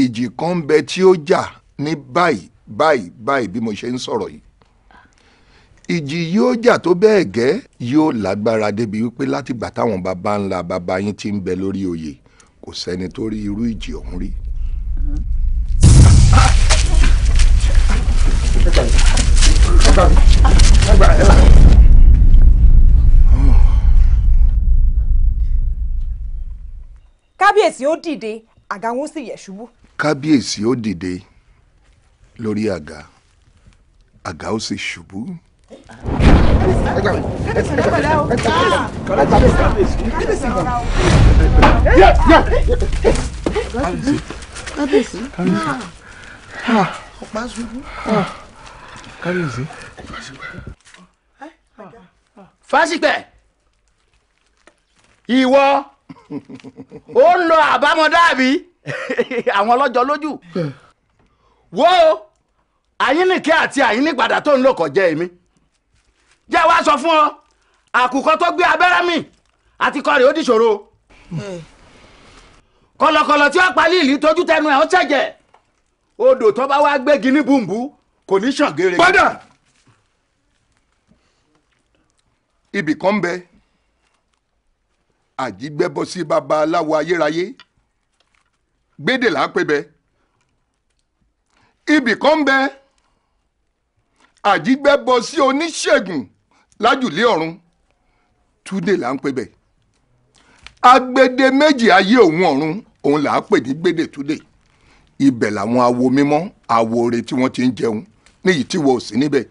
ìjì kan ń bẹ tí ó jà ní báyìí báyìí báyìí bí mo ṣe ń sọ̀rọ̀ yìí ìjì yóò jà tó bẹ́ẹ̀ gẹ́ yóò lágbára débi wípé látìgbà táwọn baba ńlá baba yín ti ń bẹ lórí oyè kò sẹ́ni tó rí irú ìjì ọ̀hún rí. kábíyèsí ó dìde àga wọn sì yẹ̀ ṣubú. kábíyèsí ó dìde lórí àga àga ó sì ṣubú kábíyèsí ọ̀pá ṣubú. kábíyèsí. fásipẹ̀ ìwọ ó ń lọ àbámọ̀dá àbí àwọn ọlọ́jọ́ lójú wo àyínnìkẹ́ àti àyínnìpadà tó ń lò kọjá èmi jẹ́ wá sọ fún ọ àkùkọ tó gbé abẹ́rẹ́ mì àti kọ rèé ó dìṣòro eh. kọlọkọlọ tí ó palí ìlú tójú tẹnu ẹ̀ ó ṣẹ̀jẹ̀ odò tó bá wá gbégi ní bùnbùn kò ní sàn gèrè. padà ibì kan ń bẹ àjígbẹ́bọ sí babaláwo ayérayé gbédè là á pé bẹ ibì kan ń bẹ àjígbẹ́bọ sí oníṣègùn lájùlé ọ̀run túndé là ń pè bẹ́ẹ̀ agbede méjì ayé òun ọ̀run òun là á pè ní gbede túndé ibẹ̀ làwọn awo mímọ́ awo ore tí wọ́n ti ń jẹun níyì tí wọ́n ò sí níbẹ̀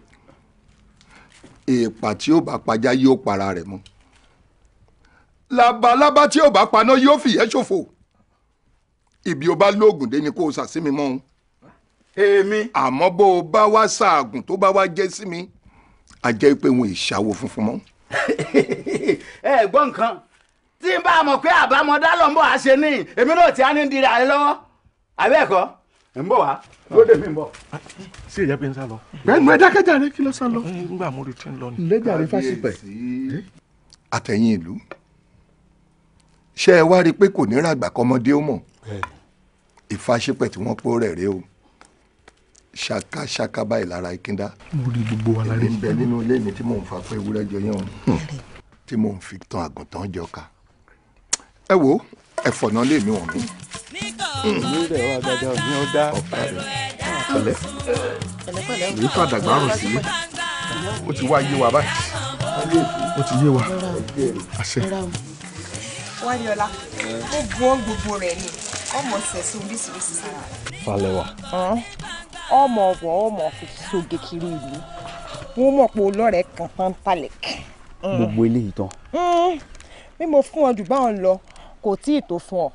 èèpà tí ó bá pajá yóò para rẹ̀ mọ́ labalábá tí ó bá paná yóò fìyẹ́ ṣòfò ibi ó bá lóògùn dé ni kó o sà sí èmi. àmọ́ bó o bá wá ṣaàgùn tó bá wá jẹ́ sí mi a jẹ́ pé wọn ì ṣàwo funfun mọ́. [laughs] ẹ gbọ́ nǹkan tí n bá mọ̀ pé àbámọ̀dá ló ń bọ̀ á ṣe ní èmi náà ti á ní dira rẹ lọ́wọ́ àbẹ́ẹ̀kọ́ ń bọ̀ wá lóde mi ń bọ̀. sí ìyá bí n sá lọ. bẹ́ẹ̀ni ẹ dákẹ́jà rẹ kí ló sá lọ. nígbà mo rí tí ń lọ ni. lẹ́jà rẹ fásitì. àtẹ̀yìn ìlú ṣé ẹ wá rí i pé kò ní ràgbà kọ́mọdé ó mọ̀ ìfàṣepẹ̀ tí wọ́n pọ̀ rẹ̀ rèé o ṣàkàṣàkà báyìí lára ìkíndá. mo rí gbogbo wa lára ìkíndá. èmi ń bẹ nínú ilé mi tí mò ń fa pé ewúrẹ́ jọ yẹn o tí mò ń fi tan àgùntàn jọ ká. ẹ wo ẹ̀fọ́ náà lè mi wọ̀n mi. mi rẹ̀ wá gbàgbà mi ò dá. ọ̀pá rẹ̀ pẹ̀lẹ́ èyí tó àdàgbà rùn sí ó ti wá yé wa báyìí ó ti yé wa àṣẹ. wálíọlá ó bu gbogbo rẹ ni ọmọ sẹsùn oríṣiríṣi sára. falẹwà ọmọ ọ̀bọ̀ ọmọ soge kiri ìlú wọn mọ̀ pé olọ́rẹ̀ kan pantalek. Mm. gbogbo eléyìí tán. Mm. bí mo fún ọ jù báwọn lọ kò tí ì tó fún ọ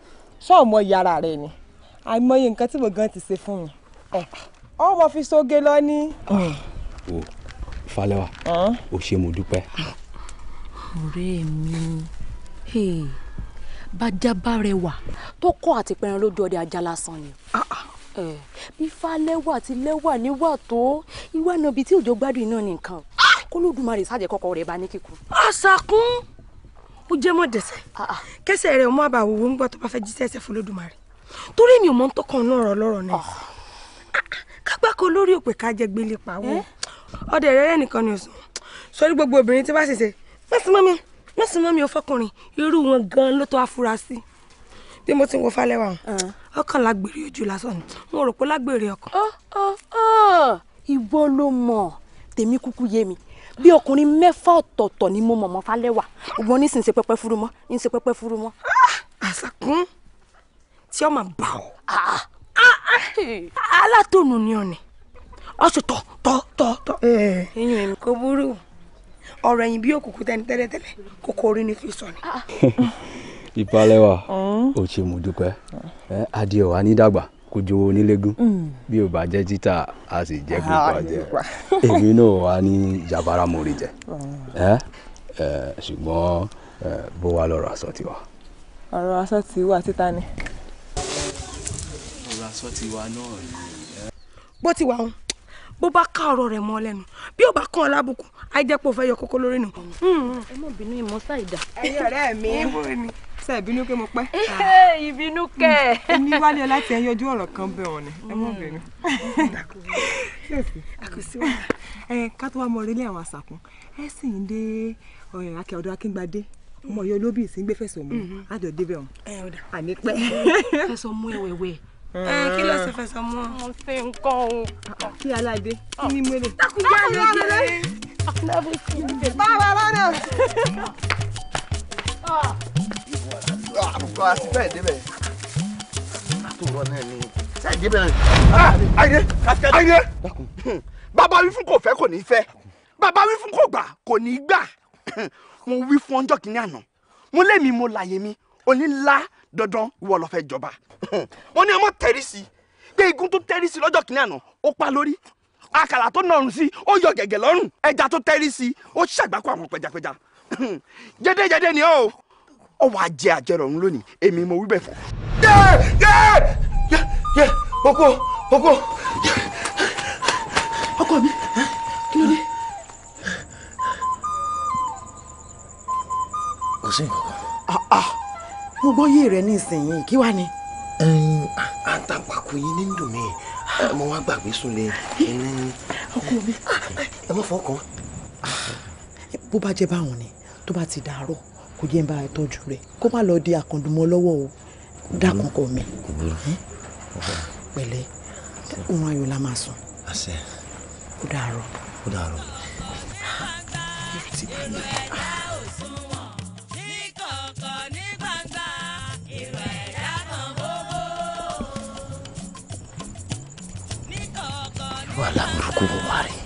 ṣọ́ọ̀mọ yàrá rẹ ni àìmọye nǹkan tí mo gan ti ṣe fún mi ọmọ fi soge lọ ní. Ah. o falẹwa o ṣe mo dúpẹ́. ọ̀rẹ́ mi bájá bá rẹwà tó kọ́ àtìpẹ́ran lójú ọdẹ ajá lásán ni. Ah, ah bí fa lẹ́wà tí lẹ́wà níwà tó ìwà náà bíi tí òjò gbádùn iná nìkan kó lódùmarè sájẹ́ kọ́kọ́ rẹ̀ bá ní kíkú. àṣàkún ó jẹ́ mọ́ dẹ̀sẹ̀ ah, ah. kẹsẹ̀ rẹ̀ mọ́ àbàwò wo ń gbọ́ tó bá fẹ́ jíṣẹ́ ẹsẹ̀ fún lódùmarè torí mi ò mọ̀ ń tọkàn náà rọ̀ lọ́rọ̀ náà ah. kápá kan lórí òpè ká gbélé pàwọ́ eh? ọdẹ rẹ̀ nìkan ni òsùn sórí gbogbo obìnrin tí bá ṣèṣe mẹ́sìn mọ́mi mẹ́sìn mọ́mi ò fọkùnrin irú wọn gan ló tó afurasí bí mo ti ń wo falẹ̀ ah. wa ọkàn lágbèrè ojú lásán ni mo rò pé lágbèrè ọkàn. Oh, oh, oh. ìwọ ló mọ̀ tèmi kúkú yé mi bí ọkùnrin mẹ́fà ọ̀tọ̀ọ̀tọ̀ ni mo mọ̀ mọ́ wa. ògbọ́n ní sì ń ṣe pẹ́pẹ́ furu mọ́ ń ṣe pẹ́pẹ́ furu mọ́. Ah, àṣàkún tí ọ máa bà ọ́. Ah, alátònù ni ọ̀nì ọ̀ṣù tọ̀ tọ̀ tọ̀ tọ̀. Eh. eyín èmi kò burú ọ̀rọ̀ ẹ̀yìn bí òkùnkùn tẹ́ni tẹ́lẹ̀tẹ́lẹ̀ kòkòrò ní fi sọ ni. [laughs] ìpalẹ́wà ò ṣe mú dúpẹ́ adìẹ wà ní dàgbà kò jowó onílégún mm. bí ò bá jẹ́ títà a sì jẹ́ pípa ah, jẹ èmi náà wà ní jabara mòrì jẹ ṣùgbọ́n bó wa lọ́rọ̀ aṣọ tiwa. ọ̀rọ̀ aṣọ tiwa títa ni. ọ̀rọ̀ aṣọ tiwa náà ni. bó ti wà wọn bó bá ká ọ̀rọ̀ rẹ̀ mọ́ lẹ́nu bí ó bá kàn án lábùkù á fẹ́ yọ kókó lórí nù. Hmm. ẹ mọ̀ bínú ìmọ̀ ṣàìdá. ẹ̀yin ọ̀rẹ́ mi ṣe ìbínú pé mo pẹ́. Ah. ìbínú kẹ. Hmm. èmi wálé láti ẹyin ojú ọ̀rọ̀ kan bẹ̀ wọ̀n ẹ mọ̀ hmm. bínú. ká tó wá mọ orílẹ̀ àwọn àṣàkùn ẹ sì ń dé akẹ́ ọ̀dọ̀ akíngbadé ọmọ yẹn olóbì ìsíngbé fẹsọ̀ mú àjọ débẹ̀ Eh, kí ló eh. ṣe fẹsẹ̀ mú ọ. mo ṣe nǹkan o. kí aládé kí ni mo lè. takùjá ló ń lé. báwa lọ́nà. àbùkù àti bẹ́ẹ̀ débẹ̀. àtòrọ náà ni ṣáà débẹ̀ náà. Ah, ayé ayé bàbá wí fún kò fẹ́ kò ní fẹ́ bàbá wí fún kò gbà kò ní gbà [coughs] mo wí fún ọjọ́ kìíní àná mo lé mi mo láyé mi onílá dandan ìwọ ló fẹ́ jọba wọ́n ní ọmọ tẹ̀rí sí pé igun tó tẹ̀rí sí lọ́jọ́ kìnìún àná ó pa lórí àkàlà tó nọrùn sí ó yọ gẹ̀gẹ̀ lọ́rùn ẹja tó tẹ̀rí sí ó ṣàgbákò àwọn pẹjapẹja [clears throat] jẹ́dẹ́jẹ́dẹ́ ni ó ó wàá jẹ àjẹrọ̀rùn lónìí èmi mo wí bẹ̀ fún. ọkọ ọkọ ọkọ mi kí ló dé. kò sí nǹkan kan. Ah, ah, mo gbọ́ yé rẹ nísìnyí kí wàá ni. Ah, àtàpàkò yín ní dùn mí ah, mo wá gbàgbé súnlé ẹni. ọkọ mi ah, ẹ má fọkàn. bó bá jẹ́ báwọn ni tó bá ti dàárọ̀ kò jẹ́ ń bá tọ́jú rẹ̀ kó má lọ di àkàndùmọ́ lọ́wọ́ o dákọ̀ọ̀kọ̀ mi hm? pẹ̀lẹ́ òun ayọ̀ la máa sùn ó dàárọ̀. ó dàárọ̀. wàhálà burúkú wò wá rí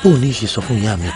bóun ní í ṣe sọ fún ìyá mi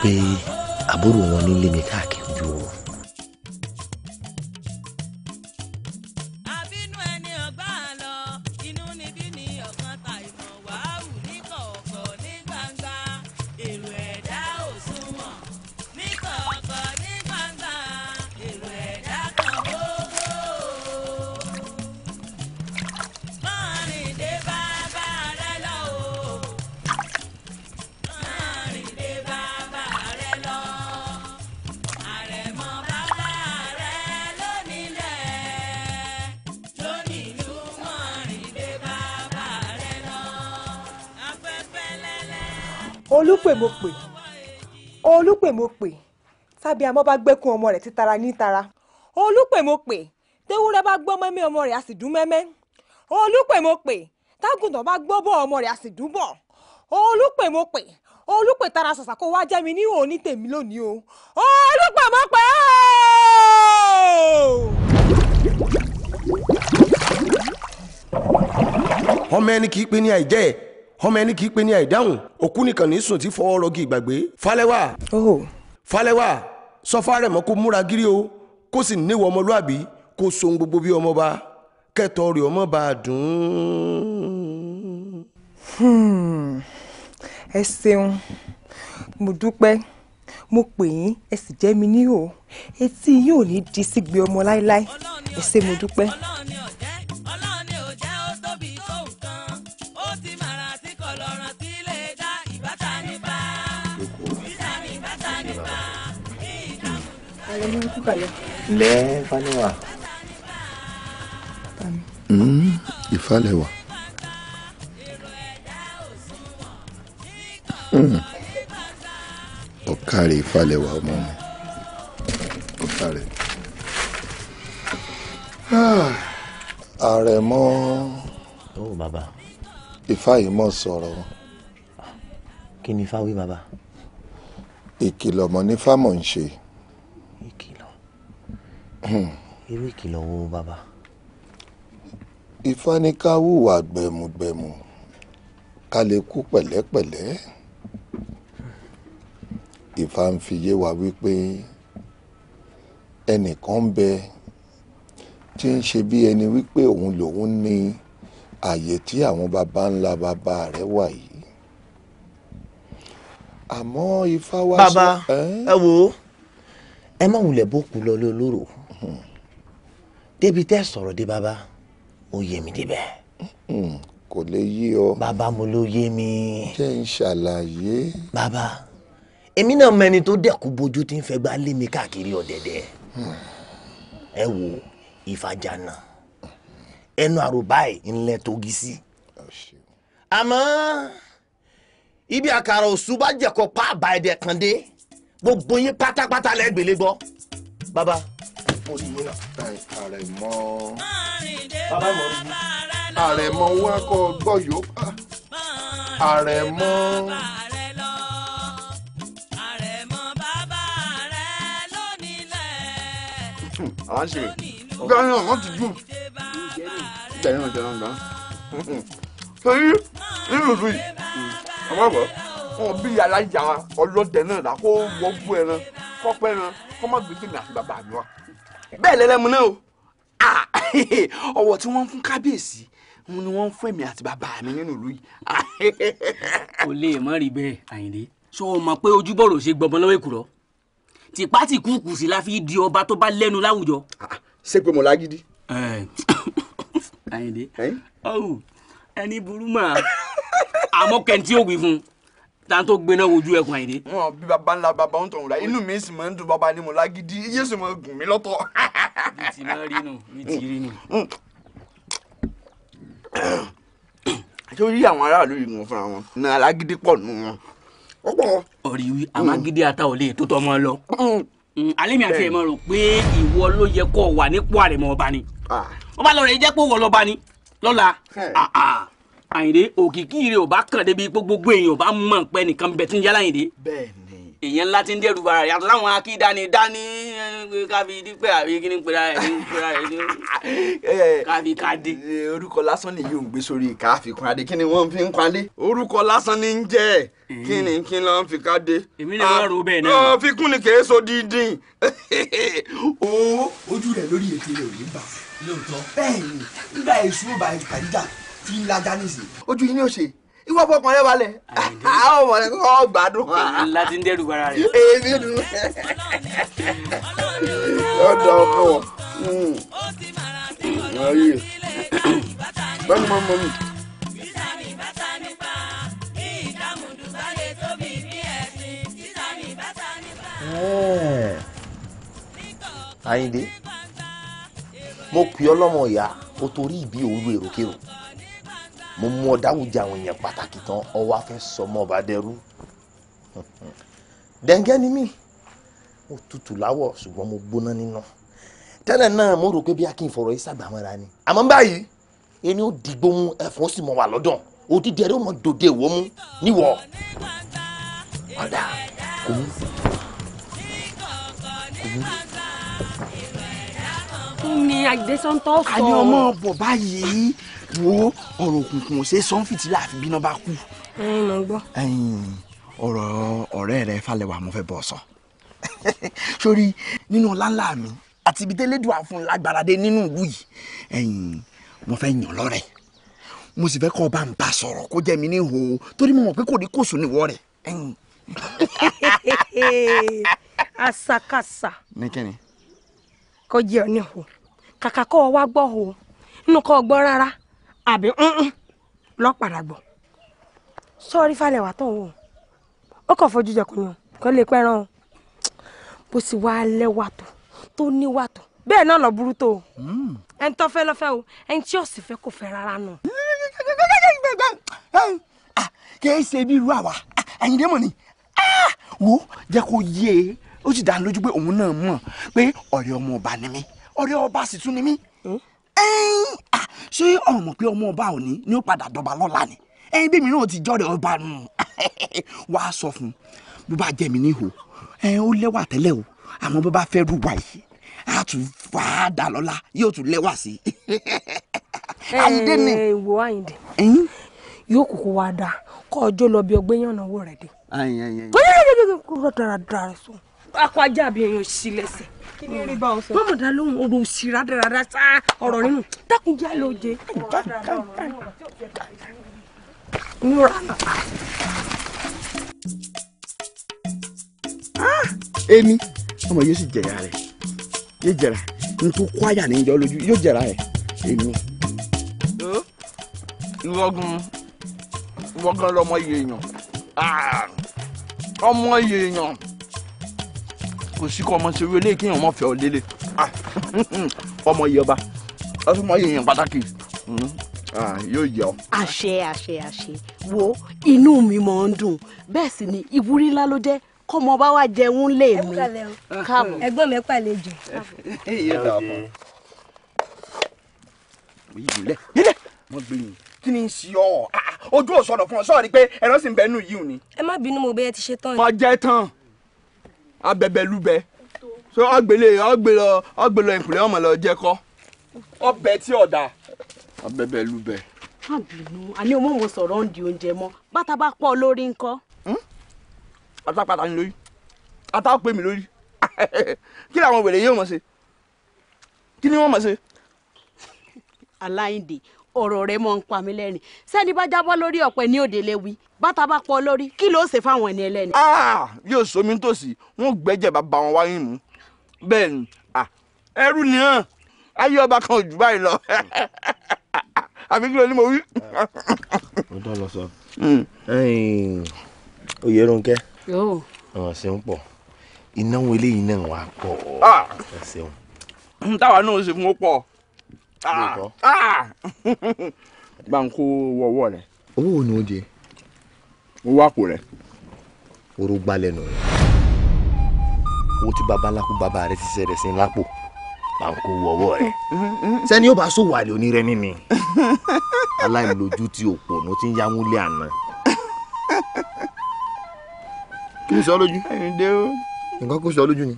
abiyamọ bá gbẹ́kùn ọmọ rẹ̀ títara nítara olùpè mo pè tewúrẹ́ bá gbọ́ mẹ́mẹ́ ọmọ rẹ̀ á sì dún mẹ́mẹ́ olùpè mo pè tágùntàn bá gbọ́ bọ́ ọmọ rẹ̀ á sì dún bọ̀ olùpè mo pè olùpè tara ṣàṣà kó wá jẹ́ ní òní tèmi lónìí o olùpè mo pè ọmọ ẹni kì í pe ní àìjẹ́ ẹ̀ ọmọ ẹni kì í pe ní àìdáhùn òkú nìkan ní sùn tí fọwọ́ rọgì ìgbàgbé falẹ́wà. Oh. falẹ́wà sọfá rẹ̀ mọ́ kó múra gírí o kó sì níwọ̀ ọmọlúàbí kó sohun gbogbo bí ọmọba kẹtọ rẹ̀ ọmọ bá a dùn. Hmm. ẹ ṣeun mo dúpẹ́ mo pè yín ẹ sì jẹ́ mi níhò etí yín ní di sígbe ọmọ láéláé ẹ ṣé mo dúpẹ́. lẹ́ Fálẹ́wà. Hmm, hmm, Ìfálẹ́wà. ọ̀kàrè Ìfálẹ́wà ọmọ mi ọ̀kàrè. Ah, àrẹ̀mọ ifá yìí mọ̀ sọ̀rọ̀. kí ni ifá wí bàbá. ìkìlọ̀ mọ̀ ní fámọ̀ ń ṣe. Hmm. irú ìkìlọ̀ wo bàbá. Ifá ní ká hùwà gbẹ̀mùgbẹ̀mù ká lè kú pẹ̀lẹ́pẹ̀lẹ́ Ifá ń fi yé wa wípé ẹnìkan ń bẹ tí ń ṣe bí ẹni wípé òun lòun ní àyè tí àwọn baba ńlá baba rẹ̀ wà yìí àmọ́ Ifá wá sọ. bàbá ẹ wo ẹ má wulẹ̀ bó kú lọ lóró débi tẹ́ sọ̀rọ̀ dé bàbá ó yé mi débẹ̀. Hmm, kò lè yé ọ. bàbá mo ló yé mi. jẹ́ ń ṣàlàyé. bàbá èmi náà mẹni tó dẹ̀kú bójú tí ń fẹ́ gbá lé mi káàkiri ọ̀dẹ̀dẹ̀ hmm. ẹ wo ìfàjànà ẹnu àròbá ẹ̀ ńlẹ̀ togi sí. àmọ́ ibi àkàrà òṣù bá jẹ̀kọ́ pa àbá ẹ̀dẹ̀ kan dé gbogbo yín pátápátá lẹ́gbẹ̀lẹ́ bàbá pósímọ́nà àrẹ̀mọ. àrẹ̀mọ wá kọ́ gbọ́ yòó àrẹ̀mọ. àwọn ṣe gbẹ́rẹ́ náà wọ́n ti dùn jẹ́rẹ́ náà jẹ́rẹ́ náà torí nínú ìlú yìí àwọn àgbà wọn bí alájà ọlọ́dẹ náà là kó wọ́gbó ẹran kọ́pẹ́ ẹran kọ́mọ́gbẹ́sẹ̀ ní bàbá mi bẹ́ẹ̀ lẹ́lẹ́mu náà o ọwọ́ tí wọ́n ń fún kábíyèsí òun ni wọ́n ń fún èmi àti bàbá mi nínú ìlú yìí. [laughs] kò lè má rí bẹ́ẹ̀ àyìndé sọ ọ mọ̀ pé ojúbọ̀rọ̀ ṣe gbọmọ lọ́wọ́ èkùrọ́ tìpá tì kúkú sí la fi di ọba tó bá lẹ́nu láwùjọ. ṣé pé mo lágídí. [coughs] àyìndé ẹni burú mà àmọ́ kẹ́ntì ò wí fún un tá n wojú ẹkùn àyìnbí. wọn bí baba ńlá baba ń tọ̀hún inú mi sì máa ń dùn baba ni mo lágídí iye sì máa gùn mí lọ́tọ̀. mi ti máa rí nù mi ti rí nù. ṣé o rí àwọn aráàlú yìí wọn fúnra wọn náà lágídí pọ̀ nù wọn. ọ̀rí wí àmágídí ata lè tó tọ́ lọ. Mm. Mm, alẹ́ mi àti ẹ̀ máa rò pé ìwọ ló yẹ kó wà nípò àrẹ̀mọ ọba ni. wọ́n ah. bá lọ rẹ̀ jẹ́ pé wọ́n lọ́ba ni lọ́la. Ah, ah àyìndé òkìkí rẹ ò bá kàn débi pé gbogbo èèyàn ò bá mọ̀ pé nìkan bẹ̀ tí ń yálà àyìndé. bẹ́ẹ̀ni. èèyàn ńlá ti ń dẹrù bara rẹ yàtọ̀ láwọn akídani dání kábí dípẹ́ àbí kí pera rẹ ní pera rẹ ní kábí orúkọ lásán nìyí ò ń gbé sórí káfí kúnadé kí ni fi ń kúnadé. orúkọ lásán ni ń jẹ́ kí ni kí fi kádé. èmi ni wọ́n rò bẹ́ẹ̀ náà. Ah, fi kún ni kèé so díndín. [laughs] Oh. ojú rẹ lórí ètò rẹ ò ní bà lóòótọ́ bẹ́ẹ̀ nígbà èṣù bá ìpàdé fi ń lajà nìsí. ojú yìí ni ó ṣe ìwọ fọkàn rẹ balẹ̀ àwọn ọmọ rẹ kọ́ gbádùn. láti ń dẹ́rù bara rẹ. èmi dùn. ọ̀dọ̀ ọkọ hmm. ayé bẹ́ẹ̀ni máa ń mọ mi. Àyìndé mo pè ọ lọ́mọ ìyá o torí ìbí òru èròkérò mo mú ọ dáwùjẹ àwọn èèyàn pàtàkì tán ọwọ́ afẹ́ sọ ọmọ ọba dẹrú [laughs] dẹ̀ǹgẹ́ ni mí mo tutù láwọ̀ ṣùgbọ́n mo gbóná níná tẹ́lẹ̀ náà mo rò pé bí akin fọ̀rọ̀ yìí ṣàgbàmọ́ra ni àmọ́ báyìí ẹni ó dìgbò mu ẹ̀fọn ó sì mọ̀ wà lọ́dọ̀ òdìdí ẹ̀rọ mọ̀ dòde ìwọ mú níwọ̀ ọ̀dà kò mú kò mú. fún mi àgbẹ̀sán tó sọ. àní ọmọ bọ̀ báyìí wo ọ̀rọ̀ òkùnkùn ṣe sọ́nfìtì láàfin bí iná bá kú. ẹyin mo gbọ́. ọ̀rọ̀ ọ̀rẹ́ rẹ falẹ̀wà mo fẹ́ bọ̀ sọ. [laughs] sórí nínú ọláńlá mi àti ibi tẹ́lẹ́dùn àfún lágbáradé nínú ìlú yìí mo fẹ́ yàn lọ́rẹ̀ mo sì fẹ́ kọ́ ọba ń bá sọ̀rọ̀ kó jẹ́ mi ní ìhò torí mo mọ̀ pé kò ní kóso níwọ̀ rẹ̀. asakasa. [laughs] ní kò jẹ́ ọ ní ìhò kàkà kọ́ ọ wá gbọ́ ọ nínú kọ́ ọ gbọ́ rárá àbí lọ́pàdà gbọ̀ sọ́ọ́rí falẹ̀ wà tán o ó kàn fojú jẹkùn ni o kàn lè pẹ́ ràn o bó sì wá lẹ́wà tó tó níwà tó bẹ́ẹ̀ náà lọ burú tó o mm. ẹni tó fẹ́ lọ́fẹ́ o ẹni tí òsì fẹ́ kò fẹ́ rárá nù. Ah, kì ṣe bí irú àwa ah, Àyìndé mọ̀ ni ah, wo jẹ́ kó yé e ó sì dá lójú pé òun náà mọ̀ pé ọ̀rẹ́ ọmọ ọba ni mí ọ̀rẹ́ ọba sì tún ni mí ṣé ọmọ pé ọmọ ọba òní ni ó padà dọba lọ́la ni ẹyin bí mi náà ti jọ́rẹ̀ ọba nù wá sọ fún bó bá jẹ́ mi níhò ẹyin ó lẹ́wà tẹ́lẹ̀ o àmọ́ bó bá fẹ́ rúwa yìí a tún fà á dà lọ́la yóò tún lẹ́wà sí i. àyíndé ni. ẹ wo àyíndé yóò kúkú wá dáa kọ́ ọjọ́ lọ bí ọgbẹ́ yànnà owó rẹ̀ dé. ayin ayin ayin. kó yẹ kó yẹ kó rọ̀ dáradára sùn. akọ ajá àbí èèyàn sílẹ̀ sẹ́ẹ̀ mọ́mọ̀dá lóhùn ọ̀rọ̀ òsì rádaràdà sá ọ̀rọ̀ nínú dákun jẹ́ ló jẹ. èmi ọmọ yóò sì jẹ̀yà rẹ̀ yóò jẹ̀ra n tó kó àyà níjọ lójú yóò jẹ̀ra rẹ̀ èmi. ìwọ́gun ìwọ́gun lọmọ yèèyàn ọmọ yèèyàn kò sí kọ́ ọmọ ṣerú eléyìí kéèyàn mọ̀ fẹ́ ọ lélẹ̀ ah, ọmọ yìí ọba ọmọ yìí yẹn pàtàkì hmm, ah, yóò yẹ ọ. àṣẹ àṣẹ àṣẹ wo inú mi máa ń dùn bẹ́ẹ̀ sì ni ìwúrí ńlá ló jẹ́ kọ́mọ bá wà jẹun lè mí káàbọ̀. ẹ̀gbọ́n mi pàlejò. ilé ilé wọn gbé yín kí ni sí ọ ah, ojú òsọdọ fún ọ sọọ ni pé ẹran sì ń bẹ nù yìí ò ní. ẹ má bínú mo bẹ ẹ ti ṣe tán. mo jẹ tán abẹbẹlúbẹ so ọgbẹlẹ ọgbẹlọ ọgbẹlọ ìpìlẹ ọmọ lọ jẹ kọ ọbẹ tí ọdà abẹbẹlúbẹ. má bínú àní o mọ̀ mo sọ̀rọ̀ ń di oúnjẹ mọ́ bàtà bá pọ̀ lórí ńkọ́. Hmm? atápàtà ni lórí atá pè mí lórí [laughs] kí làwọn wèrè yóò mọ̀ ṣe kí ni wọ́n mọ̀ ṣe. aláìndè ọ̀rọ̀ rẹ mọ̀ ń pa mí lẹ́rìn sẹ́ni bá jábọ́ lórí ọ̀pẹ ní òde léwu bàtà bá pọ̀ lórí kí ló ṣe fáwọn ẹni ẹlẹ́ni. yóò ah, somi tòsí wọn gbẹ́jẹ̀ bàbá wọn wáyé mu bẹ́ẹ̀ ni ah, ẹrú ni hàn ayé ọba kan ò jù báyìí lọ [laughs] àbí kí ló ní mo wí. mo tán lọ sọ hmm. Oyèrúnkẹ́ àwọn ṣe ń pọ̀ ìnáwó eléyìí náà wà pọ̀ ọ̀ ah. ṣeun. táwa náà ṣe fún ó pọ̀. Ah, ah. [laughs] bá ń kó wọ́wọ́ rẹ̀. owó wo ni o jẹ. mo wá kó rẹ. oró gbalẹ̀ nù rẹ̀ owó tí baba ńlá kú baba rẹ̀ ti ṣẹlẹ̀ sí lápò bá ń kó wọ́wọ́ rẹ̀ sẹ́ni yóò bá sòwò àlè onírẹ́ mímì [laughs] aláìlójú tí òpó ló ti ń yáwó àná. kí ni sọ lójú. ẹ̀yin dé o. nǹkan kó sọ lójú ni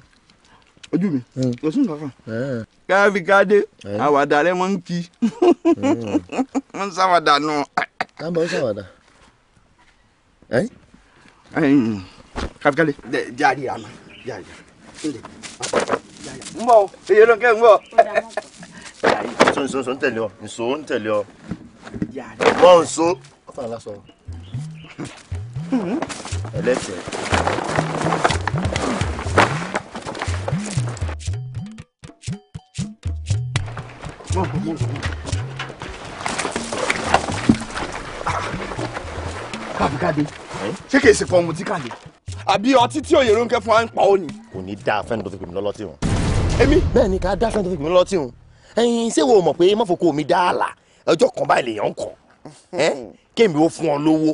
ojú mi kò sún kankan káfí káde àwàdà rẹ mọ ń kí mọ [laughs] ń ṣàwàdà nù. ká mọ ń ṣàwàdà káfí káde jáde àná jáde n bọ èyí ló ń kẹ n bọ. nso nso nso n tẹ̀lé ọ nso n tẹ̀lé ọ mọ nso ọfà lásán ẹlẹsẹ. mọ̀ bọ̀ mọ̀ bọ̀. bàbá káde ṣé kìí ṣe fọmù tí káde àbí ọtí tí òye ronke fún wa ń pa ó ni. kò ní dáa fẹ́ni tó fi pè mí lọ́lọ́tì wọn. èmi. bẹ́ẹ̀ ni ká dáa fẹ́ni tó fi pè mí lọ́lọ́tì wọn. ẹyin ṣé wo mọ̀ pé mọ́fokò mi dá àlà ọjọ́ kan báyìí lèèyàn ń kọ̀ kémi ó fún ọ lówó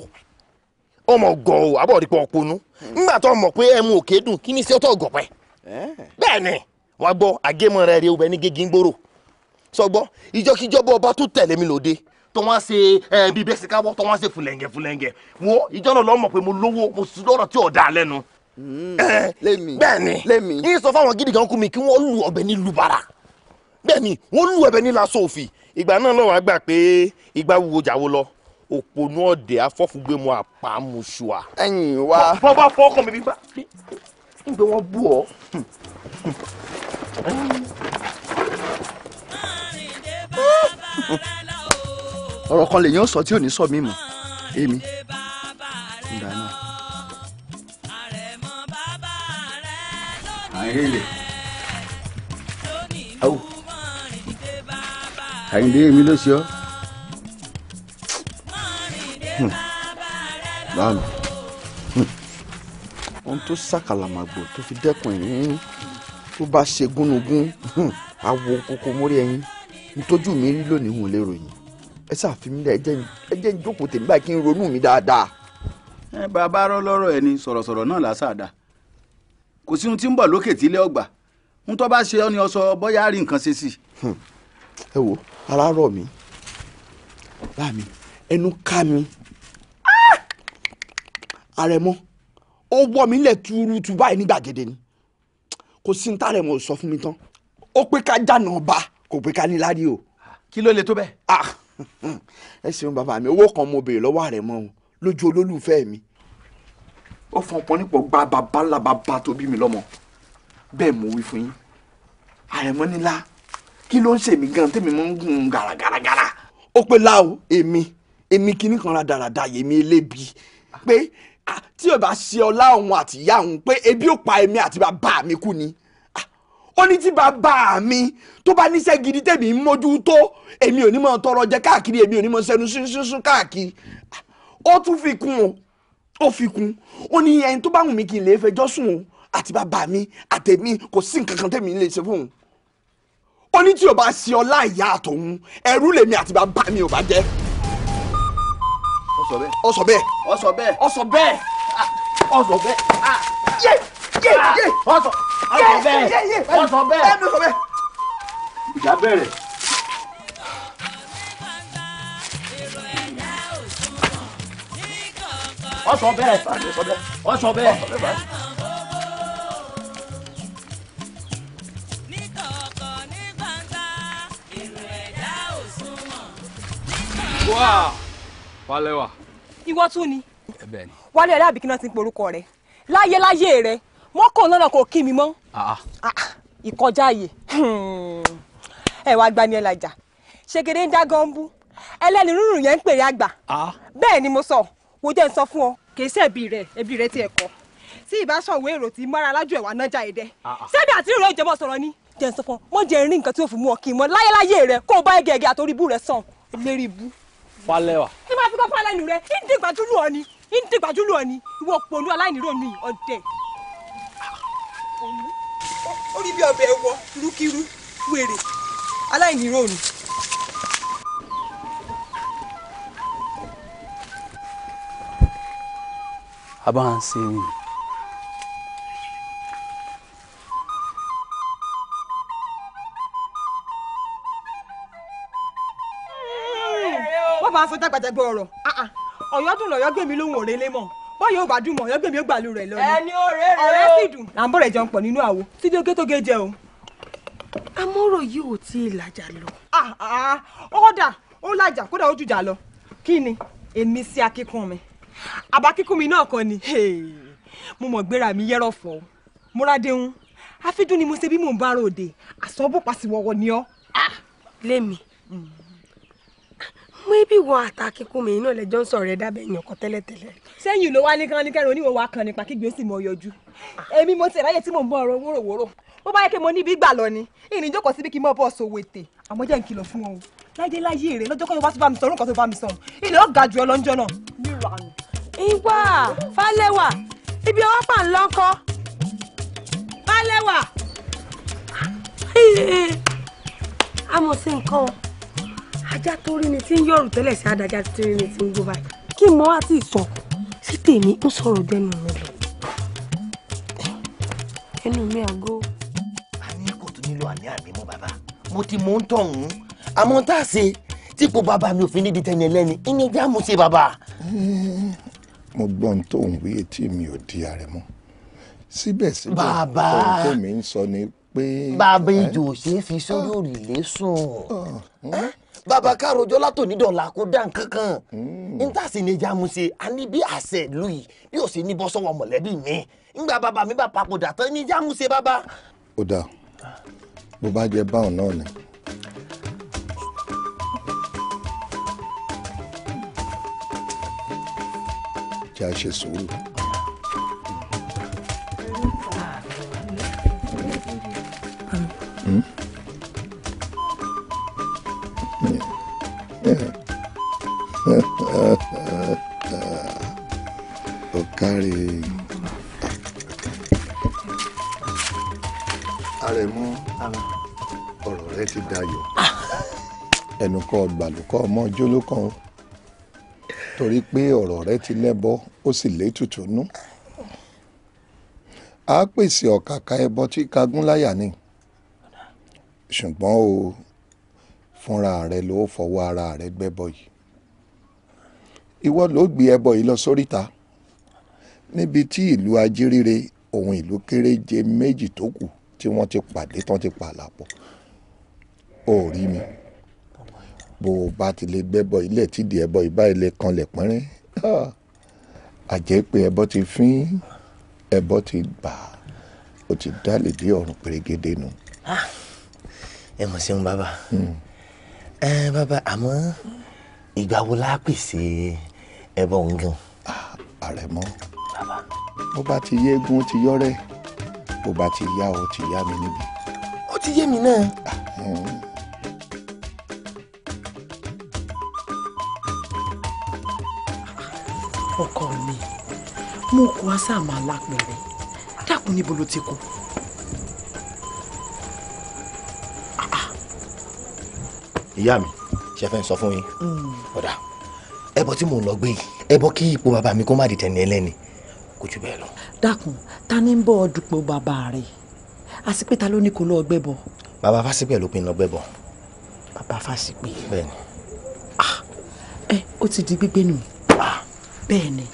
ọmọ gọ̀ ọ́ abọ́ọ̀dìpọ̀ ọ̀pọ̀nú nígbà tó mọ̀ pé ẹmu òkè dùn kí ni ṣé ó tọ̀ gọ̀pẹ́. bẹ́ẹ̀ ni wàá gbọ́ àgémọ̀ rẹ̀ rí obìnrin gégé ń gbòòrò sọgbọ́ ìjọkíjọba ọba tó tẹ̀lé mi lòde tó wá ṣe ẹ bí bẹ́sì káwọ́ tó wá ṣe fúlẹ̀ǹgẹ̀ fúlẹ̀ǹgẹ̀ wo ìjọ náà lọ́mọ̀ pé mo lówó mo sì lọ́rọ̀ tí ò dáa lẹ́nu. Hmm, bẹ́ẹ̀ni yín sọ fáwọn gidi kan kú mi kí wọ́n lu ọbẹ̀ ní lubara bẹ́ẹ̀ni wọ́n lu ọbẹ̀ ní laṣọ òfì ìgbà náà lọ́wọ́ á gbà pé ìgbà wúwo jàwo lọ òpònú ọ̀dẹ̀ afọ́fúgbẹ́mu àpamùsùà. ẹ̀yin wa. bọ́bá fọ́ọ̀kàn mi bí bá ń gbé wọn bú ọ ọ̀rọ̀ kan lèyàn sọ tí ò ní sọ mí mọ́ èmi ìgbà náà. àìrèlè awo àyìndé èmi ló ṣe ọ́. Hmm. báàmì hmm. ohun tó ṣàkàlàmàgbò tó fi dẹ́kun ìrìn tó bá ṣe gúnugún awo hmm, kókó mórí ẹyin ntójú mi rí lónìí hùn lérò yìí ẹ ṣàfihàn mi ẹ jẹ́ ń jókòó tèmi báyìí kí n ronú mi dáadáa. ẹ bàbá rọ lọ́rọ̀ ẹni sọ̀rọ̀sọ̀rọ̀ náà lásàdá kò sí ohun tí ń bọ̀ lókè tí ilé ọgbà ń tọ́ bá ṣe ọ́ ni ọ sọ bọ́yá rí nǹkan ṣe sí. ẹ wo ara rọ mi láàmì ẹnu ká mi àrẹ̀mọ ó wọ́ mi lẹ̀ túrútú báyìí ní gbàgede ni kò sí ní tàrẹ̀mọ ò sọ fún mi tán ó pé ká jáná ọba kò pé ká ní ládì o. Ah, kí ló le tó bẹ́ẹ̀. Ah, ẹ ṣeun bàbá mi owó kan mo béèrè lọ́wọ́ rẹ̀ mọ́ o lójú olólùfẹ́ mi ó fọn pọn nípò gba bàbá ńlá bàbá tó bí mi lọ́mọ bẹ́ẹ̀ mo wí fún yín àrẹ̀mọ́ nílá kí ló ń ṣe mí gan tèmi máa ń gùn gàràgàràgàrà. ó pé láwo èmi èmi kìíní kan ra dáradára yèmí elébi pé tí o bá ṣe ọlá òun àti ìyá òun pé ebi ó pa èmi àti bàbá mi kú ni ó ní tí bàbá mi tó bá níṣẹ́ gidi tèmi ń mójú tó èmi ò ní mọ̀ tọrọ jẹ káàkiri èmi ò ní mọ̀ sẹ́nu sínsínsín káàkiri ó tún fi kún o ó fi kún ó ní ẹni tó bá wù mí kí n lè fẹjọ́ sùn àti bàbá mi àtẹ̀mí kò sí nǹkan kan tèmi lè ṣe fún un ó ní tí o bá ṣe ọlá ìyá àtòun ẹrú lèmi àti bàbá mi ò bá jẹ́. ó sọ bẹ́ẹ̀ ó sọ bẹ́ẹ̀ ó sọ bẹ́ẹ̀ ó sọ bẹ́ẹ̀ ah, ó sọ bẹ́ẹ̀. Ah, wọ́n sọ bẹ́ẹ̀ wọ́n sọ bẹ́ẹ̀ ìjà bẹ̀rẹ̀. wọ́n sọ bẹ́ẹ̀ wọ́n sọ bẹ́ẹ̀. wá wálé wá. ìwọ tún ni wálé ọlá àbíkí náà ti ń porúkọ rẹ láyé láyé rẹ wọ́n kò lọ́nà kò kí mi mọ́ ah, ah. Ah, ìkọjá ààyè ẹ wá gba ni ẹ làjà ṣègede ń dá gọ́ńbú ẹlẹ́ni rúrùn yẹn ń pèrè àgbà bẹ́ẹ̀ ni mo sọ wo jẹ́ ń sọ fún ọ kì í ṣe ẹbí rẹ ẹbí rẹ tiẹ̀ kọ́ tí ìbá sọ̀wé èrò tí mọ́ra alájú ẹ̀wà náà já èdè sẹ́bi àti ìrò ìjọba sọ̀rọ̀ ni jẹ́ ń sọ fún ọ mo jẹ́ rí nǹkan tí ó fi mú ọ kì í mọ láyéláyé rẹ kó o bá ẹgẹ ẹgẹ àtòrí ibú rẹ sàn lérí ibú. falẹ wa. tí máa fi kọ́ falẹ rẹ ń dìgbàjú lù ọ ni ń dìgbàjú lù ọ ni ìwọ pòlú aláìníròmí ọdẹ ó rí bí ọbẹ̀ ẹ̀wọ̀ rúkirú wèrè aláìníròònù. abáhánṣe ni. wọ́n bá fún tágbàtà oro ọ̀rọ̀ ah, ah. ọ̀yọ́ dùn lọ́yọ́ gbèmí lóhùn òrèlé bọ́yọ̀ ò bá dùn mọ̀ ọ̀yọ́ gbèmí ó gbà lù rẹ̀ lọ ni. ẹni ọ̀rẹ́ rẹ o ọ̀rẹ́ sì dùn. à ń bọ̀rẹ̀ jẹun pọ̀ nínú àwo tí dé ogétógé jẹ o. amóró yìí ò tí ì làjà lọ. ọ̀dà ó làjà kódà ó jùjà lọ kí ni èmi sí akíkún mi àbá kíkún mi náà kan ni mo mọ̀ gbéra mi yẹ́rọ̀ fọ́ múradéhùn àfijún ni mo ṣe bí mò ń bá ròde àsọ̀bùpàṣìwọ̀wọ̀ ni ọ́. Ah, lèmi mm maybe wọn àtàkìnkùnmí iná lẹjọ ń sọ̀rọ̀ ẹ dábẹ èèyàn kan tẹ́lẹ̀tẹ́lẹ̀. sẹ́yìn ló wá ní kán ní kẹrin oníwọ wa kan nípa kígbe ó sì mọ yọjú èmi mo ti ráyè tí mò ń bọ ọ̀rọ̀ wúròwúrò bó bá yẹ kí mo níbi gbà lọ ni ìrìn jókòó síbi kí n mọ bọ́ọ̀sì òwe tè àmọ́ jẹ́ n kìlọ̀ fún wọn o láyé láyé rẹ lọ́jọ́ kan tó bá tún bá mi sọ̀rọ̀ nǹkan tó bá mi sọ̀rọ̀ ilé ọ̀gá jù ọ lọ́njọ́ náà. ìwà falẹ̀wà ibi ọwọ́ pà ń lọ́kọ́ falẹ̀wà. àmọ̀ sí nǹkan o ajá tó rí ni tí ń yọ̀rù tẹ́lẹ̀ sí adájá tó rí ni tí ń gbó báyìí kí mo wá ti sọ sí tèmi ń sọ̀rọ̀ dẹnu mi lọ ẹnu mi àgó. àní kò tún nílò àní àbí mọ bàbá mo ti mọ ń àmọ́ tá a ṣe tí kò bàbá mi ò fi níbi tẹ̀yìn lẹ́ni ìyẹn já mo ṣe bàbá. mo gbọ́ ohun tó ń wí etí mi ò di ààrẹ síbẹ̀síbẹ̀ ohun tó mi ń sọ ni pé. bàbá ìjò ṣe é fi sórí òrìlé sùn bàbá károjọ látònídọ̀la kó dá nǹkan kan hmm. níta-sí ni jamu ṣe a ní bí àṣẹ ìlú yìí bí ó ṣe ní bọ́ sọ́wọ́ mọ̀lẹ́bí mi ńgbà bàbá mi bá papòdà tán ní jamu ṣe bàbá. ó dáa bó bá jẹ báwọn náà ni. kí a sùúrù. ọ̀kárí àrẹ̀mọ ọ̀rọ̀ rẹ ti dayọ̀ ẹnu kọ́ gbàlùkọ́ ọmọ jólókan torí pé ọ̀rọ̀ rẹ ti lẹ́bọ ó sì létùtù nú a pèsè ọ̀kàkà ẹbọ tí kagún ni ṣùgbọ́n o fúnra rẹ ló fọwọ́ ara rẹ gbẹ́bọ yìí ìwọ ló gbé ẹbọ yìí lọ sóríta níbi tí ìlú ajírire òun ìlú kéréje méjì tó kù tí wọ́n ti pàdé tán ti pààlà pọ̀ ó rí mi bó o bá ti lè gbẹ́bọ ilé tídìí ẹbọ ìbá ilé kanlẹ̀ pínrín àjẹ́ pé ẹbọ ti fín ẹbọ ti gbà ó ti dálè dé ọ̀run pèrègede nu. Ah, ẹ mọ̀ sí ń bàbá hmm. ẹ bàbá àmọ́ ìgbà wo la pèsè ẹbọ ń gan. àrẹ̀mọ bó bá ti yé egun ó ti yọrẹ bó bá ti yá ó ti yá mi níbi. ó ti yé mi náà. ọkọ mi mo kó aṣá máa lápẹẹrẹ dákun níbo ló ti kú. ìyá mi ṣe fẹ́ sọ fún yín. Mm. ọ̀dà. Mm ẹbọ tí mò ń lọ gbé yìí ẹbọ kí ipò bàbá mi kó má di tẹ̀lé ẹlẹ́ni kò jù bẹ́ẹ̀ lọ. dákun ta ni ń bọ dupò bàbá rẹ àsìpé ta ló ní kó lọ gbẹbọ. bàbá fásipẹ̀ ló pin lọ gbẹbọ. bàbá fásipẹ̀. bẹ́ẹ̀ni. ah ẹ ó ti di gbígbé nù. ah bẹ́ẹ̀ ni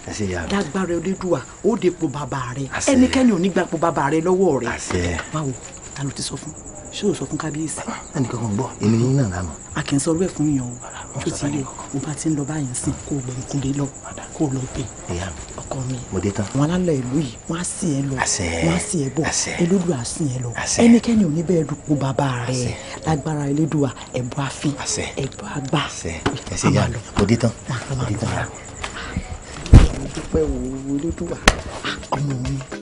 lágbára Olódùà ó dépò bàbá rẹ ẹnikẹ́ni ò ní gbàpò bàbá rẹ lọ́wọ́ rẹ báwo ta ló ti sọ fún ṣé o sọ fún kábíyèsí. ẹnì kankan gbọ́ èmi yín náà lánàá. a ẹ̀ fún yàn o tó ti yẹ mo bá ti ń lọ báyìí sìn kó lọ ìkúlé lọ kó lọ bẹ ọkọ mi wọn alálẹ ìlú yìí wọn á sìn ẹ lọ wọn á sìn ẹ bọ elédùà á sìn ẹ lọ ẹnikẹ́ni ò ní bẹ́ẹ̀ dùnkù bàbá rẹ lágbára elédùà ẹ̀bọ àfin ẹ̀bọ àgbà ẹ̀sẹ̀ yà lọ mo dé tán mo dé tán. Ah, ọmọ mi.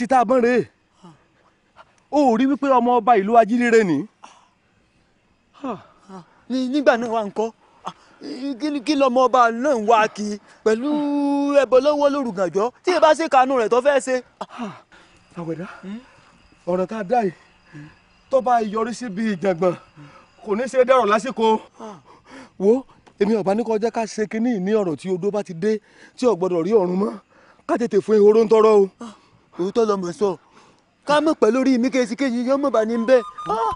sí tá a bọ́n rèé o ò rí wípé ọmọ ọba ìlú ajílẹ̀rẹ̀ ni. nígbà náà wà ń kọ́ kí lọmọ ọba náà ń wá kí pẹ̀lú ẹbọ lọ́wọ́ lórúgànjọ́ tí ìbá ṣe kanú rẹ̀ tó fẹ́ ṣe. àwẹ̀dá ọ̀rọ̀ tá a dá yìí tó bá yọrí síbi ìjàngbọ̀n kò ní ṣe dẹ̀rọ̀ lásìkò wo èmi ọba ní kọjá ká ṣe kínní ní ọ̀rọ̀ tí odó bá ti dé tí ò gbọ́dọ̀ rí ọ̀run mọ́ ká tètè fún ehoro ń tọrọ o. Ah òótọ́ lọmọ sọ ká mọ̀ pẹ́ lórí mi kéésì kéésì yọmọ bá ní bẹ́ẹ̀. Ah!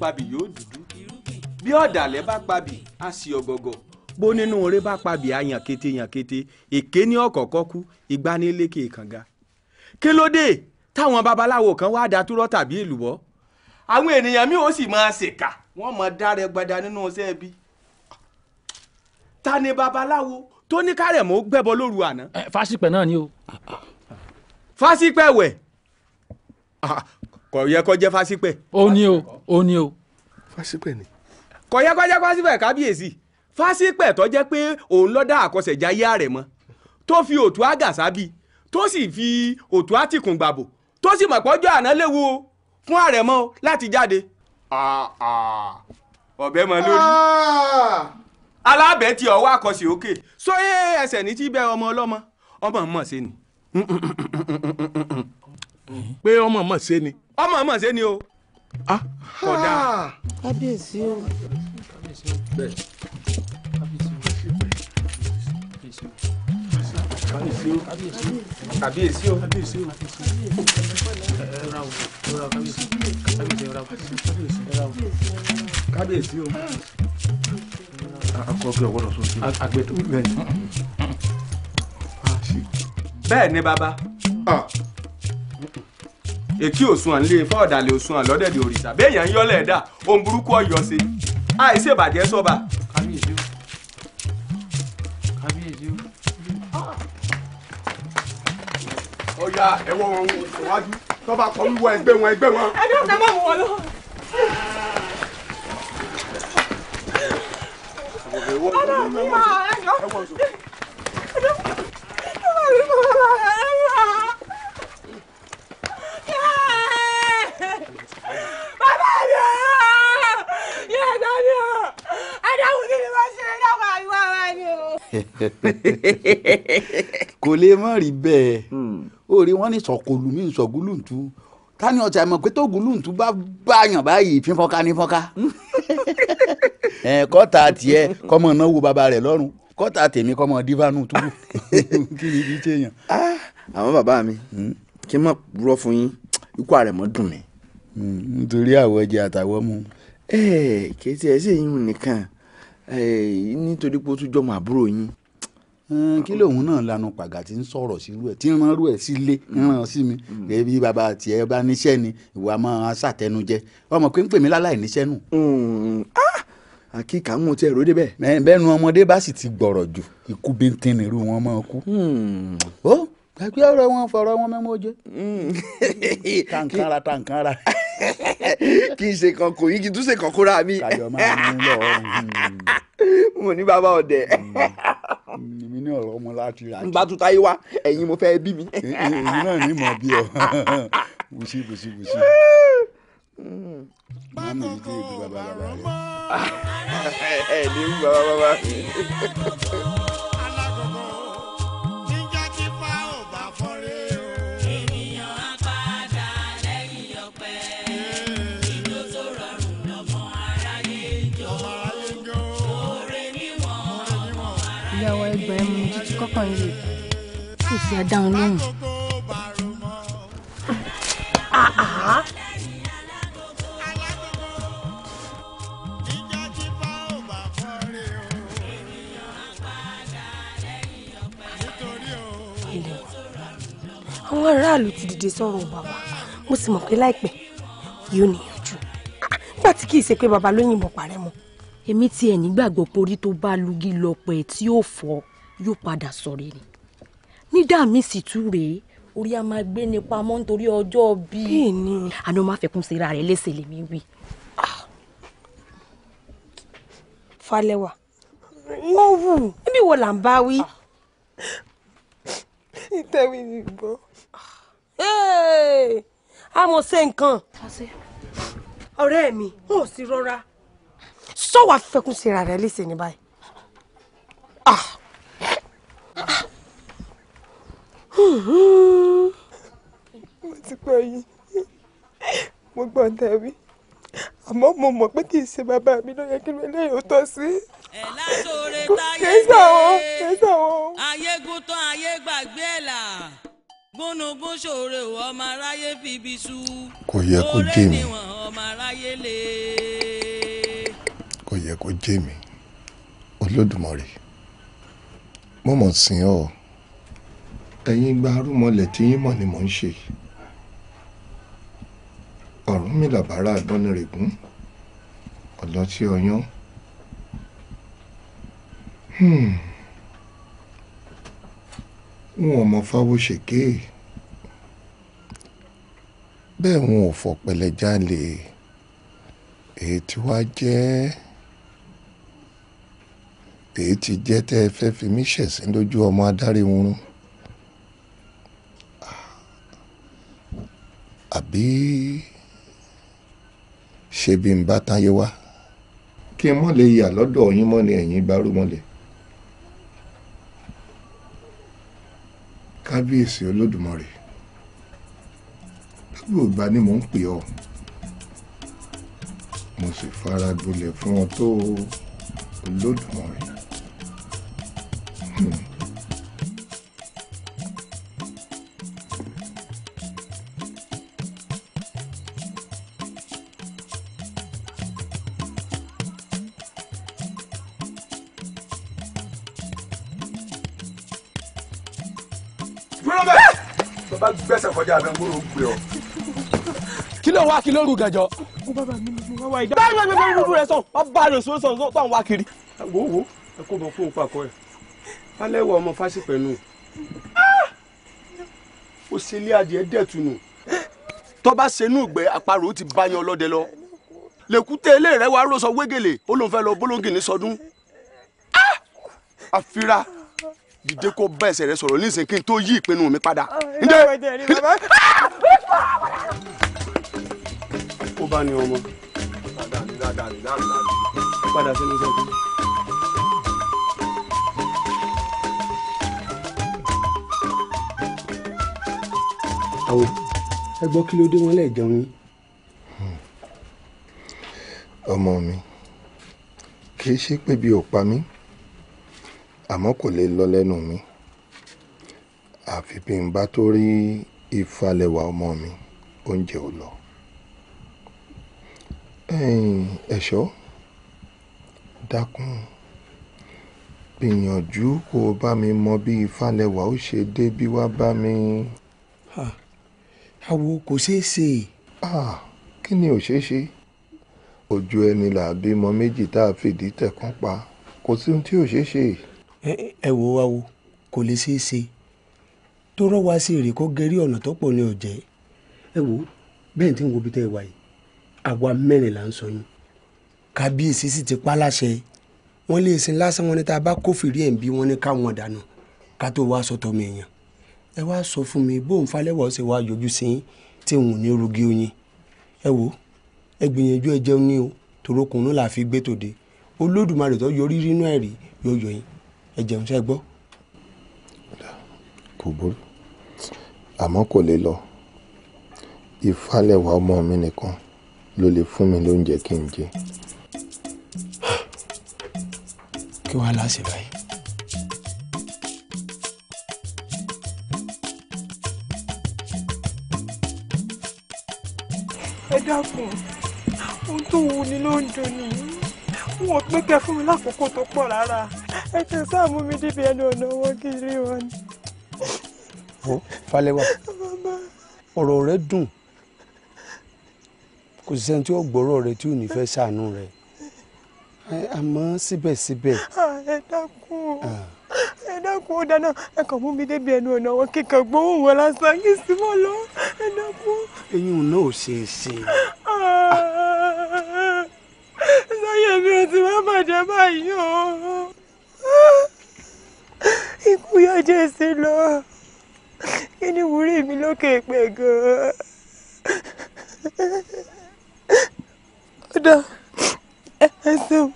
pabì yóò dúdú bí ọ̀dàlẹ̀ bá pabì á sì ọ̀gọ̀gọ̀ bó nínú oore bá pabì á yàn kété yàn kété èké ní ọ̀kọ̀ọ̀kọ́ kú ìgbanilékè kànga kí ló dé táwọn babaláwo kan wá da túrọ́ tàbí èlùbọ́ àwọn ènìyàn mi ò sì máa ṣèkà wọ́n máa dára gbada nínú iṣẹ́ ẹbí ta ni babaláwo tó ní kárẹ̀mọ́ gbẹ́bọ lóru àná. fásipẹ̀ náà ni o. fásipẹ̀ wẹ̀ ah, kò yẹ kó jẹ́ fásípẹ̀. ó ní o ó ní o. fásípẹ̀ ni. kò yẹ kó jẹ́ fásípẹ̀ kábíyèsí fásípẹ̀ tó jẹ́ pé òun lọ́dà àkọsẹ̀jáyé àrẹ̀mọ tó fi òtún àgàsá bí tó sì fi òtún àtìkùn gbàbò tó sì mọ̀ pọ́jọ́ àná léwu o fún àrẹ̀mọ láti jáde. ọ̀bẹ mọ lórí alábẹ́ tí ọwọ́ àkọsí òkè sóyè ẹsẹ̀ ní tí bẹ ọmọ ọlọ́mọ ọmọ mọ̀ sí ni. pé ọmọ mọ̀ sí ni ọmọ ọmọ ṣe ni o. Ah. kọ̀dà. kábíyèsí o. kábíyèsí o. bẹ́ẹ̀ kábíyèsí o. kábíyèsí o. kábíyèsí o. kábíyèsí o. akọ̀gbẹ́ ọ̀wọ́dọ̀ sọ́sọ́. àgbẹ̀tọ̀ bẹ́ẹ̀ ni bàbá. Ah èkí òsùn à ń lé ifá ọ̀dàlẹ̀ òsùn à lọ́dẹ̀dẹ̀ òrìṣà béèyàn ń yọ́lẹ̀ dà ohun burúkú ọ̀yọ́ sí àìsè bàjẹ́ sọ́ba. kábíyèsí o kábíyèsí o. ọ̀ya ẹ̀wọ̀ wọn wò síwájú tọ́ba ń wọ ẹgbẹ́ wọn ẹgbẹ́ wọn. ẹgbẹ́ wọn máa wọ̀ lọ. ọ̀dọ̀ mi máa ẹ̀jọ̀. [laughs] kò lè má rí bẹ́ẹ̀ hmm. ó rí ní sọ̀kòlù mí sọ̀gúlùntù tani ọ̀tí àmọ̀ pé tó gúlùntù bá báyàn báyìí fínfọ́ká ní fọ́ká [laughs] kọ́ta tiẹ̀ kọ́mọ náwó bàbá rẹ̀ lọ́rùn kọ́ta tèmi kọ́mọ dívánù túbú [laughs] kí ni kí ṣèyàn. Ah, àmọ́ bàbá mi hmm. kí n má rọ́ fún yín ikú àrẹ̀mọ́ dùn mí. Hmm, nítorí àwọ̀ jẹ àtàwọ̀ mu. ẹ̀ẹ́ kẹ́tì ẹ̀ ṣèyí nìkan eh, nítorí pé ó tún jọmọ àbúrò yín kí lòun náà lanu pàgà tí ń sọ̀rọ̀ sírú ẹ̀ tí ń rán rú ẹ̀ sílé ń mm. rán sí mi mm. ẹbí bàbá tiẹ̀ bá níṣẹ́ ni ìwà máa ṣàtẹnujẹ ọmọ pé ń pè mí láláì níṣẹ́ nù. Mm. Ah! àkíkà mú tiẹ̀ ròde bẹ́ẹ̀. bẹ́ẹ̀ nu ọmọdé bá sì ti gbọ̀rọ̀ jù ikú bíntín nìrú wọn máa kú. ó gbàgbé ọ̀rọ̀ wọn fọ̀rọ̀ wọn mẹ́mọ́ jẹ́. Mm. [laughs] tàǹkàrà tàǹkàrà. [laughs] kì í ṣe kan kò yí kì tún ṣe kan kóra mi. káyọ̀ máa ń lọ mm. [laughs] mo ní bàbá ọ̀dẹ̀. Mm. èmi ní ọ̀rọ̀ ọmọ láti rà. n bá tún táyé wá ẹ̀yin mo fẹ́ bí mi. èyí náà ní mọ̀ bí ọ bùsí bùsí bùsí. máa mi ní kí èdè bàbá bàbá rẹ. ẹ ní bàbá bàbá mi. kọ́kọ́ yìí kò sí adáhùn lóhùn. àwọn aráàlú ti dìde sọ̀rọ̀ bàbá mo sì mọ̀ pé láìpẹ́ yóò níyànjú nígbà tí kìí ṣe pé bàbá ló parẹ́ mọ́. èmi tiẹ̀ nígbàgbọ́ porí tó bá lugi lọ́pẹ́ tí yóò fọ́ yóò padà sọ̀rí ni nídà mi sì tú rèé orí a máa gbé ni pamọ́ nítorí ọjọ́ bíi. bẹ́ẹ̀ ni àná máa fẹkún síra rẹ̀ léṣe lèmi wí. falẹwà wọn wù níbi wo là ń bá wí. Ah. ìtẹ̀wé ni gbọ́. a mọ̀ ṣe nǹkan ọ̀rẹ́ mi n ò sí rọra sọ wàá fẹkún síra rẹ̀ léṣe ní báyìí. Ah! mo ti pẹ́ yìí mo gbọ́ ọ̀tẹ̀ àmọ́ mo mọ̀ pé kì í ṣe bàbá mi ló yẹ kí ló lè yóò tọ́ sí. ẹ látòrè táyé dé ayégún tán ayé gbàgbé ẹ̀ là gúnugún ṣòro ọmọ aráyé fìbí sú. kò yẹ kó jẹ́ mi kò yẹ kó jẹ́ mi Olódùmarè mọ̀mọ̀ sìn ọ́ ẹ̀yin gba arúmọlẹ̀ tí yín mọ̀ ni mò ń ṣe ọ̀run mi làbára àdánirègún ọ̀lọ́tí ọyán wọn hmm. ò mọ fáwọ́ ṣèké bẹ́ẹ̀ wọn ò fọ̀pẹ̀lẹ̀ jalè èyí tí wàá jẹ́ ẹ́ rèé ti jẹ́ tẹ́ ẹ fẹ́ fi mí ṣẹ̀sín lójú ọmọ adarí oorun àbí ṣe bí n bá táyé wá kí n mọ̀ lè yà lọ́dọ̀ yín mọ́ ni ẹ̀yin bá rú mọ́lẹ̀ kábíyèsí olódùmarè gbogbo ìgbà ni mò ń pè ọ́ mo sì fara gbolẹ̀ fún ọ tó olódùmarè bá gbẹ́sẹ̀ kọjá abẹ́ ńgbóró ń pè ọ́. kí ló wá kí ló rú gànjọ. bàbá mi ni mo wá ìdá. báyìí báyìí báyìí rúdú rẹ sàn bàbá rẹ sọ sàn tó ń wá kiri. wo wo ẹ kó bọ fóun pàkọ ẹ alẹ́wọ̀ ọmọ fásipẹ̀ nù ah! ó ṣe ilé adìẹ dẹ̀tù nù tó bá ṣenú ìgbẹ́ àparò ó ti bá yan ọlọ́dẹ lọ lèkúté ilé rẹ wàá rọṣọ wégele ó ló ń fẹ́ lọ bólóńgì ní sọdún ah! àfira dìde kó bá ẹsẹ̀ rẹ sọ̀rọ̀ nísìnyí kí n tó yí ìpinnu mi padà. ǹdẹ ah! ó bá ní ọmọ padà sínú sẹ́kù. àwo ẹ gbọ́ kí ló dé wọn lẹ́ẹ̀jẹun yín. ọmọ mi kì í ṣe pé bí ò pa mí àmọ́ kò lè lọ lẹ́nu mi àfi bí n bá tó rí ìfalẹ̀wà ọmọ mi oúnjẹ ò lọ. ẹ̀ṣọ́ dákun gbìyànjú kó o bá mi mọ bí ìfalẹ̀wà ó ṣe dé bí wàá bá mi àwo kò ṣeé ṣe. Ah, kí ni ò ṣeé ṣe ojú ẹni là á bímọ méjì tá a fìdí tẹ̀kan pa kò sí ohun tí ò ṣeé ṣe. ẹ wo awo kò lè ṣeé ṣe tó rọ́wá sí èrè kó gerí ọ̀nà tó pọ̀ ní ọ̀jẹ́. ẹ wo bẹ́ẹ̀ tí ń wo ibi tẹ́ ẹ wà yìí àwa mẹ́rin là ń sọ yín. kábíyèsí sì ti pa láṣẹ wọ́n lè e sin lásán wọn ní tá a bá kófìrí ẹ̀ ń bí wọ́n ní káwọn dànù ká tó wá sọ́tọ̀ mi èèyàn ẹ wá sọ fún mi bóun falẹ́wọ̀ ṣe wá yọjú sí tí òun ní orugi oyin ẹ wò ẹ gbìyànjú ẹ jẹun ní o torókùnrin là fi gbé tòde olódùmarè tó yọrí rínú ẹ rí yóò yọ yín ẹ jẹun ṣe gbọ́. kò burú àmọ́ kò lè lọ ìfalẹ̀wà ọmọ mi nìkan ló lè fún mi lóúnjẹ kí n jẹ. kí wàá láṣẹ báyìí. dákun ohun tó wù ni ló ń dunni wọn ò pé kẹ́ fún mi lákòókò tó pọ̀ rárá ẹ tẹ sáà mú mi débi ẹnu ọ̀nà wọn kiri wọn ni. ó falẹ́wà ọ̀rọ̀ rẹ dùn kò sí sẹ́ni tí ó gbọ́rọ̀ rẹ tí ò ní fẹ́ ṣàánú rẹ àmọ́ síbẹ̀síbẹ̀. ẹ dákun ẹ dákun ó dáná ẹ kàn mú mi débi ẹnu ọ̀nà àwọn kíkan gbowó wọn lásán yìí sí mọ́ lọ ẹ dákun. eyín òun náà ò ṣe é ṣe. sáyé ah, mi ò ti má bàjẹ́ báyìí o ikú yóò jẹ́ sí lọ kí ni wúrí mi lókè pẹ̀ gan-an. ọ̀dọ̀ ẹ ṣeun.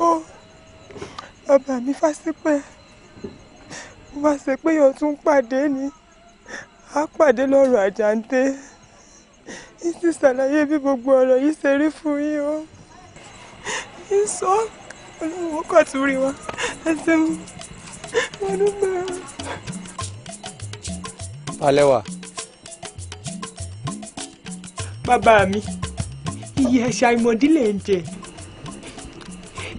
ó bàbá mi fásipẹ́ mo bá ṣe pé yóò tún pàdé ni a pàdé lọ́rọ̀ àjàǹtẹ́ ń ṣàlàyé bí gbogbo ọ̀rọ̀ yìí ṣe rí fún yín o ń sọ olówó kọ̀ tún rí wọn ẹ ṣeun wọn ló bàbá mi iye ẹ̀ṣà ìmọ̀dí ń jẹ.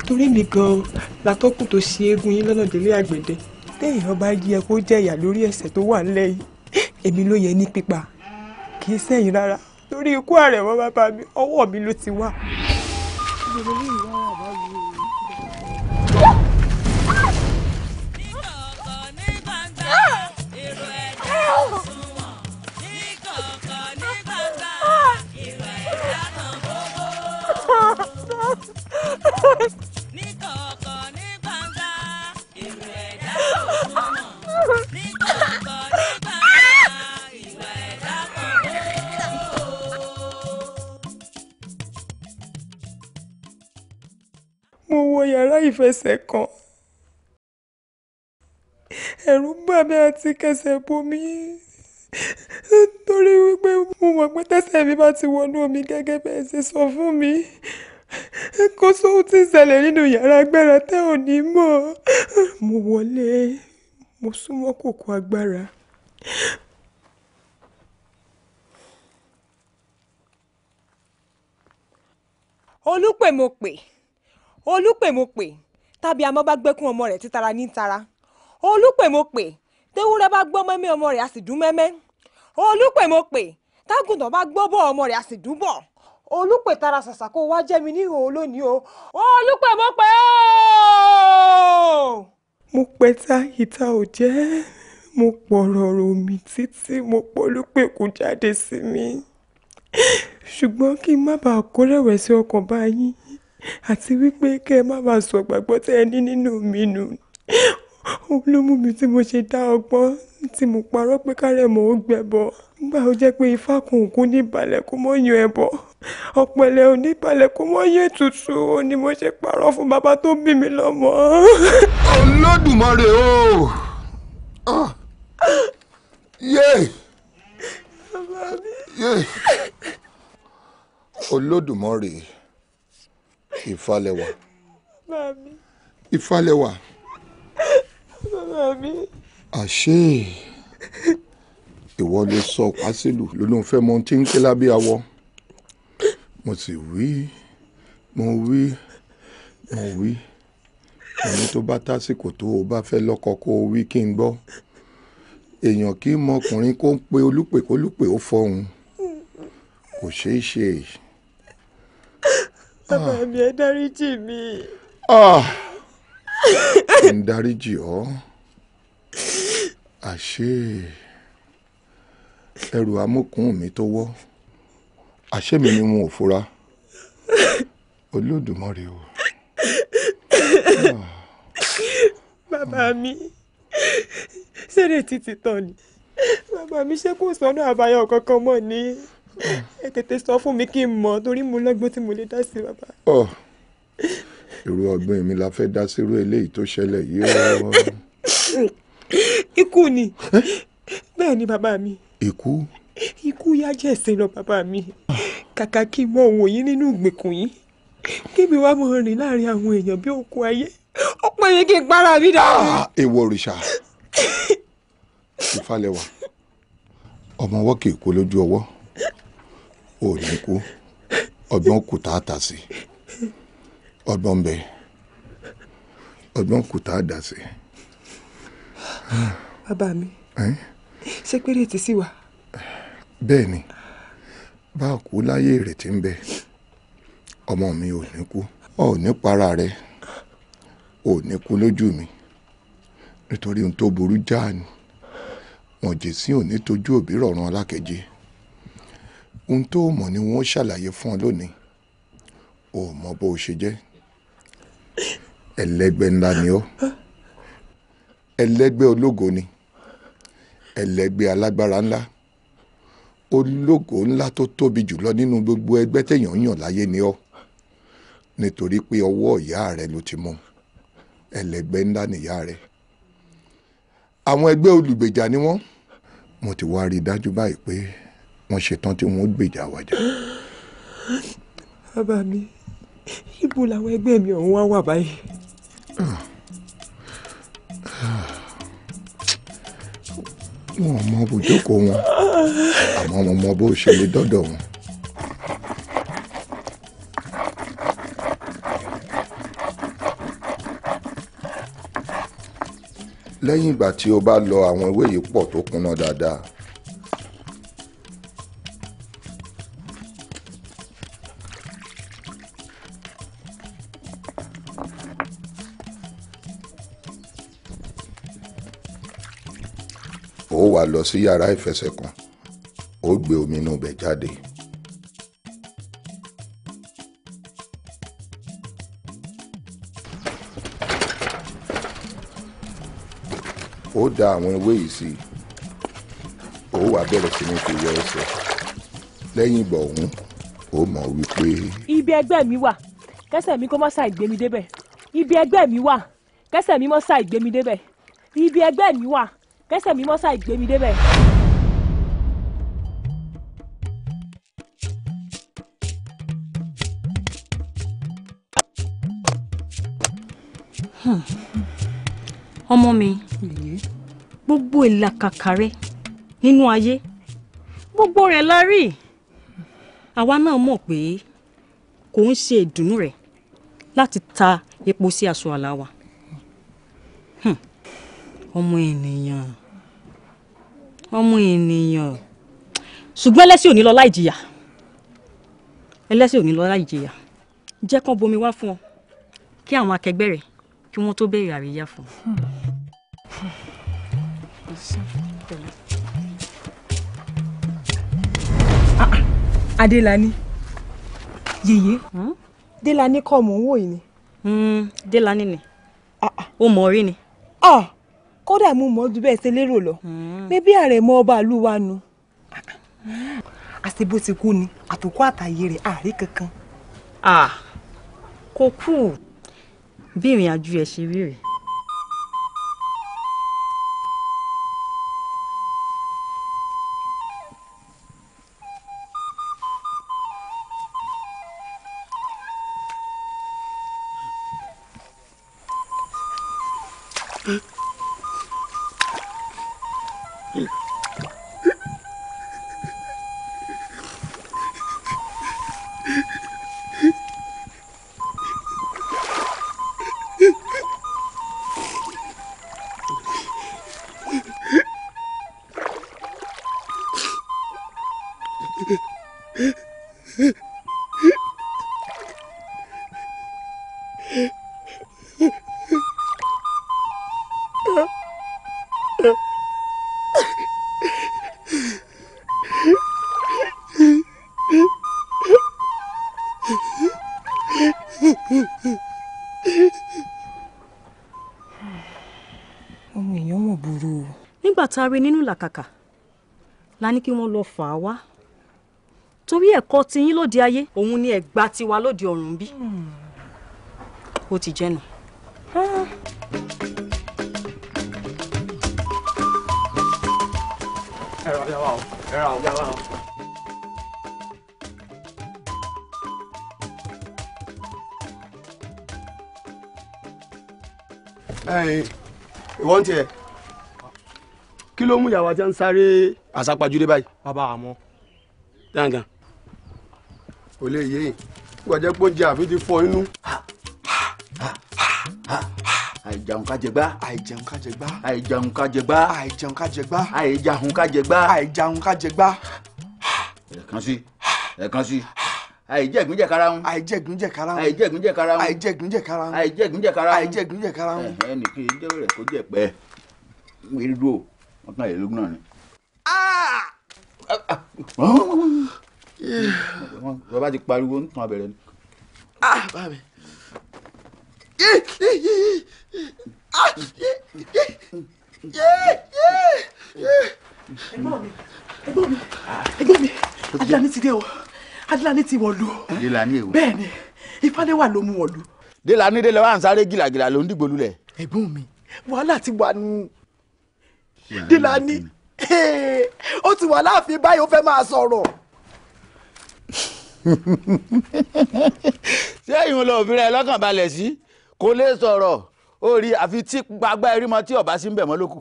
torí mi gan-an látọ́kùn tó ṣe eégún yín lọ́nà délé àgbẹ̀dẹ téèyàn bá yí ẹ kó jẹ̀yà lórí ẹ̀ṣẹ̀ tó wà ńlẹ̀ yìí èmi ló yẹ ní pípa kì í sẹ́yìn rárá torí ikú àrẹ̀mọ bàbá mi ọwọ́ mi ló ti wà. Ha ha ha! yàrá ìfẹsẹ̀kàn ẹ̀rù ń bà mí àti kẹsẹ̀ bomi torí wípé mo mọ̀ pé tẹ́sẹ̀ mi bá ti wọnú omi gẹ́gẹ́ bẹ́ẹ̀ ṣe sọ fún mi kó sóhun tí ń ṣẹlẹ̀ nínú yàrá agbára tẹ́ ò ní mọ̀ mo wọlé mo súnmọ́ kòkó agbára. olùpè mo pè olùpèmọ̀pè tàbí àmọ́ bá gbẹ́kún ọmọ rẹ̀ títara ní tara olùpèmọ̀pè tewúrẹ́ bá gbọ́ mẹ́mẹ́ ọmọ rẹ̀ á sì dún mẹ́mẹ́ olùpèmọ̀pè tágùntàn bá gbọ́ bọ́ ọmọ rẹ̀ á sì dún bọ̀ olùpè tara ṣàṣà kó wá jẹ́ mi níhò olónìí o olùpèmọ̀pè o. mo pẹta ìta ò jẹ́ mo pọ̀rọ̀ rò mí títí mo polúpè kò jáde sí mi ṣùgbọ́n kí n má bàa kó rẹ̀wẹ̀sì ọkàn bá yín àti wípé kẹ́ ẹ má bàa sọ gbàgbọ́ tẹ́ ẹ ní nínú mi nù òun ló mú mi tí mo ṣe dá ọgbọ́n tí mo parọ́ pé kárẹ̀ mò ń gbẹ̀bọ nígbà ó jẹ́ pé ifá kan ògún níbalẹ̀ kó mọ́ yan ẹbọ ọ̀pẹ̀lẹ̀ oníbalẹ̀ kó mọ́ yan ètùtù ó ní mo ṣe parọ́ fún bàbá tó bí mi lọ́mọ. olódùmarè o ah! yé yé olódùmarè ìfalẹ̀wà. Màmí. ìfalẹ̀wà. Màmí. àṣé ìwọ ló sọ pàṣẹlù ló ló ń fẹ́ mọ tí ń ké lábẹ́ awọ mo sì wí mo wí mo wí ẹni tó bá tásìkò tó o bá fẹ́ lọ́kọ kó o wí kí n gbọ́ èèyàn kì í mọ ọkùnrin kó ń pe olùpè kólùpè ó fọhùn kò ṣeé ṣe èyí bàbá ah. mi ẹ dáríjì mi. ń ah. dáríjì ọ́ àṣé ẹrù amókùn mi tó wọ́ àṣé mi ni mo ò fura olódùmarè o. Ah. bàbá mi ṣeré títí tán ni bàbá mi ṣé kò sọnù àbáyọ kankan mọ́ ni ẹ tètè sọ fún mi kí n mọ̀ torí mo lọ́gbọ́n tí mo lè dá sí bàbá. ọ irú ọgbọ́n mi la fẹ́ dá sírú eléyìí tó ṣẹlẹ̀ yìí ọ. ikú ni bẹ́ẹ̀ ni bàbá mi. ikú. ikú yá jẹ́ ẹ̀sìn lọ bàbá mi kàkà kí n mọ òun yín nínú ìgbèkùn yín kébì wàá mọ rìn láàrin àwọn èèyàn bí òkú ayé ó pè é kí n para mi dà. èèwọ̀ ah, òrìṣà ìfalẹ̀ wà ọmọ ọwọ́ kì í kó lójú ọwọ́ kwu ọgbọ́n kùtà tá a tà sí ọgbọ́n bẹ ọgbọ́n kù tá bàbá mi ṣé péré ti sí wa. bẹ́ẹ̀ ni bá a kú láyé rẹ̀ ìrètí ń bẹ ọmọ mi ò ní kú ò ní para rẹ ò ní kú lójú mi nítorí ohun tó burú jáà ni mọ̀jẹ̀sí sí ní tójú òbí rọ̀rùn alákẹ́jẹ́ ohun tó o mọ̀ ni wọ́n ṣàlàyé fún ọ lónìí o mọ̀ bó o ṣe jẹ́ ẹlẹ́gbẹ́ ńlá ni ọ́ ẹlẹ́gbẹ́ ológo ni ẹlẹ́gbẹ́ alágbára ńlá ológo ńlá tó tóbi jùlọ nínú gbogbo ẹgbẹ́ téèyàn yàn láyé ni ọ́ nítorí pé ọwọ́ ìyá rẹ ló ti mú ẹlẹ́gbẹ́ ńlá nìyá rẹ àwọn ẹgbẹ́ olùgbèjà ni wọ́n mo ti wá rí i dájú báyìí pé wọ́n ṣetán tí wọ́n gbèjà wájà. [gasps] bàbá mi ibo làwọn ẹgbẹ́ mi ọ̀hún wá wà báyìí. [sighs] wọn ò mọ ibùjókòó wọn àmọ́ mo mọ bó ṣe lè dọ́dọ̀ wọn. lẹ́yìn ìgbà tí o bá lọ àwọn ewé yìí pọ̀ tó kúnná dáadáa lọ sí yàrá ìfẹsẹ̀kàn ó gbé omi inú ibẹ̀ jáde. ó da àwọn ewé yìí sí i ó wá bẹ̀rẹ̀ sí ní fi wẹ ẹsẹ̀ lẹ́yìn ìgbà ọ̀hún ó mọ̀ wípé. ibi ẹgbẹ́ mi wà kẹsẹ̀ mi kó mọ́ ṣàì gbé mi débẹ̀ ibi ẹgbẹ́ mi wà kẹsẹ̀ mi mọ́ ṣàì gbé mi débẹ̀ ibi ẹgbẹ́ mi wà kẹsẹ̀ mi mọ́sá ìgbé mi hmm. ọmọ mi gbogbo ìlàkàkà rẹ nínú ayé gbogbo rẹ la rí àwa náà mọ̀ pé kò ń ṣe ìdùnnú rẹ láti ta epo sí aṣọ àlá wa ọmọ ènìyàn ọmọ ènìyàn ṣùgbọ́n ẹlẹ́sìn ò ní lọ láì jìyà ẹlẹ́sìn ò lọ láì jìyà jẹ́ kán bomi wá fún ọ kí àwọn akẹgbẹ́ rẹ̀ kí wọ́n tó béèrè àríyá fún ọ. Adélani yèyé hmm? Délani kọ́ mò ń yìí ni. Hmm, Délani ni O mọ̀ rí ni. Ah. ah kódà mo mọ̀ ju bẹ́ẹ̀ ṣe lérò lọ bébí hmm. ààrẹ mọ ọba ìlú wa nu. àti bó ti kú ni àtòkọ àtàyè rẹ̀ àárẹ kankan. kò kú bí ìrìn àjò ẹ ṣe rí rèé sáré nínú làkàkà la ní kí wọ́n lọ fà á wá torí ẹ̀kọ́ tiyín lóde ayé òun ni ẹ̀gbá tiwa lóde ọ̀run bí ó ti jẹ́ nù. ẹ ra ọjà wa kí ló mú ìyàwó àti sáré. àsápajúdé báyìí. bàbá àmọ́. dáǹgà. kò lè yé gbọ́dọ̀ pé oúnjẹ àfi ti fọ inú. àìjàun kájẹgbá. àìjàun kájẹgbá. àìjàun kájẹgbá. àìjàun kájẹgbá. àìjàun kájẹgbá. àìjàun kájẹgbá. ẹ̀ẹ̀kan sí ẹ̀ẹ̀kan sí àìjẹ̀gúnjẹ̀ kara ń. àìjẹ̀gúnjẹ̀ kara ń. àìjẹ̀gúnjẹ̀ kara ń. àìjẹ̀gúnjẹ̀ kara ń. àìjẹ̀gúnjẹ̀ kara ń. àìjẹ̀gúnjẹ̀ kara ń. ẹnìkan ìjẹ́wẹ̀rẹ̀ kó jẹ̀ pẹ́ wíwú o. Ah, wọ́n kàn yẹ lógún náà ni. bàbá ti pariwo ń tàn abẹ̀rẹ̀ ni. bàbá mi. ẹ̀gbọ́n mi ẹ̀gbọ́n mi ẹ̀gbọ́n mi adilani ti dé o adilani ti wọ̀lú. adilani èwo. bẹ́ẹ̀ni ifádéwà ló mú wọ̀lú. délani délẹ̀ wà ń sáré gìlàgìlà ló ń dìgbò lulẹ̀. ẹ̀gbọ́n mi wàhálà ti wà nù dílani ó ti wà láàfin báyìí ó fẹ́ máa sọ̀rọ̀. ṣé ìhun ló fi rẹ lọ́kàn balẹ̀ sí kò lè sọ̀rọ̀ ó rí àfi tí gbàgbá erímọ tí ọba sí ń bẹ̀ mọ́ lókù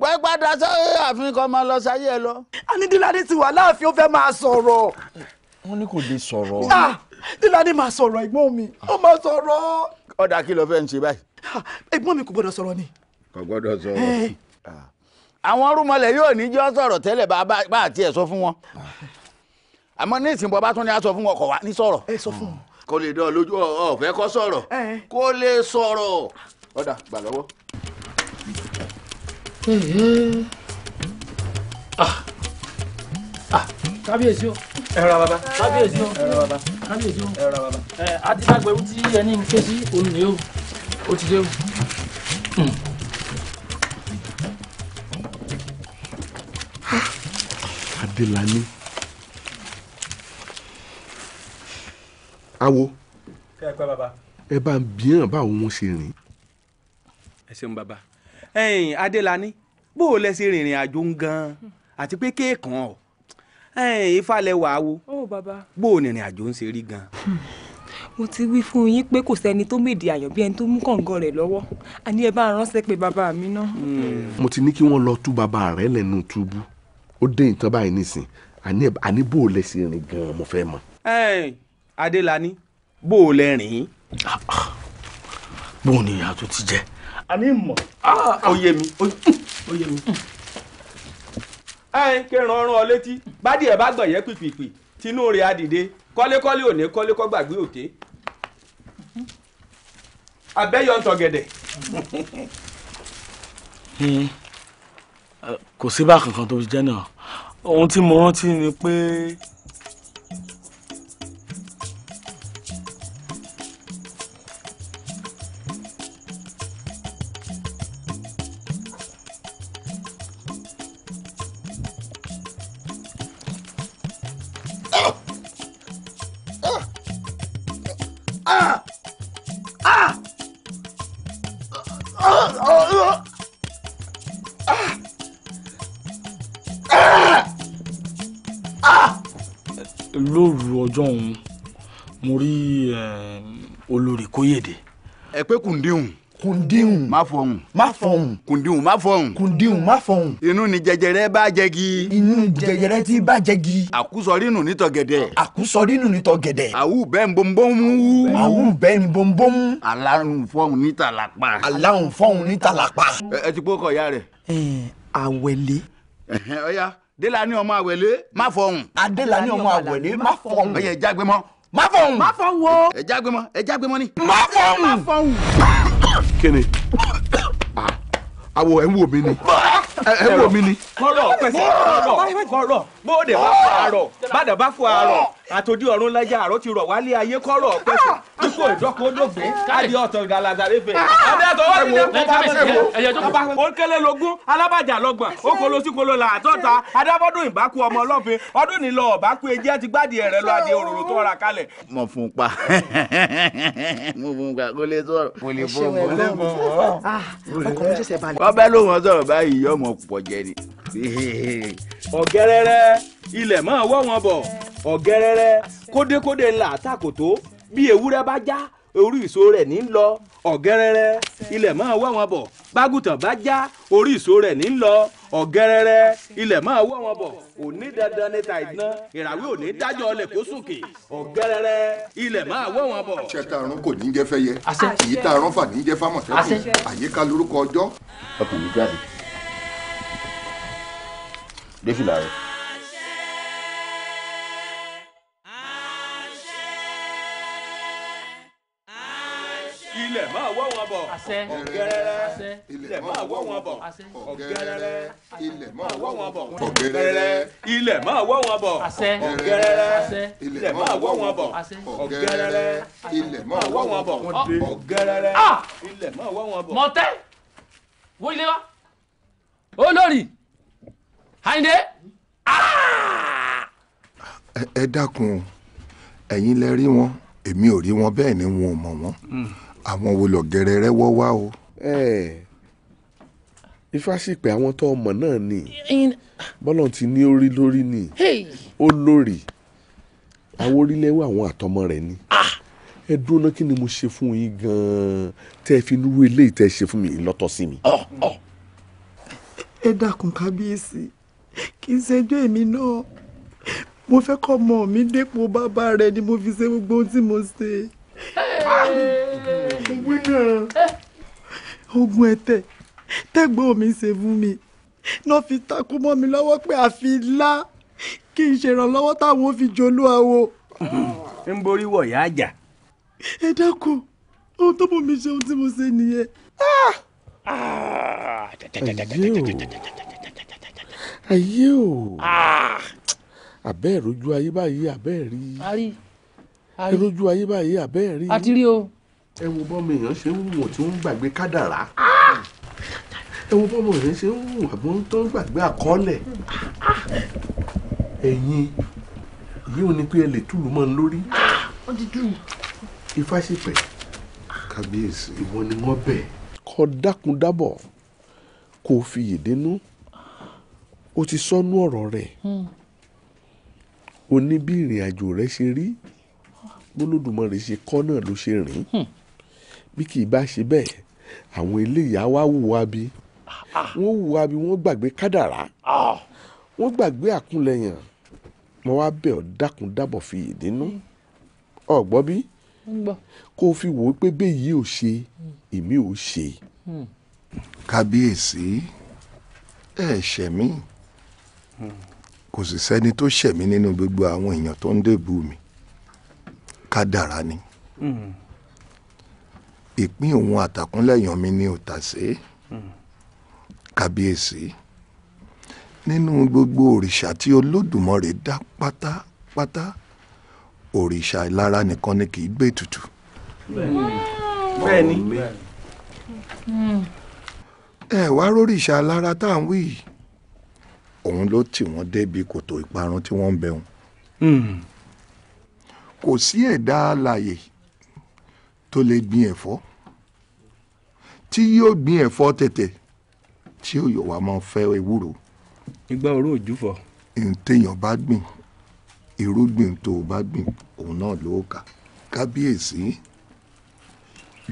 pẹ́pẹ́ daṣẹ́ àfin kan máa lọ sáyé ẹ lọ. anídíládé ti wà láàfin ó fẹ́ máa sọ̀rọ̀. wọ́n ní kò lè sọ̀rọ̀. Ah, díládé máa sọ̀rọ̀ ẹ̀gbọ́n mi ó máa sọ̀rọ̀. ọ̀dà kí ló fẹ́ ń ṣe báyìí. Ah, ẹ̀gbọ́n mi kò gbọ́dọ̀ sọ̀rọ̀ ni. kò gbọ́dọ̀ sọ̀rọ̀ àwọn rúmọlẹ̀ yóò níjọ́ sọ̀rọ̀ tẹ́lẹ̀ bá àti ẹ̀ sọ fún wọn àmọ́ ní ìsìnbọn bá tún ní a sọ fún wọn kọ̀ wá ní sọ̀rọ̀. ẹ sọ fún un. kò lè dán lójú ọ̀fẹ́ kó sọ̀rọ̀ kó lè sọ̀rọ̀ ọ̀dà gbà lọ́wọ́. Ah. Ah. kábíyèsí o ẹ̀rọ bàbá kábíyèsí o ẹ̀rọ bàbá kábíyèsí o ẹ̀rọ bàbá. àti lágbẹ̀rú tí ẹni ń ké sí òun o ó ti dé o. Hmm. Adélàní. awo ẹ bá ń bíyàn báwo wọn ṣe rìn. ẹ ṣeun bàbá ẹyìn Adélàní bó o lẹ ṣe rìnrìn àjò ń gan àti pé kéèkàn ọ ẹyìn ìfàlẹ̀ wàá wo bó o rìnrìn àjò ń ṣe rí gan. Hmm. mo ti wí fún yín pé kò sẹ́ni tó mèdè àyàn bí ẹni tó mú kàngan rẹ̀ lọ́wọ́ àní ẹ bá ránṣẹ́ pé bàbá mi náà. Hmm. mo ti ní kí wọ́n lọ tú bàbá rẹ̀ lẹ́nu túbú ó dé ìtàn báyìí nísìn àní bò lẹ sí rìn gan-an mo fẹ́ mọ̀. adélani bò lẹ rìn. bó o ní ìyá tó ti jẹ. àní mọ̀. Ah, ó yé mi ó yé mi. ẹ kẹrin ọrùn ọ létí bádì ẹ bá gbọ̀n yẹ pìpìpì tinú rẹ̀ á dìde kọ́lékọ́lé òní kọ́lékọ́ gbàgbé òkè abẹ́yọ̀ ń tọ̀gẹ̀dẹ̀. Hmm kò sí bá kankan tó jẹ́ náà ohun tí mo rántí ni pé lóru ọjọ́ òun mo rí ehm, olórí kóyèdè. ẹ pé kùndíhùn kùndíhùn. má fọhùn. má fọhùn. kùndíhùn má fọhùn. kùndíhùn má fọhùn. inú ni jẹjẹrẹ bá jẹgi. inú jẹjẹrẹ ti bá jẹgi. àkúsọrínù nítọ gẹdẹ. àkúsọrínù nítọ gẹdẹ. àwù bẹ́ẹ̀ ń bọ́nbọ́n wú. àwù bẹ́ẹ̀ ń bọ́nbọ́n. alárùn fọhùn níta lápá. alárùn fọhùn níta lápá. ẹ ti pọ́ kọ̀ ya rẹ̀. ẹ̀ẹ́n àwẹ̀lé. ẹ̀hẹ́n Adélàní ọmọ àwẹ̀lé má fọhùn. Adélàní ọmọ àwẹ̀lé má fọhùn. ẹyẹ ẹja gbẹmọ. má fọhùn. má fọhùn o. ẹja gbẹmọ ẹja gbẹmọ ni. má fọhùn. má fọhùn. kíni [coughs] ah, àwọ̀ ẹ̀ ń wò mí ni ẹ wò mí ni. kọ́rọ̀ kọ́rọ̀ kọ́rọ̀ bóde bá fọ àárọ̀ bàdà bá fọ àárọ̀ àtòdí ọ̀run lẹ́jà àárọ̀ ti rọ̀ wálé ayé kọ́rọ̀ pẹ̀sẹ̀ dípò ìdọ́kọ̀ odògbé ah. káàdì ọ̀tàn galazarẹ́fẹ̀. Ah. ọdẹ tó wà nílé kọ́ba ó kélé lógún alábàjá lọ́gbọ̀n ó kolo sí kolo là àtọ́ta adábọ́dún ìbákú ọmọ ọlọ́fin ọdún nílò ọ̀bákú ejì ẹ ti gbádìí ẹ̀rẹ́ lọ adìẹ òróró tó ra kalẹ̀. mo fún un pa [laughs] mo fún un pa kó lè sọ̀rọ̀. ọbẹ̀ ló wọ́n sọ̀rọ̀ báyìí yọmọ ọmọ púpọ̀ jẹ ni. [laughs] ọ̀gẹ́rẹ́rẹ́ ilẹ̀ máa wọ́ wọn bọ̀ ọ̀gẹ́rẹ́rẹ́ kódékódé ńlá àtàkòtó bí ewúrẹ́ bá já orí ìṣó rẹ̀ ní lọ ọ̀gẹ́rẹ́rẹ́ ilẹ̀ máa wọ́ wọn bọ̀ bágùtàn bá já orí ìṣó rẹ̀ ní lọ ọ̀gẹ́rẹ́rẹ́ ilẹ̀ máa wọ́ wọn bọ̀ òní dandan níta ìdán ìràwé òní dájọ́ ọlẹ̀ kó sókè ọ̀gẹ́rẹ́rẹ́ ilẹ̀ máa wọ́ wọn bọ̀. àṣẹ tààrùn kò ní jẹ́ fẹ́yẹ èyí tààrùn fà ní jẹ́ fámọ̀tẹ́kùn àyíká lórúkọ ọjọ́. ọkùnrin jáde gbé fìlà rẹ̀. ilẹ̀ máa wọ́ wọn bọ̀ ọ̀gẹ́rẹ́rẹ́ ilẹ̀ máa wọ́ wọn bọ̀ ọ̀gẹ́rẹ́rẹ́ ilẹ̀ máa wọ́ wọn bọ̀ ọ̀gẹ́rẹ́rẹ́ ilẹ̀ máa wọ́ wọn bọ̀ ọ̀gẹ́rẹ́rẹ́ ilẹ̀ máa wọ́ wọn bọ̀ ọ̀gẹ́rẹ́rẹ́ ilẹ̀ máa wọ́ ah! wọn bọ̀ mọ̀tẹ́ wo wa olórí. Àyìndé. Ah! ẹ dákun ẹ̀yin lẹ rí wọn èmi ò rí wọn bẹ́ẹ̀ ni wọn ò mọ̀ wọ́n hmm. àwọn wo lọ gẹrẹrẹ wọ́ wá o. ifásitì àwọn tó ọmọ náà ni bọ́lá ti ní orí lórí ni ó lórí àwọn orílẹ̀-èwé àwọn àtọmọ rẹ̀ ni ah! ẹ dúró náà kí ni mo ṣe fún yín gan-an tẹ́ ẹ fi inú eléyìí tẹ́ ẹ ṣe fún mi lọ́tọ̀ sí mi. Oh, oh. ẹ dákun kábíyèsí kì í ṣẹjọ́ èmi náà mo fẹ́ kọ́ ọmọ mi dépò bàbá rẹ ni mo fi ṣe gbogbo ohun tí mo ṣe. wíńdà ogun ẹ̀tẹ̀ tẹ́gbọ́n mi ṣe fún mi náà fi takú mọ́ mi lọ́wọ́ pé àfi ńlá kí n ṣèrànlọ́wọ́ táwọn fi jolú àwo. ń borí wọ̀yá àjà. ẹ dákun ohun tó mú mi ṣe ohun tí mo ṣe nìyẹn. Ah! Ah! ẹ̀yẹ́ o ayé o àbẹ́ẹ̀ ah. rojú ayé báyìí àbẹ́ẹ̀ rí rojú ayé báyìí àbẹ́ẹ̀ rí. a ti rí o. ẹ wo bọ́mọ èèyàn ṣe ń wò tí wọ́n ń gbàgbé kádàrá ah. ẹ wo bọ́mọ èèyàn ṣe ń wò àbọ̀ tó ń gbàgbé àkọọ́lẹ̀ ẹ̀yin yìí ò ní pé ẹ lè túlù mọ́ ọ lórí. Ah, wọ́n ti dùn. ifásipẹ̀ kábíyèsí ìwọ ni wọ́n bẹ̀. kó dákun dábọ̀ kó fi yèdè nú ó ti sọnú ọ̀rọ̀ rẹ̀ hmm. ó ní bí ìrìn àjò rẹ̀ ṣe rí bólódùmarè ṣe kọ́ náà ló ṣe rìn hmm. bí kì í bá ṣe bẹ́ẹ̀ àwọn eléyìí á wá wù wá bí ah. wọ́n wù wá bí wọ́n gbàgbé kádàrá ah. wọ́n gbàgbé àkúnlẹ̀yàn mo wá bẹ̀ ọ́ dákun dábọ̀ fi ìdínú hmm. ọ̀gbọ́n bí kó o fi wò ó pé bẹ́ẹ̀ ò ṣe èmi ò ṣe. kábíyèsí ẹ ṣẹ̀ mí kò sì sẹ́ni tó ṣẹ̀ mí nínú gbogbo àwọn èèyàn tó ń dèbù mi kádàrá ni ìpín òun àtàkúnlẹ̀yàn mi ni òtàṣé kábíyèsí nínú gbogbo òrìṣà tí olódùmarè dá pátápátá òrìṣà ìlara nìkan ni kì í gbé tutù. bẹ́ẹ̀ni ẹ wá rórìṣà ìlara tá à ń wí yìí òun ló tì wọ́n débi kòtò ìparun tí wọ́n ń bẹ̀rù. Hmm. kò sí ẹ̀dá alààyè tó lè gbin ẹ̀fọ́ tí yóò gbin ẹ̀fọ́ tẹ̀tẹ̀ tí òyò wa máa fẹ́ ewúro. ìgbà òru òjúfọ. ntẹ̀yàn bá gbìn irúgbìn tó o bá gbìn òun náà ló kà kábíyèsí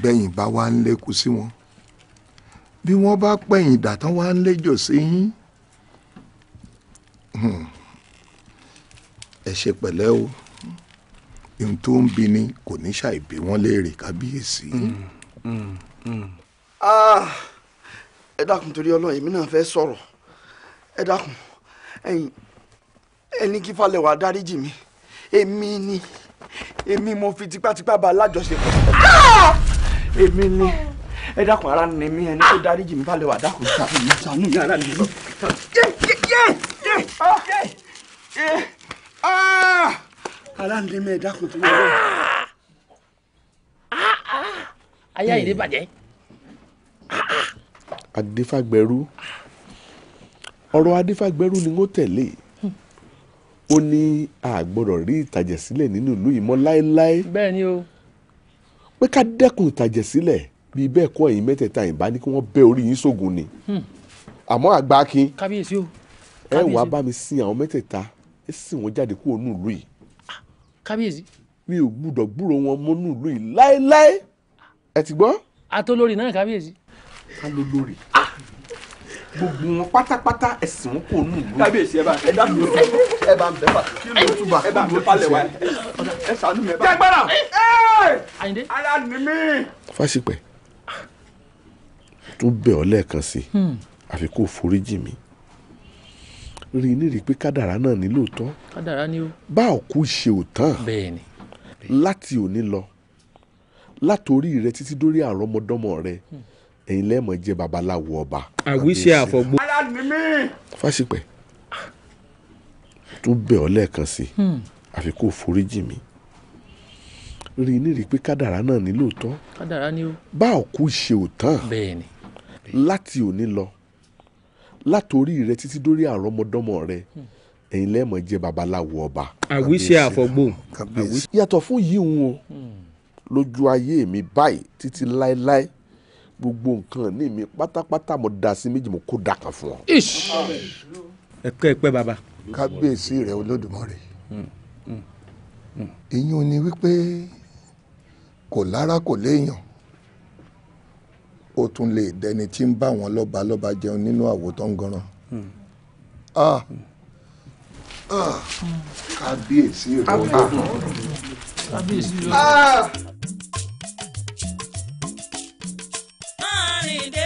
bẹ́yìn bá wá ń lékú sí wọn bí wọ́n bá pẹ̀yìn dàtán wá ń léjò sí yín. Si Hmm. ẹ ṣe pẹ̀lẹ́ o ohun tó ń bi ni kò ní ṣàì bí wọ́n léèrè kábíyèsí. Hmm. Hmm. Ah, ẹ dákun torí ọlọ́run èmi náà fẹ́ sọ̀rọ̀ ẹ dákun ẹni kí falẹ̀wà dáríjì mi èmi ni èmi mo fi tipátipá bá alájọṣepọ̀ ah! èmi ni ẹ dákun ara ni mi ẹni tó dáríjì mi falẹ̀wà dákun ṣàfihàn ṣàánú yàrá mi Eh. Ah. aláǹdé mẹ́ẹ̀ dákun tó lọ́wọ́. ayé àyè bàjẹ́. adéfàgbẹ́rú ọ̀rọ̀ adéfàgbẹ́rú ni wọ́n tẹ̀lé ó ní a gbọ́dọ̀ rí ìtàjẹ̀sílẹ̀ nínú ìlú yìí mọ́ láéláé. bẹ́ẹ̀ ni o. pé ká dẹ́kun ìtàjẹ̀sílẹ̀ bíi bẹ́ẹ̀ kọ́ ẹ̀yin mẹ́tẹ̀ẹ̀ta ìbá ní kí wọ́n bẹ́ orí yín sógun ni hmm. àmọ́ àgbà kin. kábíyèsí o ẹ wàá bá mi sin àwọn mẹ́tẹ̀ẹ̀ta ẹ sìn wọ́n jáde kúrò nù ìlú yìí. Ah, kábíyèsí. mi ò gbúdọ̀ gbúrò wọn mọ́ nù ìlú yìí láéláé ẹ ti gbọ́. atolórí náà kábíyèsí. ká ló lórí ah! gbogbo wọn pátápátá ẹsìn wọn kò nù. kábíyèsí ẹ bá ẹ dáhùn lọ ẹ bá ń bẹ bá kí ló tún bá ẹ bá ń bẹ palẹ̀ wa ẹ sànú mi ẹ bá. jẹgbẹrọ Àyìndé ara ni mí. Fásipẹ̀ tún bẹ̀ ọ́ lẹ́ẹ̀kan sí i hmm. àfi kó foríjì mi rí i nírìí pé kádàrá náà ní lóòótọ́ kádàrá ni ó bá òkú ṣe ò tán bẹ́ẹ̀ni láti òní lọ látòrí rẹ títí dórí àrọmọdọ́mọ rẹ hmm. ẹ̀yin lẹ́ẹ̀mọ jẹ́ babaláwo ọba. àwíṣe àfọ̀gbọ́. fásipẹ̀ tún bẹ̀ ọ́ lẹ́ẹ̀kan sí hmm. àfi kó foríjì mi rí i pé kádàrá náà ní lóòótọ́ bá òkú ṣe ò tán láti òní lọ látòrí rẹ títí dórí àrọ́mọdọ́mọ rẹ ẹ̀yin lẹ́ẹ̀mọ̀ jẹ́ babaláwo ọba. àwíṣe àfọ̀gbò. yàtọ̀ fún yìí ń o lójú ayé mi báyìí títí láéláé gbogbo nǹkan ní mi pátápátá mo dá sí méjì mo kó dà kan fún ọ. ẹ pẹ́ ẹ pẹ́ bàbá. kábíyèsí rẹ olódùmarè ìyún hmm, hmm, hmm. ni wípé kò lára kò léèyàn ó tún lè dẹni tí ń bá wọn lọ́ba lọ́ba jẹun nínú àwo tó ń ganran. kábíyèsí rẹ kábíyèsí ah. Ah.